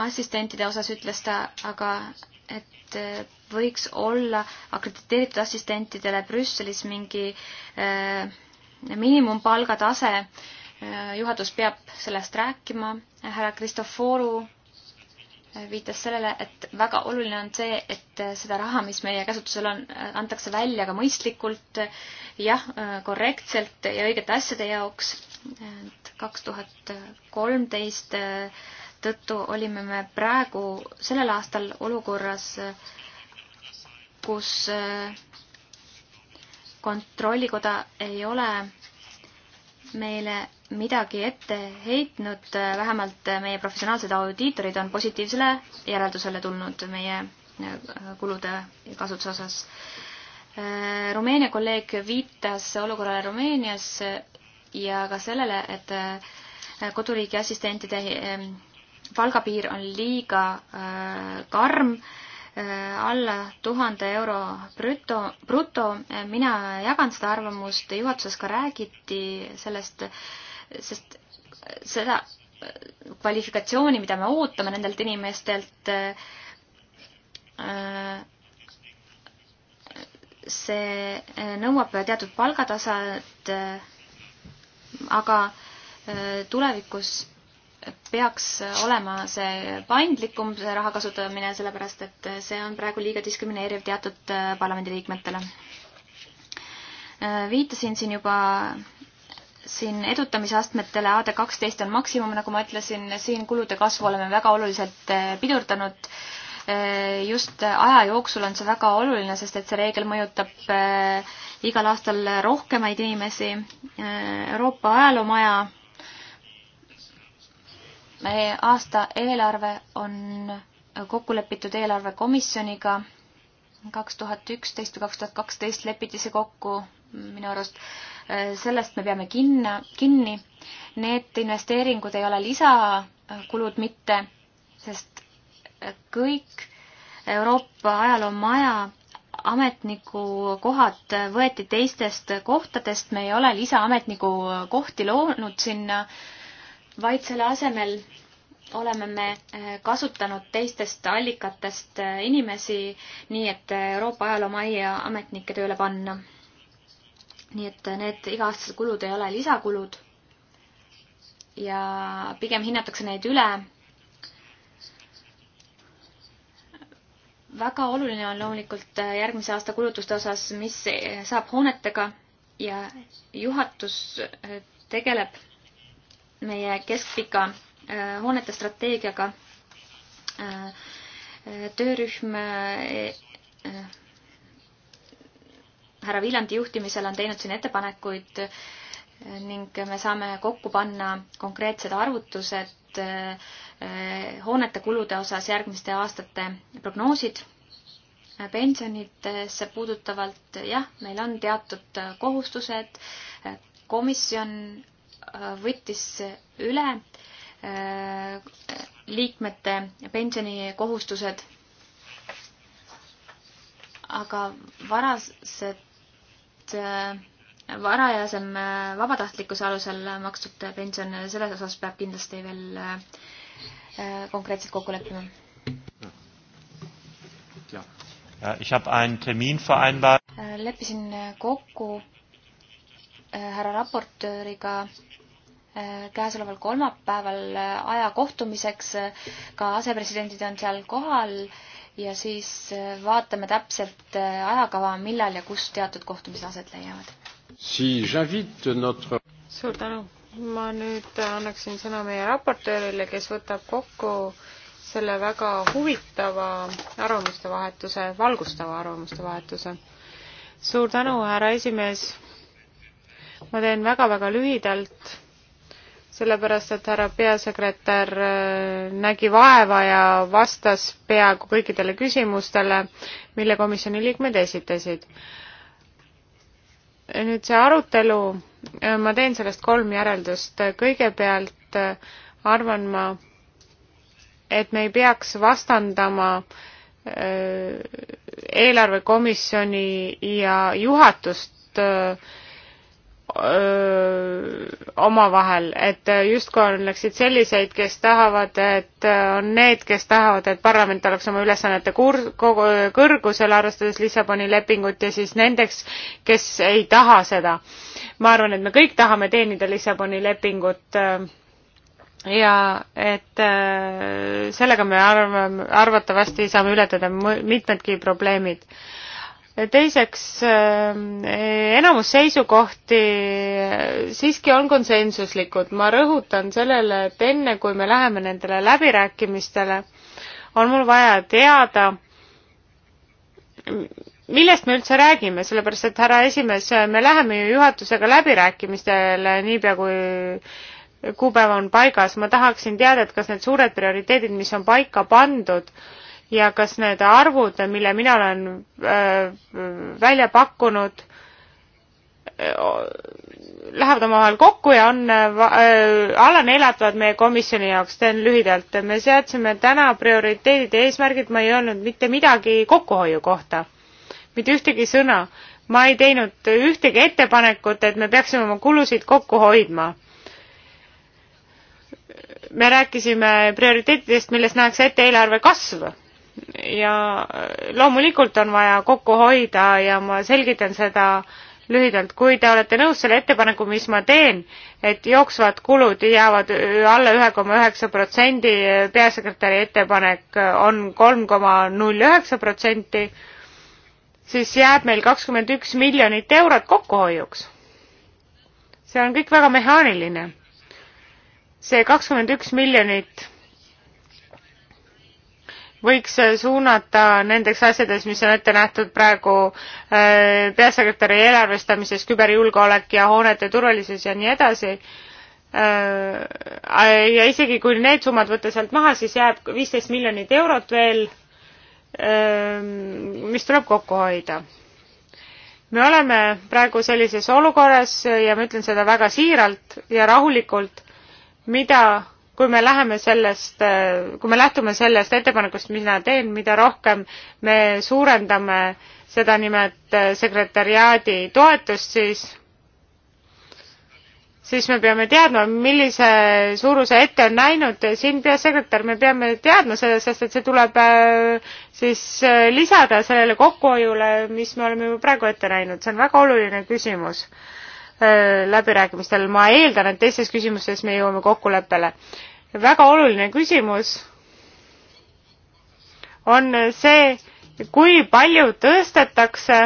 assistentide osas ütles ta aga, et äh, võiks olla akrediteeritud assistentidele Brüsselis mingi äh, miinimumpalgatase äh,. juhatus peab sellest rääkima. härra Kristoforu äh, viitas sellele, et väga oluline on see, et äh, seda raha, mis meie käsutusel on, antakse välja ka mõistlikult, jah, korrektselt ja õigete asjade jaoks. et kaks tuhat kolmteist seetõttu olime me praegu sellel aastal olukorras, kus äh, kontrollikoda ei ole meile midagi ette heitnud, vähemalt meie professionaalsed audiitorid on positiivsele järeldusele tulnud meie äh, kulude ja kasutuse osas. Äh, Rumeenia kolleeg viitas olukorrale Rumeenias ja ka sellele, et koduriigi assistentide ähm, palgapiir on liiga äh, karm äh, alla tuhande euro bruto, bruto, mina jagan seda arvamust, juhatuses ka räägiti sellest, sest seda äh, kvalifikatsiooni, mida me ootame nendelt inimestelt, see nõuab teatud palgataset, aga tulevikus peaks olema see paindlikum, see raha kasutamine, sellepärast et see on praegu liiga diskrimineeriv teatud äh, parlamendiliikmetele. Äh, viitasin siin juba siin edutamisastmetele AD kaksteist on maksimum, nagu ma ütlesin, siin kulude kasvu oleme väga oluliselt äh, pidurdanud. just aja jooksul on see väga oluline, sest et see reegel mõjutab igal aastal rohkemaid inimesi. Euroopa ajaloomaja meie aasta eelarve on kokku lepitud eelarvekomisjoniga. kaks tuhat üksteist või kaks tuhat kaksteist lepiti see kokku minu arust. sellest me peame kinna, kinni. Need investeeringud ei ole lisakulud mitte, sest kõik Euroopa ajaloomaja ametniku kohad võeti teistest kohtadest, me ei ole lisaametniku kohti loonud sinna äh, vaid selle asemel oleme me eh, kasutanud teistest allikatest eh, inimesi, nii et Euroopa ajaloomaia ametnikke tööle panna. nii et need iga-aastased kulud ei ole lisakulud ja pigem hinnatakse neid üle. väga oluline on loomulikult eh, järgmise aasta kulutuste osas, mis saab hoonetega ja juhatus tegeleb meie keskpika äh, hoonete strateegiaga äh, äh, töörühm härra Viljandi juhtimisel on teinud siin ettepanekuid ning me saame kokku panna konkreetsed arvutused hoonete kulude osas järgmiste aastate prognoosid. pensionitesse puudutavalt jah, meil on teatud kohustused. komisjon võttis üle äh, liikmete pensionikohustused, aga varased äh, varajasem äh, vabatahtlikkuse alusel makstud pension, selles osas peab kindlasti veel konkreetselt kokku leppima. leppisin kokku härra raportööriga äh, käesoleval kolmapäeval äh, aja kohtumiseks, äh, ka asepresidendid on seal kohal ja siis vaatame täpselt ajakava, millal ja kus teatud kohtumised aset leiavad si. Notre... suur tänu. ma nüüd annaksin sõna meie raportöörile, kes võtab kokku selle väga huvitava arvamuste vahetuse, valgustava arvamuste vahetuse. suur tänu, härra esimees ma teen väga-väga lühidalt, sellepärast et härra peasekretär äh, nägi vaeva ja vastas peaaegu kõikidele küsimustele, mille komisjoni liikmed esitasid. nüüd see arutelu, äh, ma teen sellest kolm järeldust. kõigepealt äh, arvan ma, et me ei peaks vastandama eelarvekomisjoni ja juhatust omavahel, et justkui oleksid selliseid, kes tahavad, et äh, on need, kes tahavad, et parlament oleks oma ülesannete kur-, kõrgusel, arvestades Lissaboni lepingut, ja siis nendeks, kes ei taha seda. ma arvan, et me kõik tahame teenida Lissaboni lepingut äh, ja et äh, sellega me arvame, arvatavasti saame ületada mitmedki probleemid teiseks, ähm, enamus seisukohti siiski on konsensuslikud. ma rõhutan sellele, et enne kui me läheme nendele läbirääkimistele, on mul vaja teada, millest me üldse räägime, sellepärast et härra esimees, me läheme ju juhatusega läbirääkimistele niipea, kui kuupäev on paigas. ma tahaksin teada, et kas need suured prioriteedid, mis on paika pandud, ja kas need arvud, mille mina olen äh, välja pakkunud, äh, lähevad omavahel kokku ja on äh, allaneelatavad meie komisjoni jaoks, teen lühidalt. me seadsime täna prioriteedid ja eesmärgid, ma ei öelnud mitte midagi kokkuhoiu kohta, mitte ühtegi sõna. ma ei teinud ühtegi ettepanekut, et me peaksime oma kulusid kokku hoidma me rääkisime prioriteetidest, milles nähakse ette eelarve kasv ja loomulikult on vaja kokku hoida ja ma selgitan seda lühidalt, kui te olete nõus selle ettepaneku, mis ma teen, et jooksvad kulud jäävad alla ühe koma üheksa protsendi, peasekretäri ettepanek on kolm koma null üheksa protsenti, siis jääb meil kakskümmend üks miljonit eurot kokkuhoiuks. see on kõik väga mehaaniline. see kakskümmend üks miljonit võiks äh, suunata nendeks asjades, mis on ette nähtud praegu äh, peasekretäri eelarvestamises, küberjulgeolek ja hoonete turvalisus ja nii edasi. Äh, ja isegi kui need summad võtta sealt maha, siis jääb viisteist miljonit eurot veel, ähm, mis tuleb kokku hoida me oleme praegu sellises olukorras ja ma ütlen seda väga siiralt ja rahulikult, mida kui me läheme sellest, kui me lähtume sellest ettepanekust, mina teen, mida rohkem me suurendame seda nimelt sekretäriaadi toetust, siis siis me peame teadma, millise suuruse ette on näinud siin peasekretär, me peame teadma seda, sest et see tuleb äh, siis äh, lisada sellele kokkuhoiule, mis me oleme juba praegu ette näinud, see on väga oluline küsimus Äh, läbirääkimistel. ma eeldan, et teistes küsimustes me jõuame kokkuleppele. väga oluline küsimus on see, kui palju tõstetakse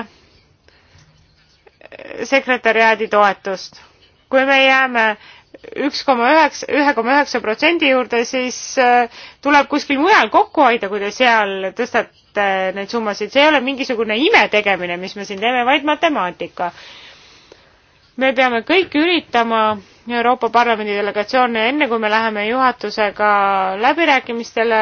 sekretäriaadi toetust. kui me jääme üks koma üheksa, ühe koma üheksa protsendi juurde, siis äh, tuleb kuskil mujal kokku hoida, kui te seal tõstate neid summasid. see ei ole mingisugune imetegemine, mis me siin teeme, vaid matemaatika me peame kõik üritama, Euroopa Parlamendi delegatsioone, enne kui me läheme juhatusega läbirääkimistele,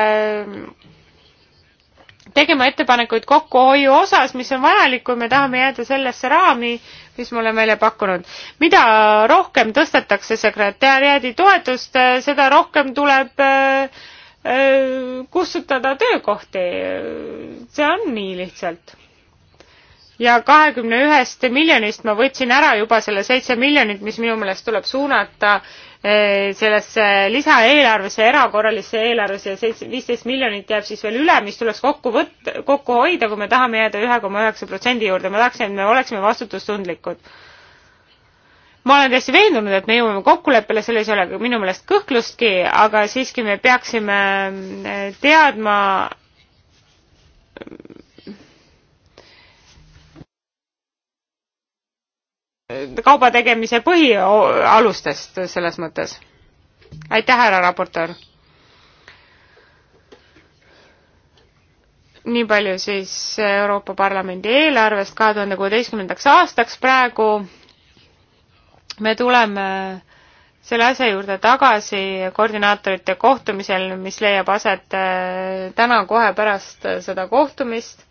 tegema ettepanekuid kokkuhoiu osas, mis on vajalik, kui me tahame jääda sellesse raami, mis me oleme välja pakkunud. mida rohkem tõstetakse sekretäriaadi toetust, seda rohkem tuleb äh, äh, kustutada töökohti. see on nii lihtsalt ja kahekümne ühest miljonist ma võtsin ära juba selle seitse miljonit, mis minu meelest tuleb suunata eh, sellesse lisaeelarvesse, erakorralisse eelarvesse ja seitse, viisteist miljonit jääb siis veel üle, mis tuleks kokku võtta, kokku hoida, kui me tahame jääda ühe koma üheksa protsendi juurde, ma tahaksin, et me oleksime vastutustundlikud. ma olen täiesti veendunud, et me jõuame kokkuleppele, selles ei ole minu meelest kõhklustki, aga siiski me peaksime eh, teadma, Äh, kaubategemise põhialustest selles mõttes. aitäh, härra raportöör! nii palju siis Euroopa Parlamendi eelarvest kahe tuhande kuueteistkümnendaks aastaks praegu. me tuleme selle asja juurde tagasi koordinaatorite kohtumisel, mis leiab aset äh, täna kohe pärast seda kohtumist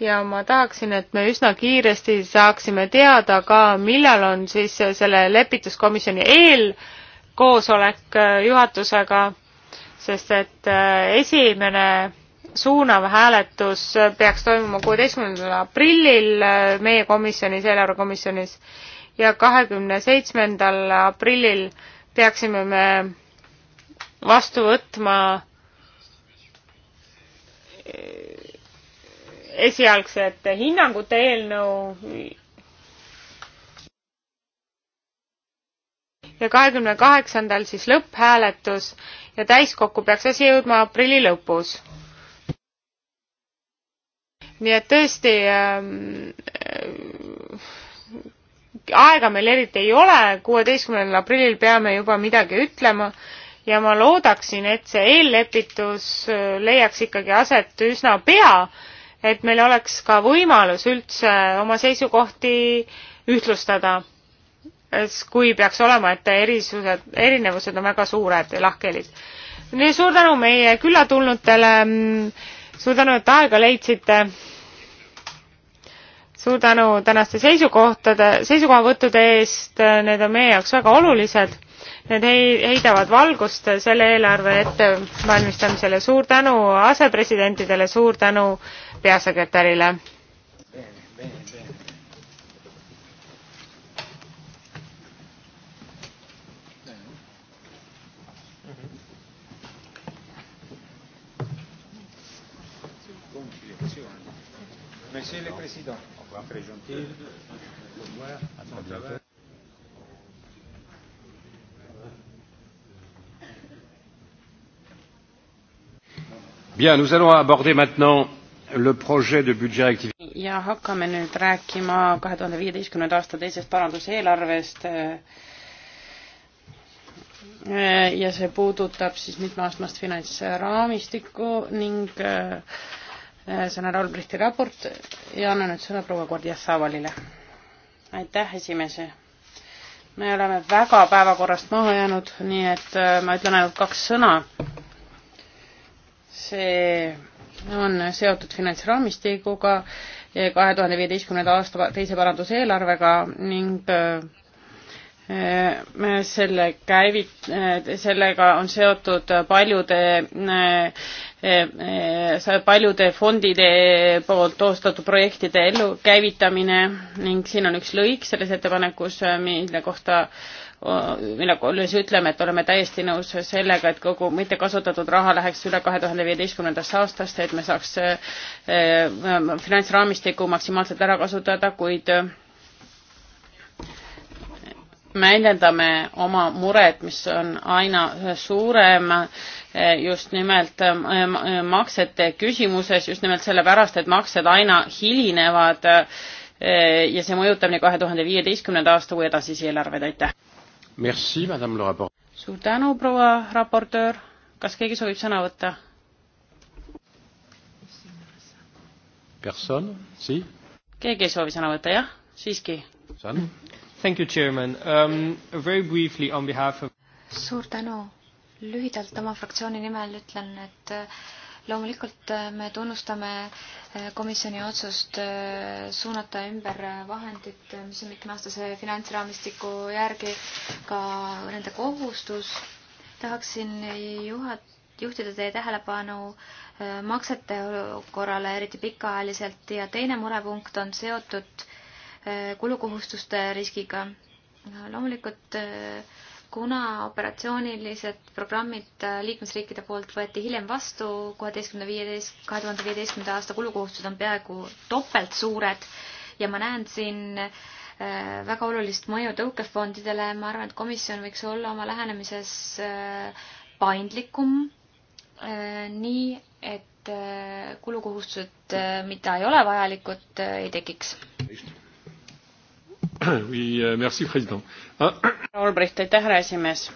ja ma tahaksin, et me üsna kiiresti saaksime teada ka, millal on siis selle lepituskomisjoni eelkoosolek äh, juhatusega, sest et äh, esimene suunav hääletus peaks toimuma kuueteistkümnendal aprillil äh, meie komisjonis, eelarvekomisjonis ja kahekümne seitsmendal aprillil peaksime me vastu võtma esialgset hinnangute eelnõu ja kahekümne kaheksandal siis lõpphääletus ja täiskokku peaks asi jõudma aprilli lõpus. nii et tõesti ähm, äh, aega meil eriti ei ole, kuueteistkümnendal aprillil peame juba midagi ütlema ja ma loodaksin, et see eellepitus äh, leiaks ikkagi aset üsna pea et meil oleks ka võimalus üldse oma seisukohti ühtlustada, kui peaks olema, et erisused, erinevused on väga suured ja lahkhelid. nii, suur tänu meie küllatulnutele, suur tänu, et aega leidsite, suur tänu tänaste seisukohtade, seisukohavõttude eest, need on meie jaoks väga olulised need heidavad valgust selle eelarve ettevalmistamisele. suur tänu asepresidentidele, suur tänu peasekretärile. Monsieur le Président, très gentil. Bien, nous allons aborder maintenant ja hakkame nüüd rääkima kahe tuhande viieteistkümnenda aasta teisest paranduseelarvest. Äh, ja see puudutab siis mitmeastmast finantsraamistikku ning äh, see on härra Albrechti raport ja annan nüüd sõna proua Kordiassavalile. aitäh, esimees. me oleme väga päevakorrast maha jäänud, nii et äh, ma ütlen ainult kaks sõna. see on seotud finantsraamistikuga, kahe tuhande viieteistkümnenda aasta teise paranduseelarvega ning äh, äh, selle käivit-, äh, sellega on seotud paljude, paljude fondide poolt toostatud projektide ellukäivitamine ning siin on üks lõik selles ettepanekus, mille kohta mille kollis ütleme, et oleme täiesti nõus sellega, et kogu mitte kasutatud raha läheks üle kahe tuhande viieteistkümnendasse aastasse, et me saaks eh, finantsraamistiku maksimaalselt ära kasutada, kuid eh, me väljendame oma muret, mis on aina suurem eh, just nimelt maksete küsimuses, just nimelt sellepärast, et maksed aina hilinevad ja see mõjutab nii kahe tuhande viieteistkümnenda aasta kui edasisi eelarveid, aitäh! suur tänu, proua raportöör, kas keegi soovib sõna võtta? Si. keegi ei soovi sõna võtta, jah, siiski. Thank you, chairman um,. Very briefly on behalf of suur tänu. lühidalt oma fraktsiooni nimel ütlen, et uh, loomulikult äh, me tunnustame äh, komisjoni otsust äh, suunata ümber vahendid, mis on mitmeaastase finantsraamistiku järgi ka nende kohustus. tahaksin juhat-, juhtida teie tähelepanu maksete korrale, eriti pikaajaliselt, ja teine murepunkt on seotud kulukohustuste riskiga. loomulikult äh, kuna operatsioonilised programmid äh, liikmesriikide poolt võeti hiljem vastu, kaheteistkümne viieteist, kahe tuhande viieteistkümnenda aasta kulukohustused on peaaegu topelt suured ja ma näen siin äh, väga olulist mõju tõukefondidele, ma arvan, et komisjon võiks olla oma lähenemises äh, paindlikum, nii et kulukohustused, mida ei ole vajalikud, ei tekiks Oui, euh, merci, president. Albrecht, ah, aitäh, härra esimees.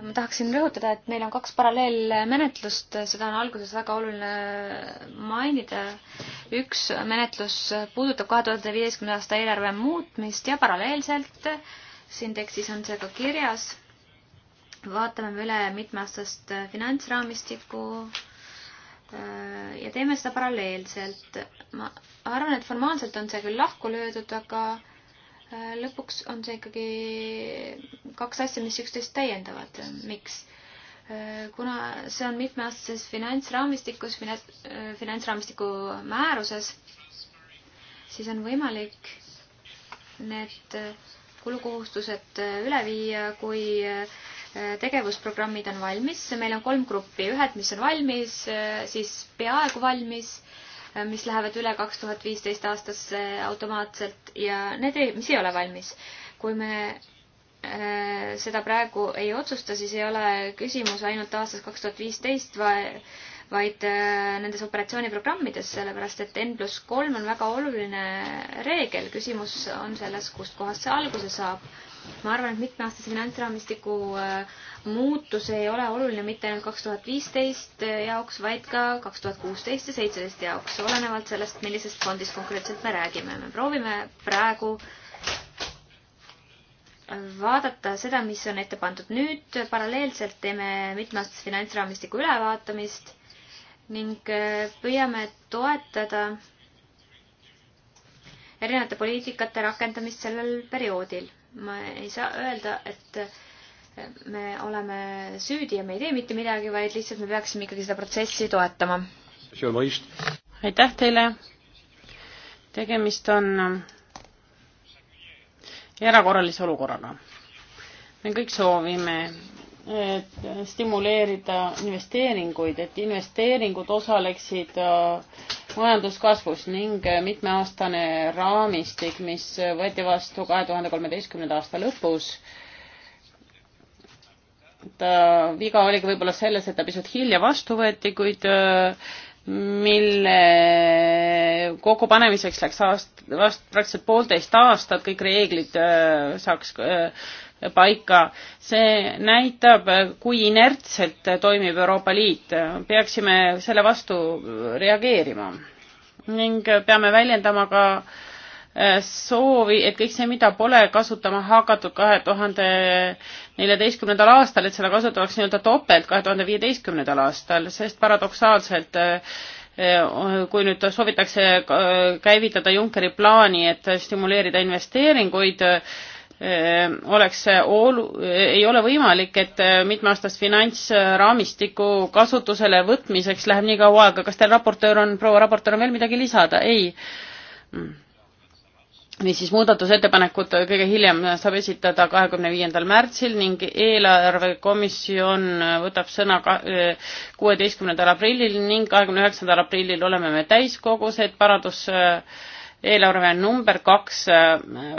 ma tahaksin rõhutada, et meil on kaks paralleelmenetlust, seda on alguses väga oluline mainida. üks menetlus puudutab kahe tuhande viieteistkümnenda aasta eelarve muutmist ja paralleelselt, siin tekstis on see ka kirjas, vaatame me üle mitmeaastast finantsraamistikku Äh, ja teeme seda paralleelselt. ma arvan, et formaalselt on see küll lahku löödud, aga äh, lõpuks on see ikkagi kaks asja, mis üksteist täiendavad. miks? Äh, kuna see on mitmeaastases finantsraamistikus, finantsraamistiku määruses, siis on võimalik need kulukohustused üle viia, kui äh, Äh, tegevusprogrammid on valmis, meil on kolm gruppi, ühed, mis on valmis, äh, siis peaaegu valmis, äh, mis lähevad üle kaks tuhat viisteist aastasse automaatselt ja need, mis ei ole valmis. kui me seda praegu ei otsusta, siis ei ole küsimus ainult aastas kaks tuhat viisteist, vaid nendes operatsiooniprogrammides, sellepärast et N pluss kolm on väga oluline reegel. küsimus on selles, kust kohast see alguse saab ma arvan, et mitmeaastase finantsraamistiku äh, muutus ei ole oluline mitte ainult kaks tuhat viisteist äh, jaoks, vaid ka kaks tuhat kuusteist ja seitseteist jaoks, olenevalt sellest, millisest fondist konkreetselt me räägime. me proovime praegu vaadata seda, mis on ette pandud nüüd, paralleelselt teeme mitmeaastase finantsraamistiku ülevaatamist ning äh, püüame toetada erinevate poliitikate rakendamist sellel perioodil ma ei saa öelda, et me oleme süüdi ja me ei tee mitte midagi, vaid lihtsalt me peaksime ikkagi seda protsessi toetama. aitäh teile. tegemist on erakorralise olukorraga. me kõik soovime et stimuleerida investeeringuid, et investeeringud osaleksid äh, majanduskasvust ning mitmeaastane raamistik, mis võeti vastu kahe tuhande kolmeteistkümnenda aasta lõpus. ta, viga oligi võib-olla selles, et ta pisut hilja vastu võeti, kuid äh, mille kokkupanemiseks läks aast-, vast- praktiliselt poolteist aastat, kõik reeglid äh, saaks äh, paika. see näitab, kui inertselt toimib Euroopa Liit. peaksime selle vastu reageerima ning peame väljendama ka eh, soovi, et kõik see, mida pole kasutama hakatud kahe tuhande neljateistkümnendal aastal, et seda kasutatakse nii-öelda topelt kahe tuhande viieteistkümnendal aastal, sest paradoksaalselt eh, kui nüüd soovitakse eh, käivitada Junckeri plaani, et stimuleerida investeeringuid, Ehm, oleks olu-, ei ole võimalik, et äh, mitmeaastast finantsraamistiku kasutusele võtmiseks läheb nii kaua aega, kas teil raportöör on, proua raportöör on veel midagi lisada, ei? Mm. niisiis, muudatusettepanekud kõige hiljem saab esitada kahekümne viiendal märtsil ning eelarvekomisjon võtab sõna äh, kuueteistkümnendal aprillil ning kahekümne üheksandal aprillil oleme me täiskogus, et parandus äh, eelarve number kaks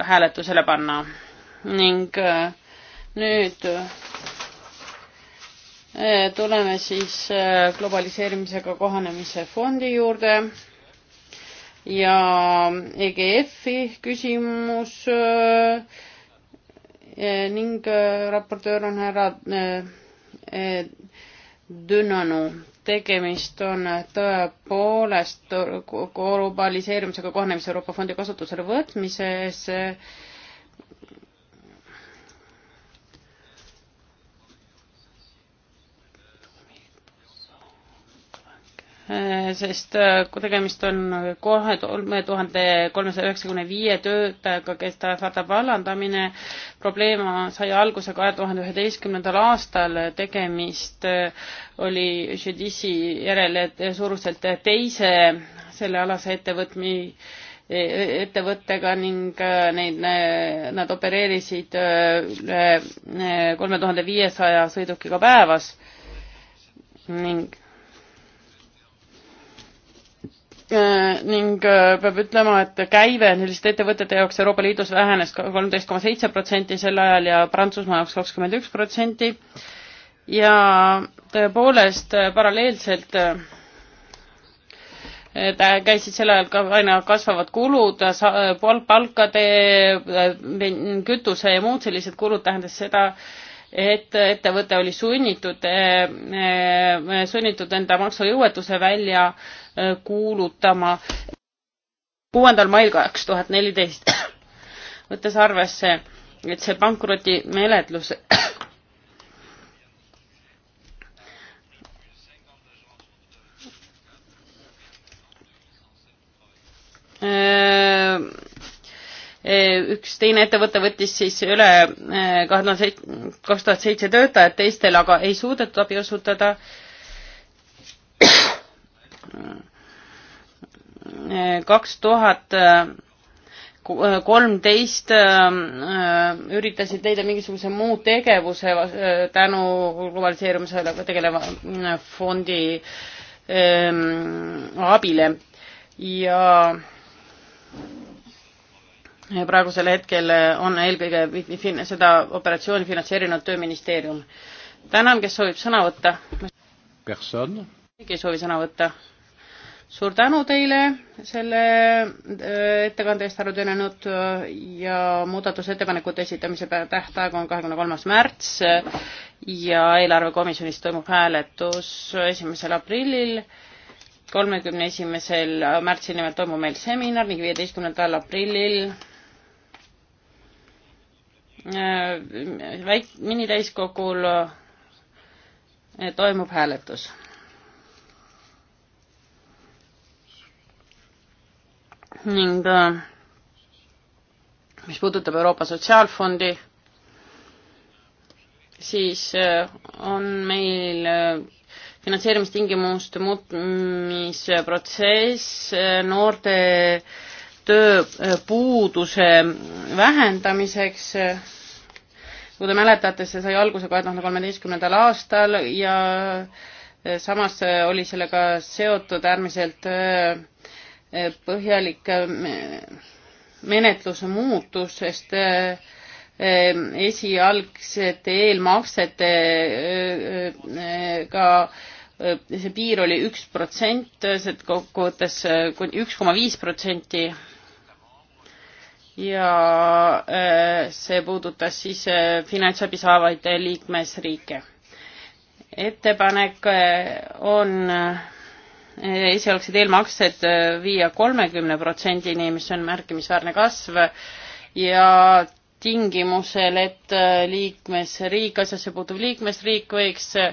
hääletusele panna ning äh, nüüd äh, tuleme siis äh, globaliseerimisega kohanemise fondi juurde ja EGF-i küsimus ning raportöör on härra Dünanu. tegemist on tõepoolest globaliseerimisega kohanemise Euroopa Fondi kasutusele võtmises Äh, sest äh, kui tegemist on kohe tuhande kolmesaja üheksakümne viie töötajaga, kes ta ähvardab vallandamine, probleem sai alguse kahe tuhande üheteistkümnendal aastal, tegemist äh, oli Judisi järele suuruselt teise sellealase ettevõtmi ettevõttega ning neid, nad opereerisid üle kolme tuhande viiesaja sõidukiga päevas ning Äh, ning äh, peab ütlema, et käive selliste ettevõtete jaoks Euroopa Liidus vähenes kolmteist koma seitse protsenti sel ajal ja Prantsusmaa jaoks kakskümmend üks protsenti. ja tõepoolest äh, paralleelselt käisid sel ajal ka aina kasvavad kulud, palkade, kütuse ja muud sellised kulud tähendas seda, et ettevõte oli sunnitud, eh, eh, sunnitud enda maksujõuetuse välja eh, kuulutama kuuendal mail kaks tuhat neliteist. võttes arvesse, et see pankrotimenetlus Eh, üks teine ettevõte võttis siis üle eh, kaks tuhat seitse töötajat, teistel aga ei suudetud abi osutada. Eh, kaks tuhat kolmteist üritasid leida mingisuguse muu tegevuse tänu globaliseerumisele tegeleva mm, fondi abile ja praegusel hetkel eh, on eelkõige seda operatsiooni finantseerinud tööministeerium. tänan, kes soovib sõna võtta. keegi ei soovi sõna võtta. suur tänu teile selle eh, ettekande eest, härra Tõnenud eh, ja muudatusettepanekute esitamise tähtaeg on kahekümne kolmas märts ja eelarvekomisjonis toimub hääletus esimesel aprillil kolmekümne esimesel märtsil nimelt toimub meil seminar ning viieteistkümnendal aprillil Äh, väik-, minitäiskogul äh, toimub hääletus. ning äh, mis puudutab Euroopa Sotsiaalfondi, siis on meil finantseerimistingimuste muutmisprotsess noorte äh, tööpuuduse vähendamiseks. kui te mäletate, see sai alguse kahe tuhande kolmeteistkümnendal aastal ja samas oli sellega seotud äärmiselt äh, põhjalik äh, menetluse muutus, sest äh, esialgsete eelmaksetega see piir oli üks protsent, see kokkuvõttes üks koma viis protsenti ja äh, see puudutas siis äh, finantsabi saavaid äh, liikmesriike. ettepanek on esialgsed eelmaksed viia kolmekümne protsendini, mis on märkimisväärne kasv ja tingimusel, et liikmesriik, asjasse puutuv liikmesriik võiks äh,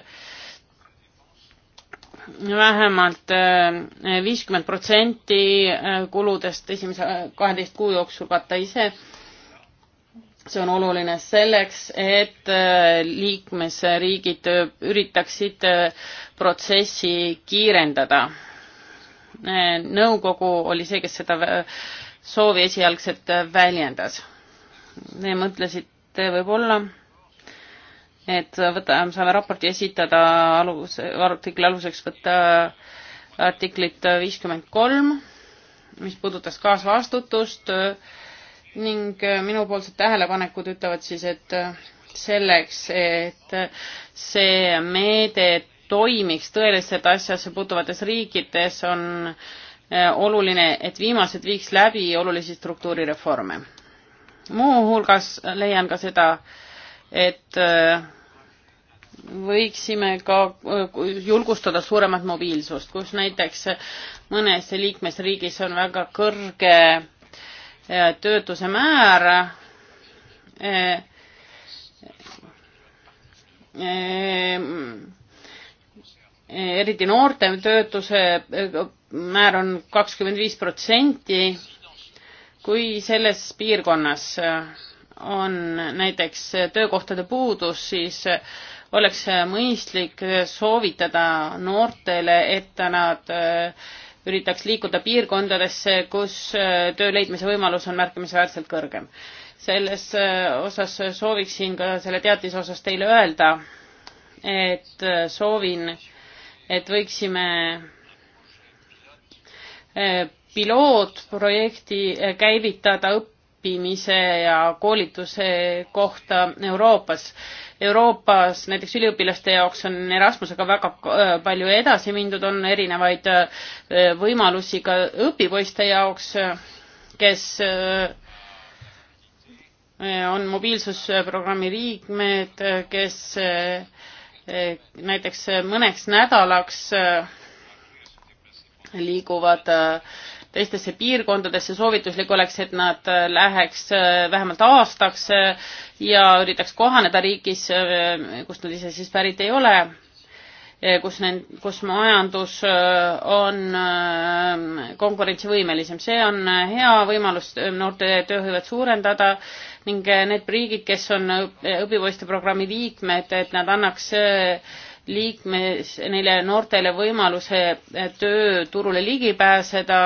vähemalt äh, viiskümmend protsenti äh, kuludest esimese kaheteist kuu jooksul katta ise. see on oluline selleks, et äh, liikmesriigid üritaksid protsessi kiirendada. nõukogu oli see, kes seda soovi esialgselt väljendas. Te mõtlesite võib-olla et võtame, saame raporti esitada alus, artikli aluseks võtta artiklit viiskümmend kolm, mis puudutas kaasvastutust ning minupoolsed tähelepanekud ütlevad siis, et selleks, et see meede toimiks tõeliselt asjasse puutuvates riikides, on oluline, et viimased viiks läbi olulisi struktuurireforme. muuhulgas leian ka seda, et võiksime ka äh, julgustada suuremat mobiilsust, kus näiteks mõnes liikmesriigis on väga kõrge äh, töötuse määr. Äh, eriti noorte töötuse määr on kakskümmend viis protsenti. kui selles piirkonnas on näiteks töökohtade puudus, siis oleks mõistlik soovitada noortele, et nad äh, üritaks liikuda piirkondadesse, kus äh, töö leidmise võimalus on märkimisväärselt kõrgem. selles äh, osas sooviksin ka selle teatise osas teile öelda, et soovin, et võiksime pilootprojekti käivitada õppimise ja koolituse kohta Euroopas Euroopas näiteks üliõpilaste jaoks on Erasmusega väga äh, palju edasi mindud, on erinevaid äh, võimalusi ka õpipoiste jaoks, kes äh, on mobiilsusprogrammi liikmed, kes näiteks mõneks nädalaks liiguvad äh, teistesse piirkondadesse, soovituslik oleks, et nad äh, läheks äh, vähemalt aastaks äh, ja üritaks kohaneda riigis, kust nad ise siis pärit ei ole, kus nend-, kus majandus on konkurentsivõimelisem. see on hea võimalus noorte tööhõivet suurendada ning need riigid, kes on õpipoiste programmi liikmed, et nad annaks liikmes, neile noortele võimaluse eh, tööturule ligi pääseda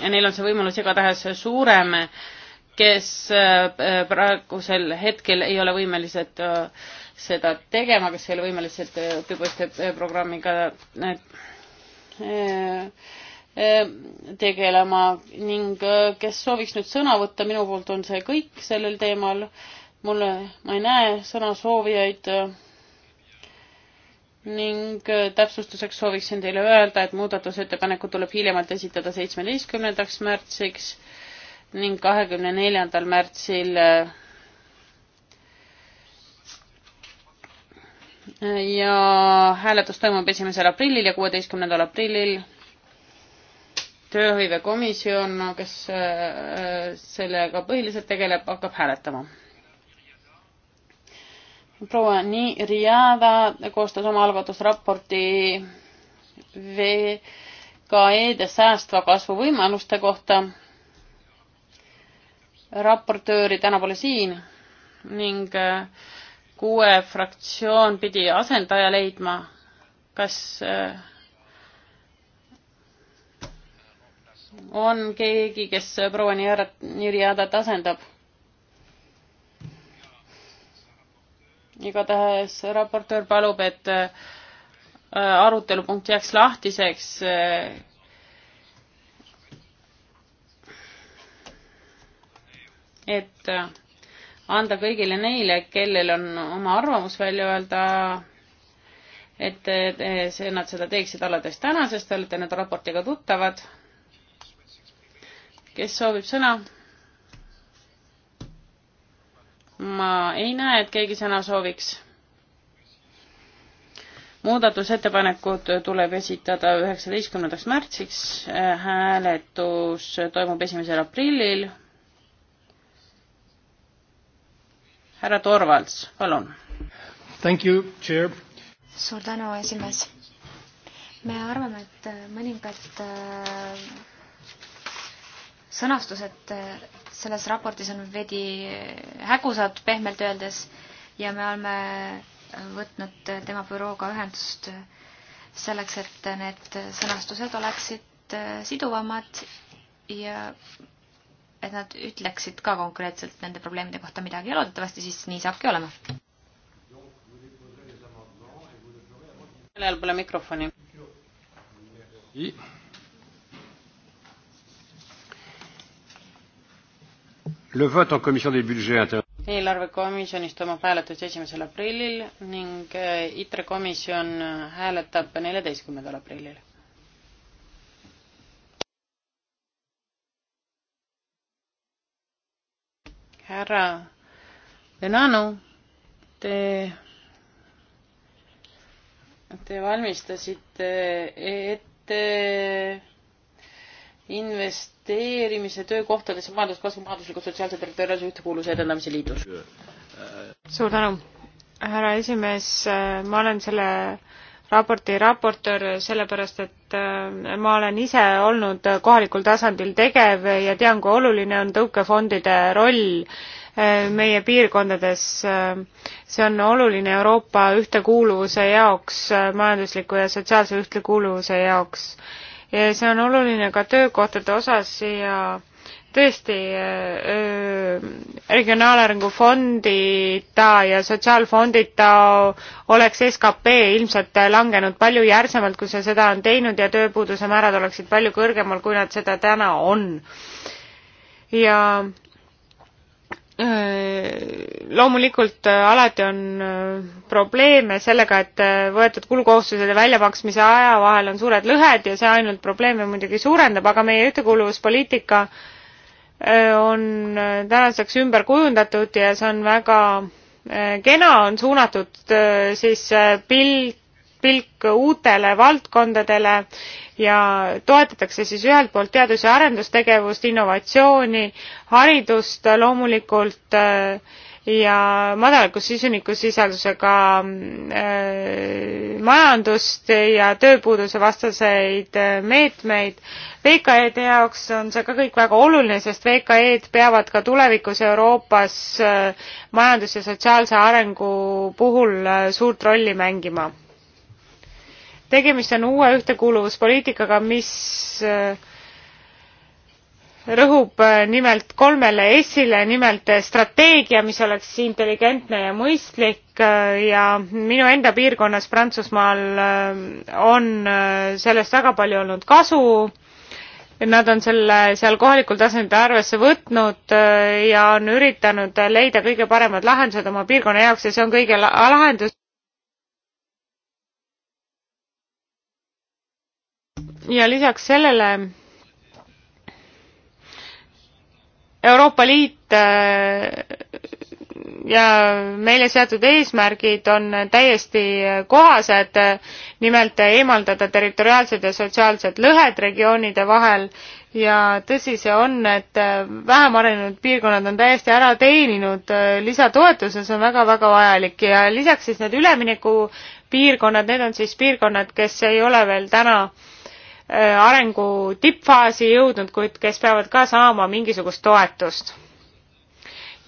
ja neil on see võimalus igatahes suurem, kes eh, praegusel hetkel ei ole võimelised eh, seda tegema, kes ei ole võimelised õpipoiste programmiga tegelema ning kes sooviks nüüd sõna võtta, minu poolt on see kõik sellel teemal. mulle, ma ei näe sõnasoovijaid ning äh, täpsustuseks sooviksin teile öelda, et muudatusettepanekud tuleb hiljemalt esitada seitsmeteistkümnendaks märtsiks ning kahekümne neljandal märtsil äh, ja hääletus toimub esimesel aprillil ja kuueteistkümnendal aprillil. tööhõivekomisjon, kes äh, sellega põhiliselt tegeleb, hakkab hääletama proua Nii Riada koostas oma algatusraporti VKE-de säästva kasvu võimaluste kohta. raportööri täna pole siin ning äh, kuue fraktsioon pidi asendaja leidma. kas äh, on keegi, kes proua Nii Riadat asendab? igatahes raportöör palub, et äh, arutelupunkt jääks lahtiseks. Äh, et äh, anda kõigile neile, kellel on oma arvamus välja öelda, et see, nad seda teeksid alates tänasest, te olete nüüd raportiga tuttavad. kes soovib sõna? ma ei näe, et keegi sõna sooviks. muudatusettepanekud tuleb esitada üheksateistkümnendaks märtsiks, hääletus toimub esimesel aprillil. härra Torvalds, palun. suur tänu, esimees. me arvame, et mõningad äh, sõnastused äh, selles raportis on veidi äh, hägusad, pehmelt öeldes, ja me oleme äh, võtnud tema bürooga ühendust selleks, et need sõnastused oleksid siduvamad ja et nad ütleksid ka konkreetselt nende probleemide kohta midagi ja loodetavasti siis nii saabki olema. kellel pole mikrofoni? eelarvekomisjonis toimub hääletus esimesel aprillil ning äh, ITRE komisjon hääletab neljateistkümnendal aprillil. härra Denanu, te, te valmistasite ette investeerimise töökohtadesse, majanduskasvu, majandusliku, sotsiaalse territoriaalse ühtekuuluvuse edendamise liidus. suur tänu, härra esimees, ma olen selle raporti raportöör, sellepärast et äh, ma olen ise olnud kohalikul tasandil tegev ja tean, kui oluline on tõukefondide roll äh, meie piirkondades. see on oluline Euroopa ühtekuuluvuse jaoks, äh, majandusliku ja sotsiaalse ühtekuuluvuse jaoks see on oluline ka töökohtade osas ja tõesti regionaalarengu fondita ja sotsiaalfondita oleks skp ilmselt langenud palju järsemalt, kui see seda on teinud ja tööpuuduse määrad oleksid palju kõrgemal, kui nad seda täna on. ja Äh, loomulikult äh, alati on äh, probleeme sellega, et võetud kulukohustused ja väljamaksmise aja vahel on suured lõhed ja see ainult probleeme muidugi suurendab, aga meie ühtekuuluvuspoliitika on tänaseks ümber kujundatud ja see on väga kena, on suunatud siis pilt pilk uutele valdkondadele ja toetatakse siis ühelt poolt teadus- ja arendustegevust, innovatsiooni, haridust loomulikult äh, ja madaliku süsinikusisaldusega äh, majandust ja tööpuuduse vastaseid äh, meetmeid. VKE-de jaoks on see ka kõik väga oluline, sest VKE-d peavad ka tulevikus Euroopas majandus- ja sotsiaalse arengu puhul suurt rolli mängima tegemist on uue ühtekuuluvuspoliitikaga, mis äh, rõhub äh, nimelt kolmele S-ile, nimelt äh, strateegia, mis oleks intelligentne ja mõistlik ja minu enda piirkonnas Prantsusmaal on sellest väga palju olnud kasu. Nad on selle seal kohalikul tasandil arvesse võtnud ja on üritanud leida kõige paremad lahendused oma piirkonna jaoks ja see on kõige lahendus ja lisaks sellele Euroopa Liit äh, ja meile seatud eesmärgid on täiesti kohased, nimelt eemaldada territoriaalsed ja sotsiaalsed lõhed regioonide vahel ja tõsi see on, et vähem arenenud piirkonnad on täiesti ära teeninud äh, lisatoetuse, see on väga-väga vajalik ja lisaks siis need üleminekupiirkonnad, need on siis piirkonnad, kes ei ole veel täna äh, Äh, arengu tippfaasi jõudnud, kuid kes peavad ka saama mingisugust toetust.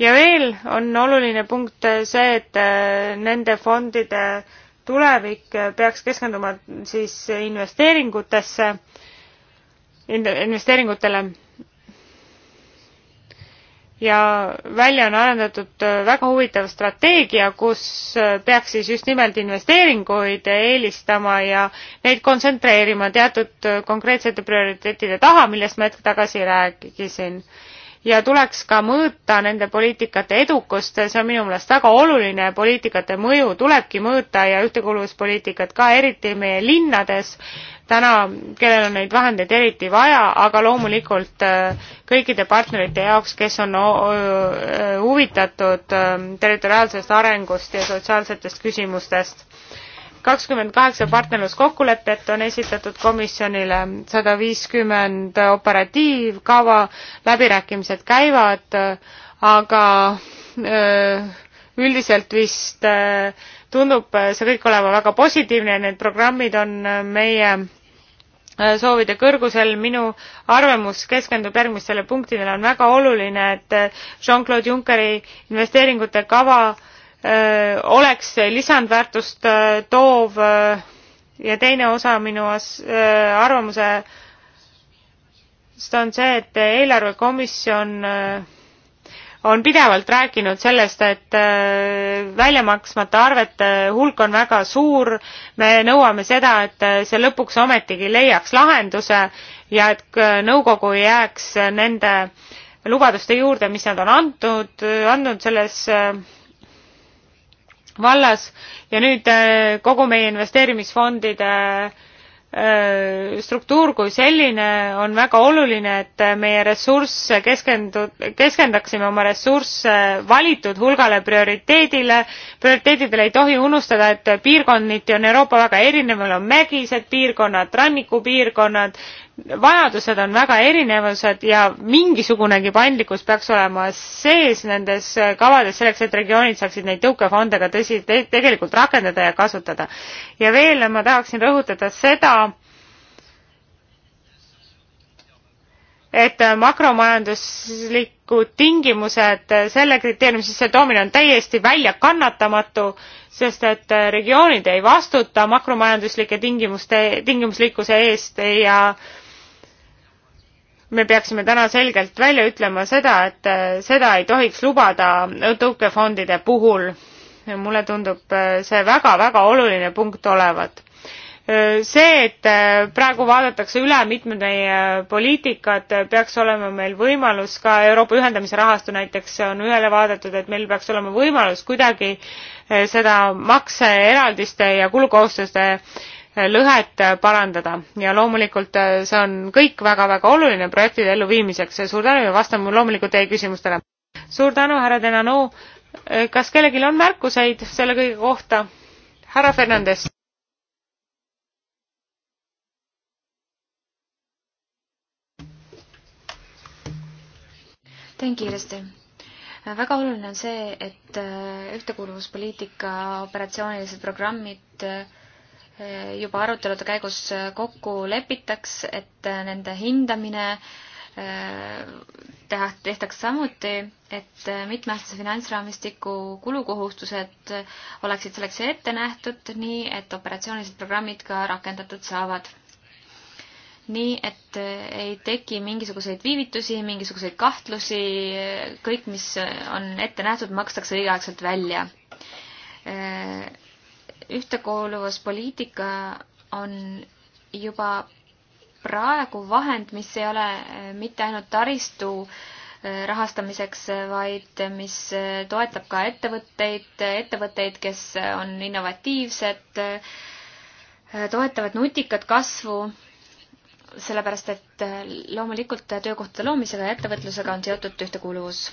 ja veel on oluline punkt see, et äh, nende fondide tulevik peaks keskenduma siis investeeringutesse, investeeringutele ja välja on arendatud äh, väga huvitav strateegia, kus äh, peaks siis just nimelt investeeringuid eelistama ja neid kontsentreerima teatud äh, konkreetsete prioriteetide taha, millest ma hetk tagasi rääkisin. ja tuleks ka mõõta nende poliitikate edukust, see on minu meelest väga oluline, poliitikate mõju tulebki mõõta ja ühtekuuluvuspoliitikat ka, eriti meie linnades täna, kellel on neid vahendeid eriti vaja, aga loomulikult äh, kõikide partnerite jaoks, kes on äh, huvitatud ähm, territoriaalsest arengust ja sotsiaalsetest küsimustest. kakskümmend kaheksa partnerluskokkulepet on esitatud komisjonile, sada viiskümmend operatiivkava, läbirääkimised käivad, äh, aga üldiselt vist äh, tundub äh, see kõik olema väga positiivne, need programmid on äh, meie äh, soovide kõrgusel, minu arvamus keskendub järgmistele punktidele, on väga oluline, et Jean-Claude Junckeri investeeringute kava öö, oleks lisandväärtust öö, toov öö, ja teine osa minu as-, arvamuse on see, et eelarvekomisjon öö, on pidevalt rääkinud sellest, et äh, välja maksmata arvete hulk on väga suur. me nõuame seda, et äh, see lõpuks ometigi leiaks lahenduse ja et äh, nõukogu ei jääks nende lubaduste juurde, mis nad on antud, andnud selles vallas ja nüüd kogu meie investeerimisfondide äh, Äh, struktuur kui selline on väga oluline, et meie ressursse keskendu-, keskendaksime oma ressursse valitud hulgale prioriteedile. prioriteedidel ei tohi unustada, et piirkonniti on Euroopa väga erinev, meil on mägised piirkonnad, rannikupiirkonnad, vajadused on väga erinevused ja mingisugunegi paindlikkus peaks olema sees nendes äh, kavades selleks, et regioonid saaksid neid tõukefonde ka tõsi te, tegelikult rakendada ja kasutada. ja veel ma tahaksin rõhutada seda, et äh, makromajanduslikud tingimused äh, selle kriteeriumi sisse toomine on täiesti väljakannatamatu, sest et regioonid ei vastuta makromajanduslike tingimuste, tingimuslikkuse eest ja äh, me peaksime täna selgelt välja ütlema seda, et äh, seda ei tohiks lubada tõukefondide puhul. mulle tundub äh, see väga-väga oluline punkt olevat. Äh, see, et praegu vaadatakse üle mitmed meie poliitikad, peaks olema meil võimalus ka Euroopa ühendamise rahastu näiteks on ühele vaadatud, et meil peaks olema võimalus kuidagi seda makseeraldiste ja kulukohustuste lõhet parandada ja loomulikult äh, see on kõik väga-väga oluline projektide elluviimiseks ja suur tänu ja vastan loomulikult teie küsimustele. suur tänu, härra Denano. Äh, kas kellelgi on märkuseid selle kõige kohta? härra Fernandes. teen kiiresti väga oluline on see, et äh, ühtekuuluvuspoliitika operatsioonilised programmid äh, juba arutelude käigus kokku lepitaks, et nende hindamine äh, teha, tehtaks samuti, et mitmeaastase finantsraamistiku kulukohustused oleksid selleks ette nähtud, nii et operatsioonilised programmid ka rakendatud saavad. nii et ei teki mingisuguseid viivitusi, mingisuguseid kahtlusi, kõik, mis on ette nähtud, makstakse õigeaegselt välja äh, ühtekuuluvuspoliitika on juba praegu vahend, mis ei ole äh, mitte ainult taristu äh, rahastamiseks, äh, vaid mis toetab ka ettevõtteid, ettevõtteid, kes on innovatiivsed, toetavad nutikat kasvu, sellepärast et loomulikult töökohtade loomisega ja ettevõtlusega on seotud ühtekuuluvus.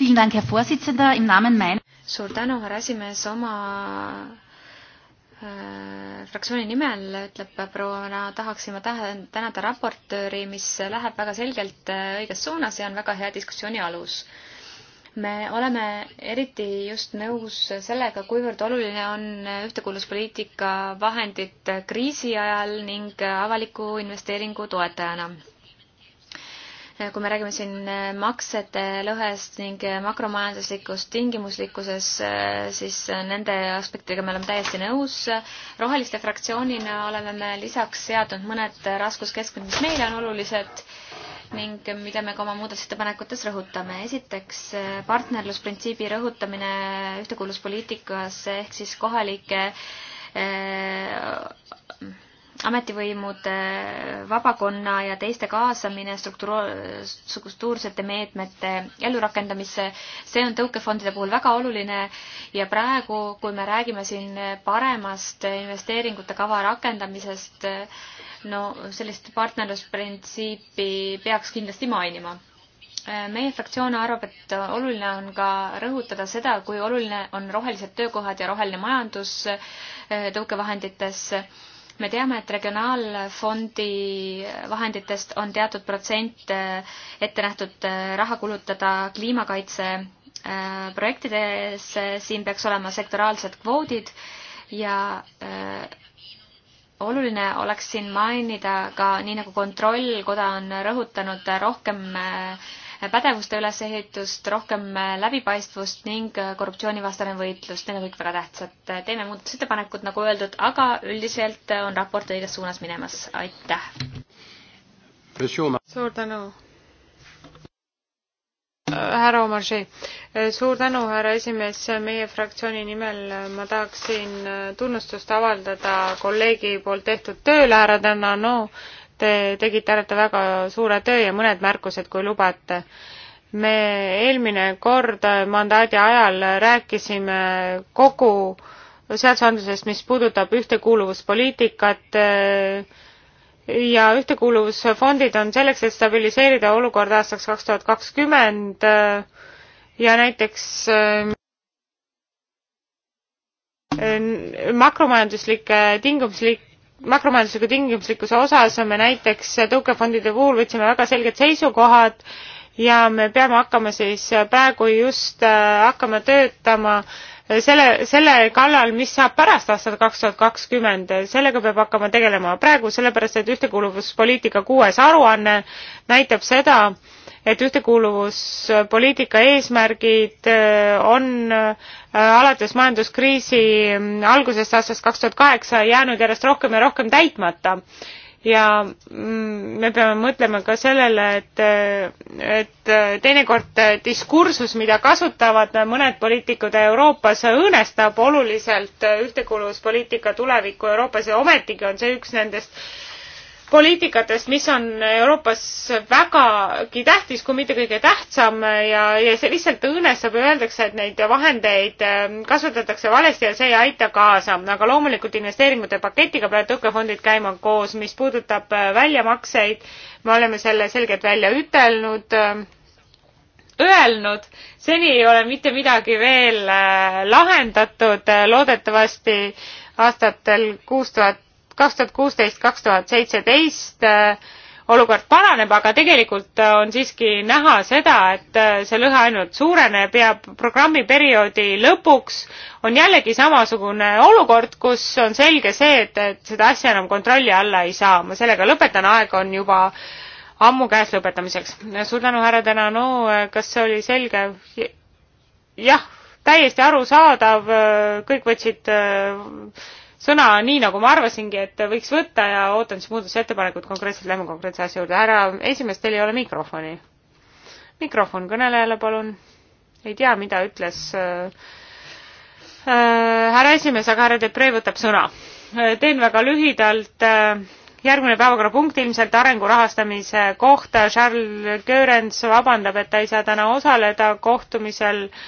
Vielen Dank, Herr Vorsitzender, im Namen mein- suur tänu, härra esimees, oma äh, fraktsiooni nimel, ütleb proua, tahaksin ma tänada raportööri, mis läheb väga selgelt äh, õiges suunas ja on väga hea diskussiooni alus. me oleme eriti just nõus sellega, kuivõrd oluline on ühtekuuluvuspoliitika vahendid kriisi ajal ning avaliku investeeringu toetajana kui me räägime siin äh, maksete lõhest ning äh, makromajanduslikust tingimuslikkuses, äh, siis nende aspektidega me oleme täiesti nõus. roheliste fraktsioonina oleme me lisaks seadnud mõned raskuskeskmed, mis meile on olulised ning mida me ka oma muudatusettepanekutes rõhutame. esiteks partnerlusprintsiibi rõhutamine ühtekuuluvuspoliitikas ehk siis kohalike eh, ametivõimude vabakonna ja teiste kaasamine struktuursete meetmete ellurakendamisse, see on tõukefondide puhul väga oluline ja praegu, kui me räägime siin paremast investeeringute kava rakendamisest, no sellist partnerlusprintsiipi peaks kindlasti mainima meie fraktsioon arvab, et oluline on ka rõhutada seda, kui oluline on rohelised töökohad ja roheline majandus äh, tõukevahendites me teame, et regionaalfondi vahenditest on teatud protsent eh, ette nähtud eh, raha kulutada kliimakaitse eh, projektides, siin peaks olema sektoraalsed kvoodid ja oluline oleks siin mainida ka, nii nagu Kontrollkoda on rõhutanud, rohkem pädevuste ülesehitust, rohkem läbipaistvust ning korruptsioonivastane võitlus, need on kõik väga tähtsad. teeme muudatusettepanekud, nagu öeldud, aga üldiselt on raport õiges suunas minemas, aitäh! suur tänu! Äh, härra Omarži, äh, suur tänu, härra esimees, meie fraktsiooni nimel äh, ma tahaksin tunnustust avaldada kolleegi poolt tehtud tööle, härra Tänano no,, Te tegite alati väga suure töö ja mõned märkused, kui lubate. me eelmine kord mandaadi ajal rääkisime kogu seadusandlusest, mis puudutab ühtekuuluvuspoliitikat eh, ja ühtekuuluvusfondid on selleks, et stabiliseerida olukorda aastaks kaks tuhat kakskümmend eh, ja näiteks eh, makromajanduslike tingimuslik-, makromajandusliku tingimuslikkuse osas me näiteks tõukefondide puhul võtsime väga selged seisukohad ja me peame hakkama siis praegu just äh, hakkama töötama selle, selle kallal, mis saab pärast aastat kaks tuhat kakskümmend, sellega peab hakkama tegelema praegu, sellepärast et ühtekuuluvuspoliitika kuues aruanne näitab seda, et ühtekuuluvuspoliitika eesmärgid äh, on äh, alates majanduskriisi mm, algusest aastast kaks tuhat kaheksa jäänud järjest rohkem ja rohkem täitmata ja mm, me peame mõtlema ka sellele, et, äh, et teinekord diskursus, mida kasutavad mõned poliitikud Euroopas, õõnestab oluliselt ühtekuuluvuspoliitika tulevikku Euroopas ja ometigi on see üks nendest poliitikatest, mis on Euroopas vägagi tähtis, kui mitte kõige tähtsam ja, ja see lihtsalt õõnestab ja öeldakse, et neid vahendeid ähm, kasutatakse valesti ja see ei aita kaasa. aga loomulikult investeeringute paketiga peavad tõukefondid käima koos, mis puudutab äh, väljamakseid, me oleme selle selgelt välja ütelnud, ähm, öelnud, seni ei ole mitte midagi veel äh, lahendatud, loodetavasti aastatel kuus tuhat kaks tuhat kuusteist, kaks tuhat seitseteist äh, olukord paraneb, aga tegelikult äh, on siiski näha seda, et äh, see lõhe ainult suureneb ja programmi perioodi lõpuks on jällegi samasugune olukord, kus on selge see, et, et seda asja enam kontrolli alla ei saa. ma sellega lõpetan, aeg on juba ammu käes lõpetamiseks. suur tänu, härra Tänanu no,, kas see oli selge? jah, täiesti arusaadav, kõik võtsid sõna nii, nagu ma arvasingi, et võiks võtta ja ootan siis muudatusettepanekut konkreetselt, lähme konkreetse asja juurde. härra esimees, teil ei ole mikrofoni. mikrofon kõnelejale, palun. ei tea, mida ütles äh, äh, härra esimees, aga härra Depree võtab sõna. Äh, teen väga lühidalt. järgmine päevakorrapunkt ilmselt arengu rahastamise kohta. Charles Görens vabandab, et ta ei saa täna osaleda kohtumisel äh,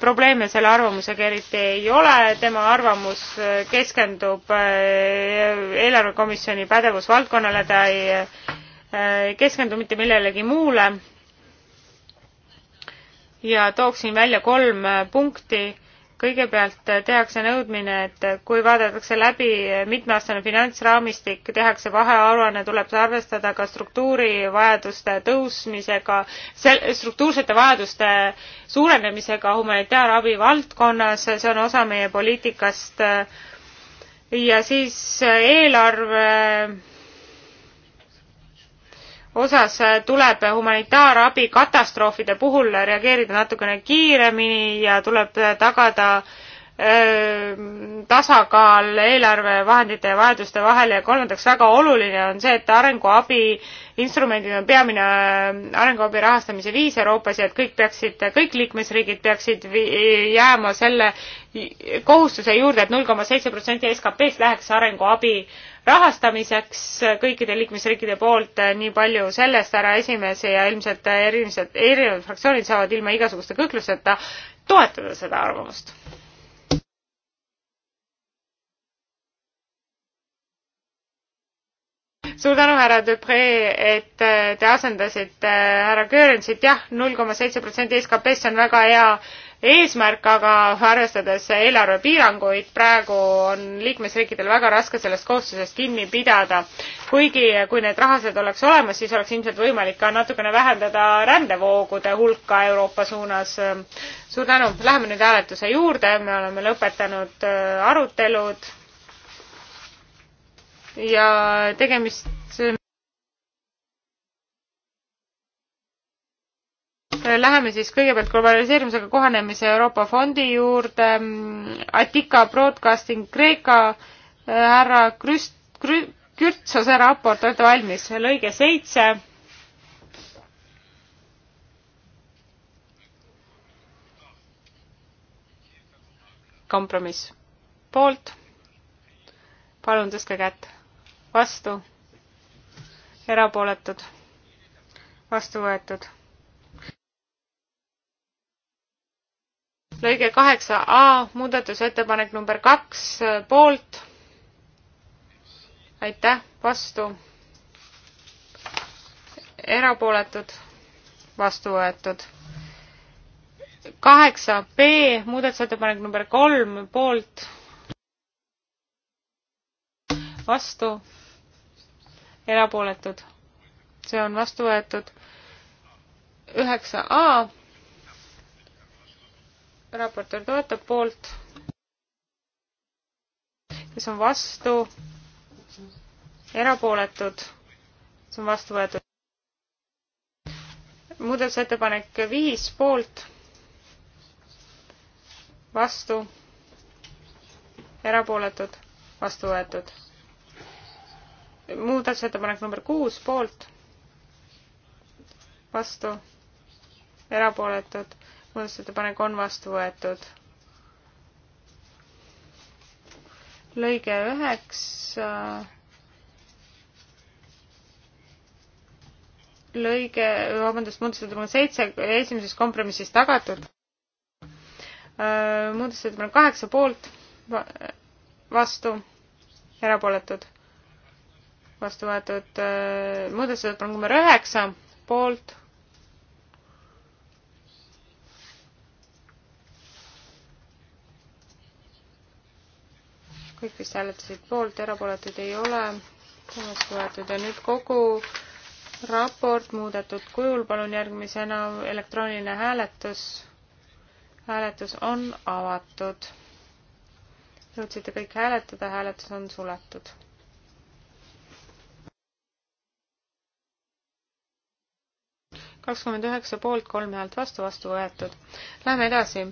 probleeme selle arvamusega eriti ei ole, tema arvamus äh, keskendub äh, eelarvekomisjoni pädevusvaldkonnale, ta äh, ei keskendu mitte millelegi muule. ja tooksin välja kolm punkti kõigepealt tehakse nõudmine, et kui vaadatakse läbi mitmeaastane finantsraamistik, tehakse vahearuanne, tuleb arvestada ka struktuurivajaduste tõusmisega, struktuursete vajaduste suurenemisega humanitaarabi valdkonnas, see on osa meie poliitikast. ja siis eelarve osas äh, tuleb humanitaarabi katastroofide puhul reageerida natukene kiiremini ja tuleb äh, tagada äh, tasakaal eelarvevahendite ja vajaduste vahel ja kolmandaks väga oluline on see, et arenguabi instrumendid on peamine arenguabi rahastamise viis Euroopas ja et kõik peaksid, kõik liikmesriigid peaksid jääma selle kohustuse juurde et, et null koma seitse protsenti SKP-st läheks arenguabi rahastamiseks kõikide liikmesriikide poolt, eh, nii palju sellest, härra esimees, ja ilmselt eh, erinevad, erinevad fraktsioonid saavad ilma igasuguste kõhklusteta toetada seda arvamust. suur tänu, härra Dupre, et eh, te asendasite härra Göransit, jah, null koma seitse protsenti SKP-st, see on väga hea eesmärk, aga arvestades eelarve piiranguid, praegu on liikmesriikidel väga raske sellest kohustusest kinni pidada. kuigi, kui need rahased oleks olemas, siis oleks ilmselt võimalik ka natukene vähendada rändevoogude hulka Euroopa suunas. suur tänu, läheme nüüd hääletuse juurde, me oleme lõpetanud äh, arutelud ja tegemist Äh, läheme siis kõigepealt globaliseerimisega kohanemise Euroopa fondi juurde. Mm, Attica Broadcasting Kreeka äh, härra Krüst, Krü-, Kürtsose raport, olete valmis? lõige seitse. kompromiss poolt. palun tõstke kätt. vastu. erapooletud. vastu võetud lõige kaheksa A, muudatusettepanek number kaks, poolt. aitäh, vastu. erapooletud, vastu võetud. kaheksa B, muudatusettepanek number kolm, poolt. vastu, erapooletud, see on vastu võetud. üheksa A raportöör toetab poolt, kes on vastu, erapooletud, see on vastu võetud. muudatusettepanek viis poolt, vastu, erapooletud, vastu võetud. muudatusettepanek number kuus poolt, vastu, erapooletud muudatusettepanek on vastu võetud. lõige üheksa. lõige, vabandust, muudatusettepanek seitse esimeses kompromissis tagatud. Äh, muudatusettepanek kaheksa poolt, vastu, erapooletud, vastu võetud. Äh, muudatusettepanek number üheksa poolt kõik vist hääletasid poolt, erapooletuid ei ole, vastu võetud ja nüüd kogu raport muudetud kujul, palun järgmisena elektrooniline hääletus. hääletus on avatud. jõudsite kõik hääletada, hääletus on suletud. kakskümmend üheksa poolt, kolm häält vastu, vastu võetud. Läheme edasi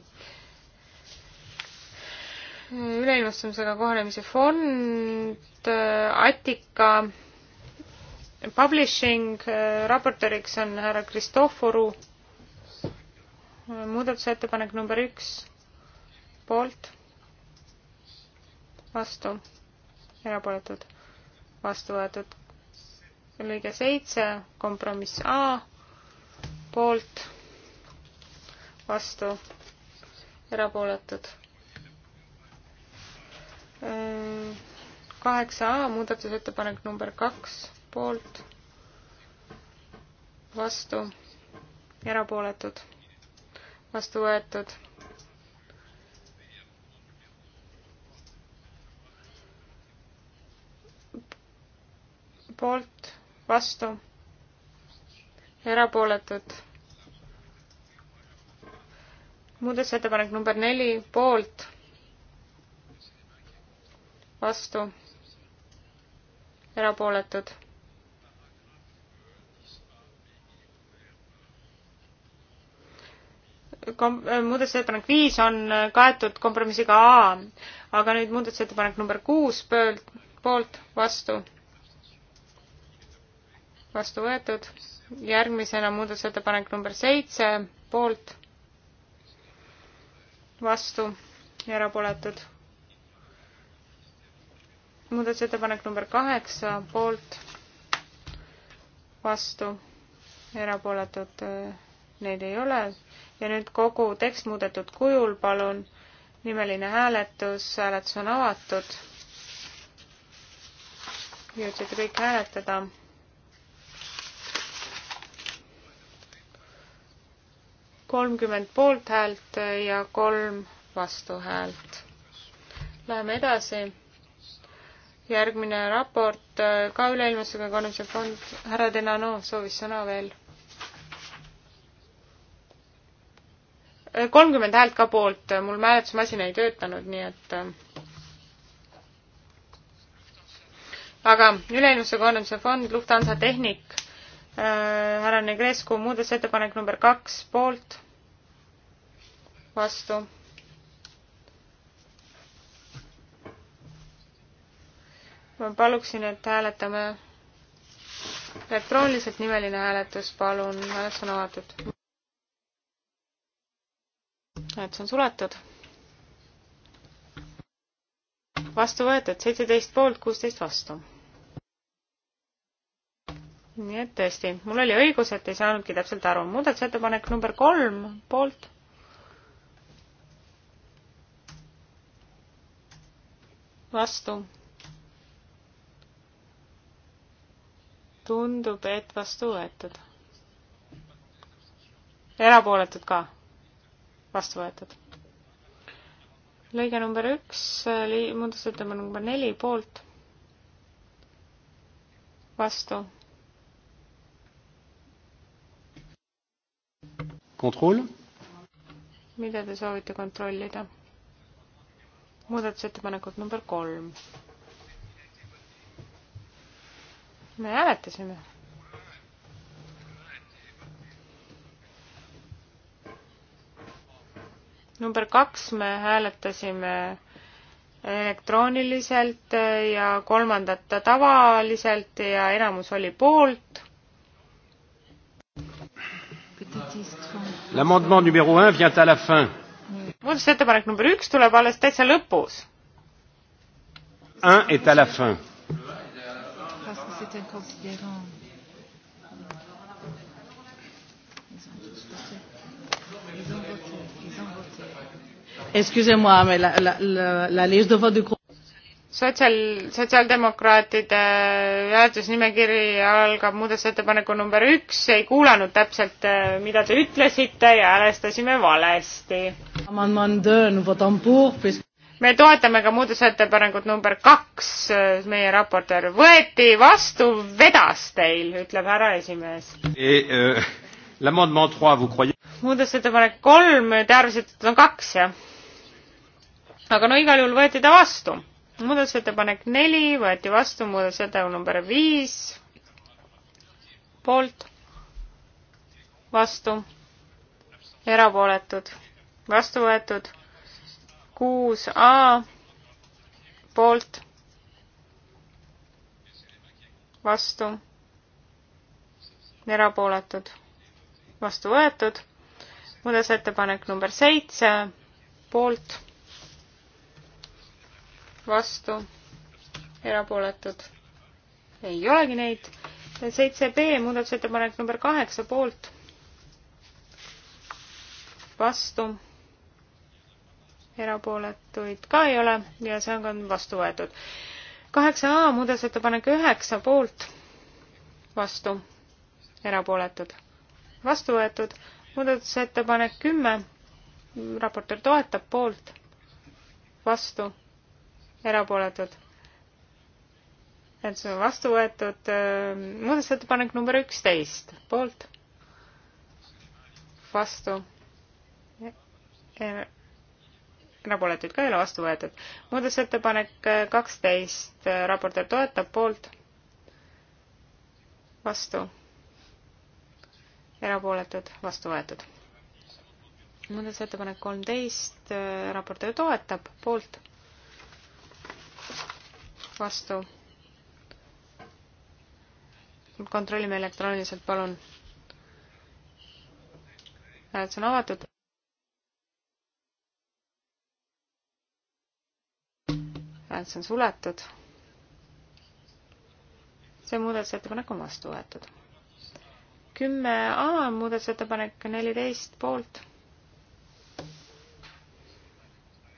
üleilmastumisega kohanemise fond, Attika Publishing, raportööriks on härra Kristoforu. muudatusettepanek number üks, poolt, vastu, erapooletud, vastu võetud. lõige seitse, kompromiss A, poolt, vastu, erapooletud kaheksa A muudatusettepanek number kaks poolt, vastu, erapooletud, vastu võetud. poolt, vastu, erapooletud muudatusettepanek number neli, poolt, vastu, erapooletud. kom-, muudatusettepanek viis on kaetud kompromissiga A, aga nüüd muudatusettepanek number kuus pöölt, poolt, vastu, vastu võetud. järgmisena muudatusettepanek number seitse, poolt, vastu, erapooletud muudatusettepanek number kaheksa poolt, vastu, erapooletud äh, neid ei ole ja nüüd kogu tekst muudetud kujul, palun, nimeline hääletus, hääletus on avatud. jõudsite kõik hääletada kolmkümmend poolthäält ja kolm vastuhäält. Läheme edasi järgmine raport, äh, ka üleilmastusega kogunemise fond, härra Denano soovis sõna veel. Äh, kolmkümmend häält ka poolt, mul hääletusmasin ei töötanud, nii et äh. aga üleilmastusega kogunemise fond, Lufthansa Tehnik, härra Negrescu muudatusettepanek number kaks, poolt, vastu ma paluksin, et hääletame elektrooniliselt, nimeline hääletus, palun, hääletus on avatud. hääletus on suletud. vastu võetud, seitseteist poolt, kuusteist vastu. nii et tõesti, mul oli õigus, et ei saanudki täpselt aru. muudatusettepanek number kolm, poolt vastu tundub, et vastu võetud. erapooletud ka, vastu võetud. lõige number üks, muudatusettepanek number neli, poolt, vastu. kontroll. mida te soovite kontrollida? muudatusettepanekut number kolm me hääletasime. number kaks me hääletasime elektrooniliselt ja kolmandat tavaliselt ja enamus oli poolt. L'amendement numéro un vient à la fin. muudatusettepanek number üks tuleb alles täitsa lõpus. Un est à la fin voté en considérant. Ils ont tous voté. Ils ont voté. Ils ont voté. Excusez-moi, mais la, la, la, la liste de vote du groupe sotsiaal, sotsiaaldemokraatide hääletusnimekiri algab muudatusettepaneku number üks, ei kuulanud täpselt, äh, mida te ütlesite ja häälestasime valesti me toetame ka muudatusettepanekut number kaks, meie raportöör võeti vastu, vedas teil, ütleb härra esimees. Euh, muudatusettepanek kolm, te arvasite, et on kaks, jah? aga no igal juhul võeti ta vastu. muudatusettepanek neli võeti vastu, muudatusettepanek number viis, poolt, vastu, erapooletud, vastu võetud kuus A poolt, vastu, erapooletud, vastu võetud. muudatusettepanek number seitse, poolt, vastu, erapooletud, ei olegi neid. seitse B muudatusettepanek number kaheksa, poolt, vastu erapooletuid ka ei ole ja see on ka vastu võetud. kaheksa A muudatusettepanek üheksa poolt, vastu, erapooletud, vastu võetud. muudatusettepanek kümme, raportöör toetab poolt, vastu, erapooletud. et see on vastu võetud. muudatusettepanek number üksteist, poolt, vastu er erapooletuid ka ei ole vastu võetud. muudatusettepanek äh, kaksteist, äh, raportöör toetab, poolt, vastu, erapooletud, vastu võetud. muudatusettepanek kolmteist, äh, raportöör toetab, poolt, vastu. kontrollime elektrooniliselt, palun. hääletus on avatud. hääletus on suletud. see muudatusettepanek on vastu võetud. kümme A muudatusettepanek neliteist poolt.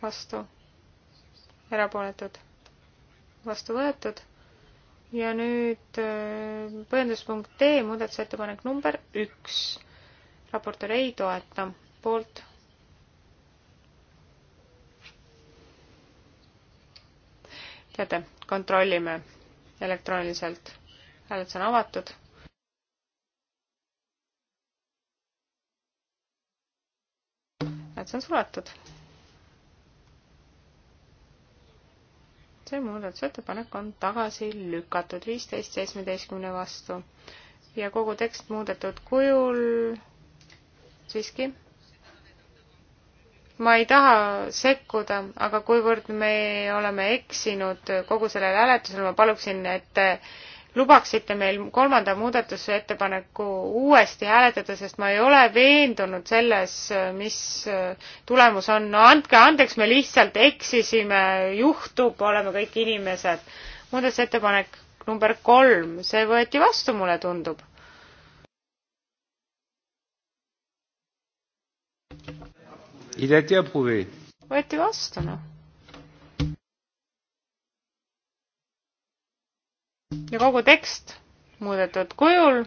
vastu. erapooletud. vastu võetud. ja nüüd äh, põhjenduspunkt D muudatusettepanek number üks. raportöör ei toeta. poolt teate, kontrollime elektrooniliselt. hääletus on avatud. hääletus on suletud. see muudatusettepanek on tagasi lükatud viisteist seitsmeteistkümne vastu ja kogu tekst muudetud kujul siiski ma ei taha sekkuda, aga kuivõrd me oleme eksinud kogu sellel hääletusel, ma paluksin, et te lubaksite meil kolmanda muudatusettepaneku uuesti hääletada, sest ma ei ole veendunud selles, mis tulemus on. no andke andeks, me lihtsalt eksisime, juhtub, oleme kõik inimesed. muudatusettepanek number kolm, see võeti vastu, mulle tundub võeti vastu, noh. ja kogu tekst muudetud kujul,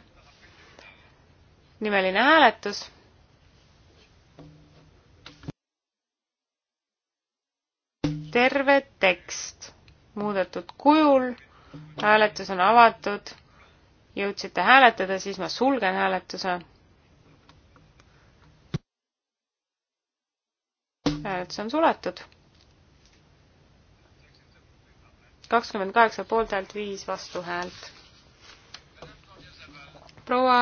nimeline hääletus terve tekst muudetud kujul, hääletus on avatud, jõudsite hääletada, siis ma sulgen hääletuse hääletus on suletud. kakskümmend kaheksa poolthäält, viis vastuhäält. proua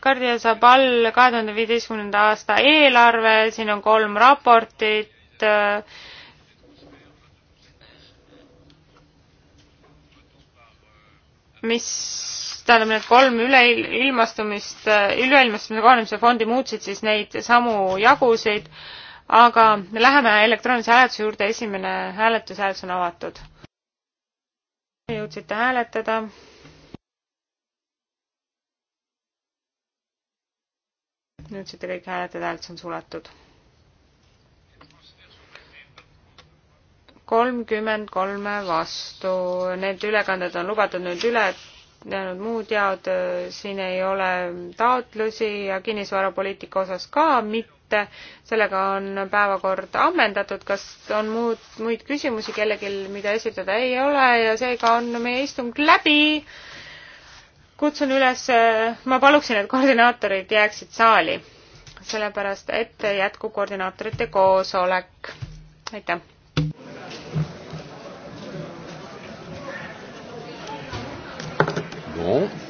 Kardia Sabal, kahe tuhande viieteistkümnenda aasta eelarve, siin on kolm raportit mis tähendab, need kolm üleilmastumist, üleilmastumise kohanemise fondi muutsid siis neid samu jagusid aga me läheme elektroonilise hääletuse juurde, esimene hääletus, hääletus on avatud. jõudsite hääletada. nüüd saite kõik hääletada, hääletus on suletud. kolmkümmend kolme vastu, need ülekanded on lubatud nüüd üle jäänud muud jaod, äh, siin ei ole taotlusi ja kinnisvarapoliitika osas ka mitte mitte. sellega on päevakord ammendatud, kas on muud, muid küsimusi kellelgi, mida esitada ei ole ja seega on meie istung läbi. kutsun üles, ma paluksin, et koordinaatorid jääksid saali, sellepärast et jätkub koordinaatorite koosolek. aitäh! Bon.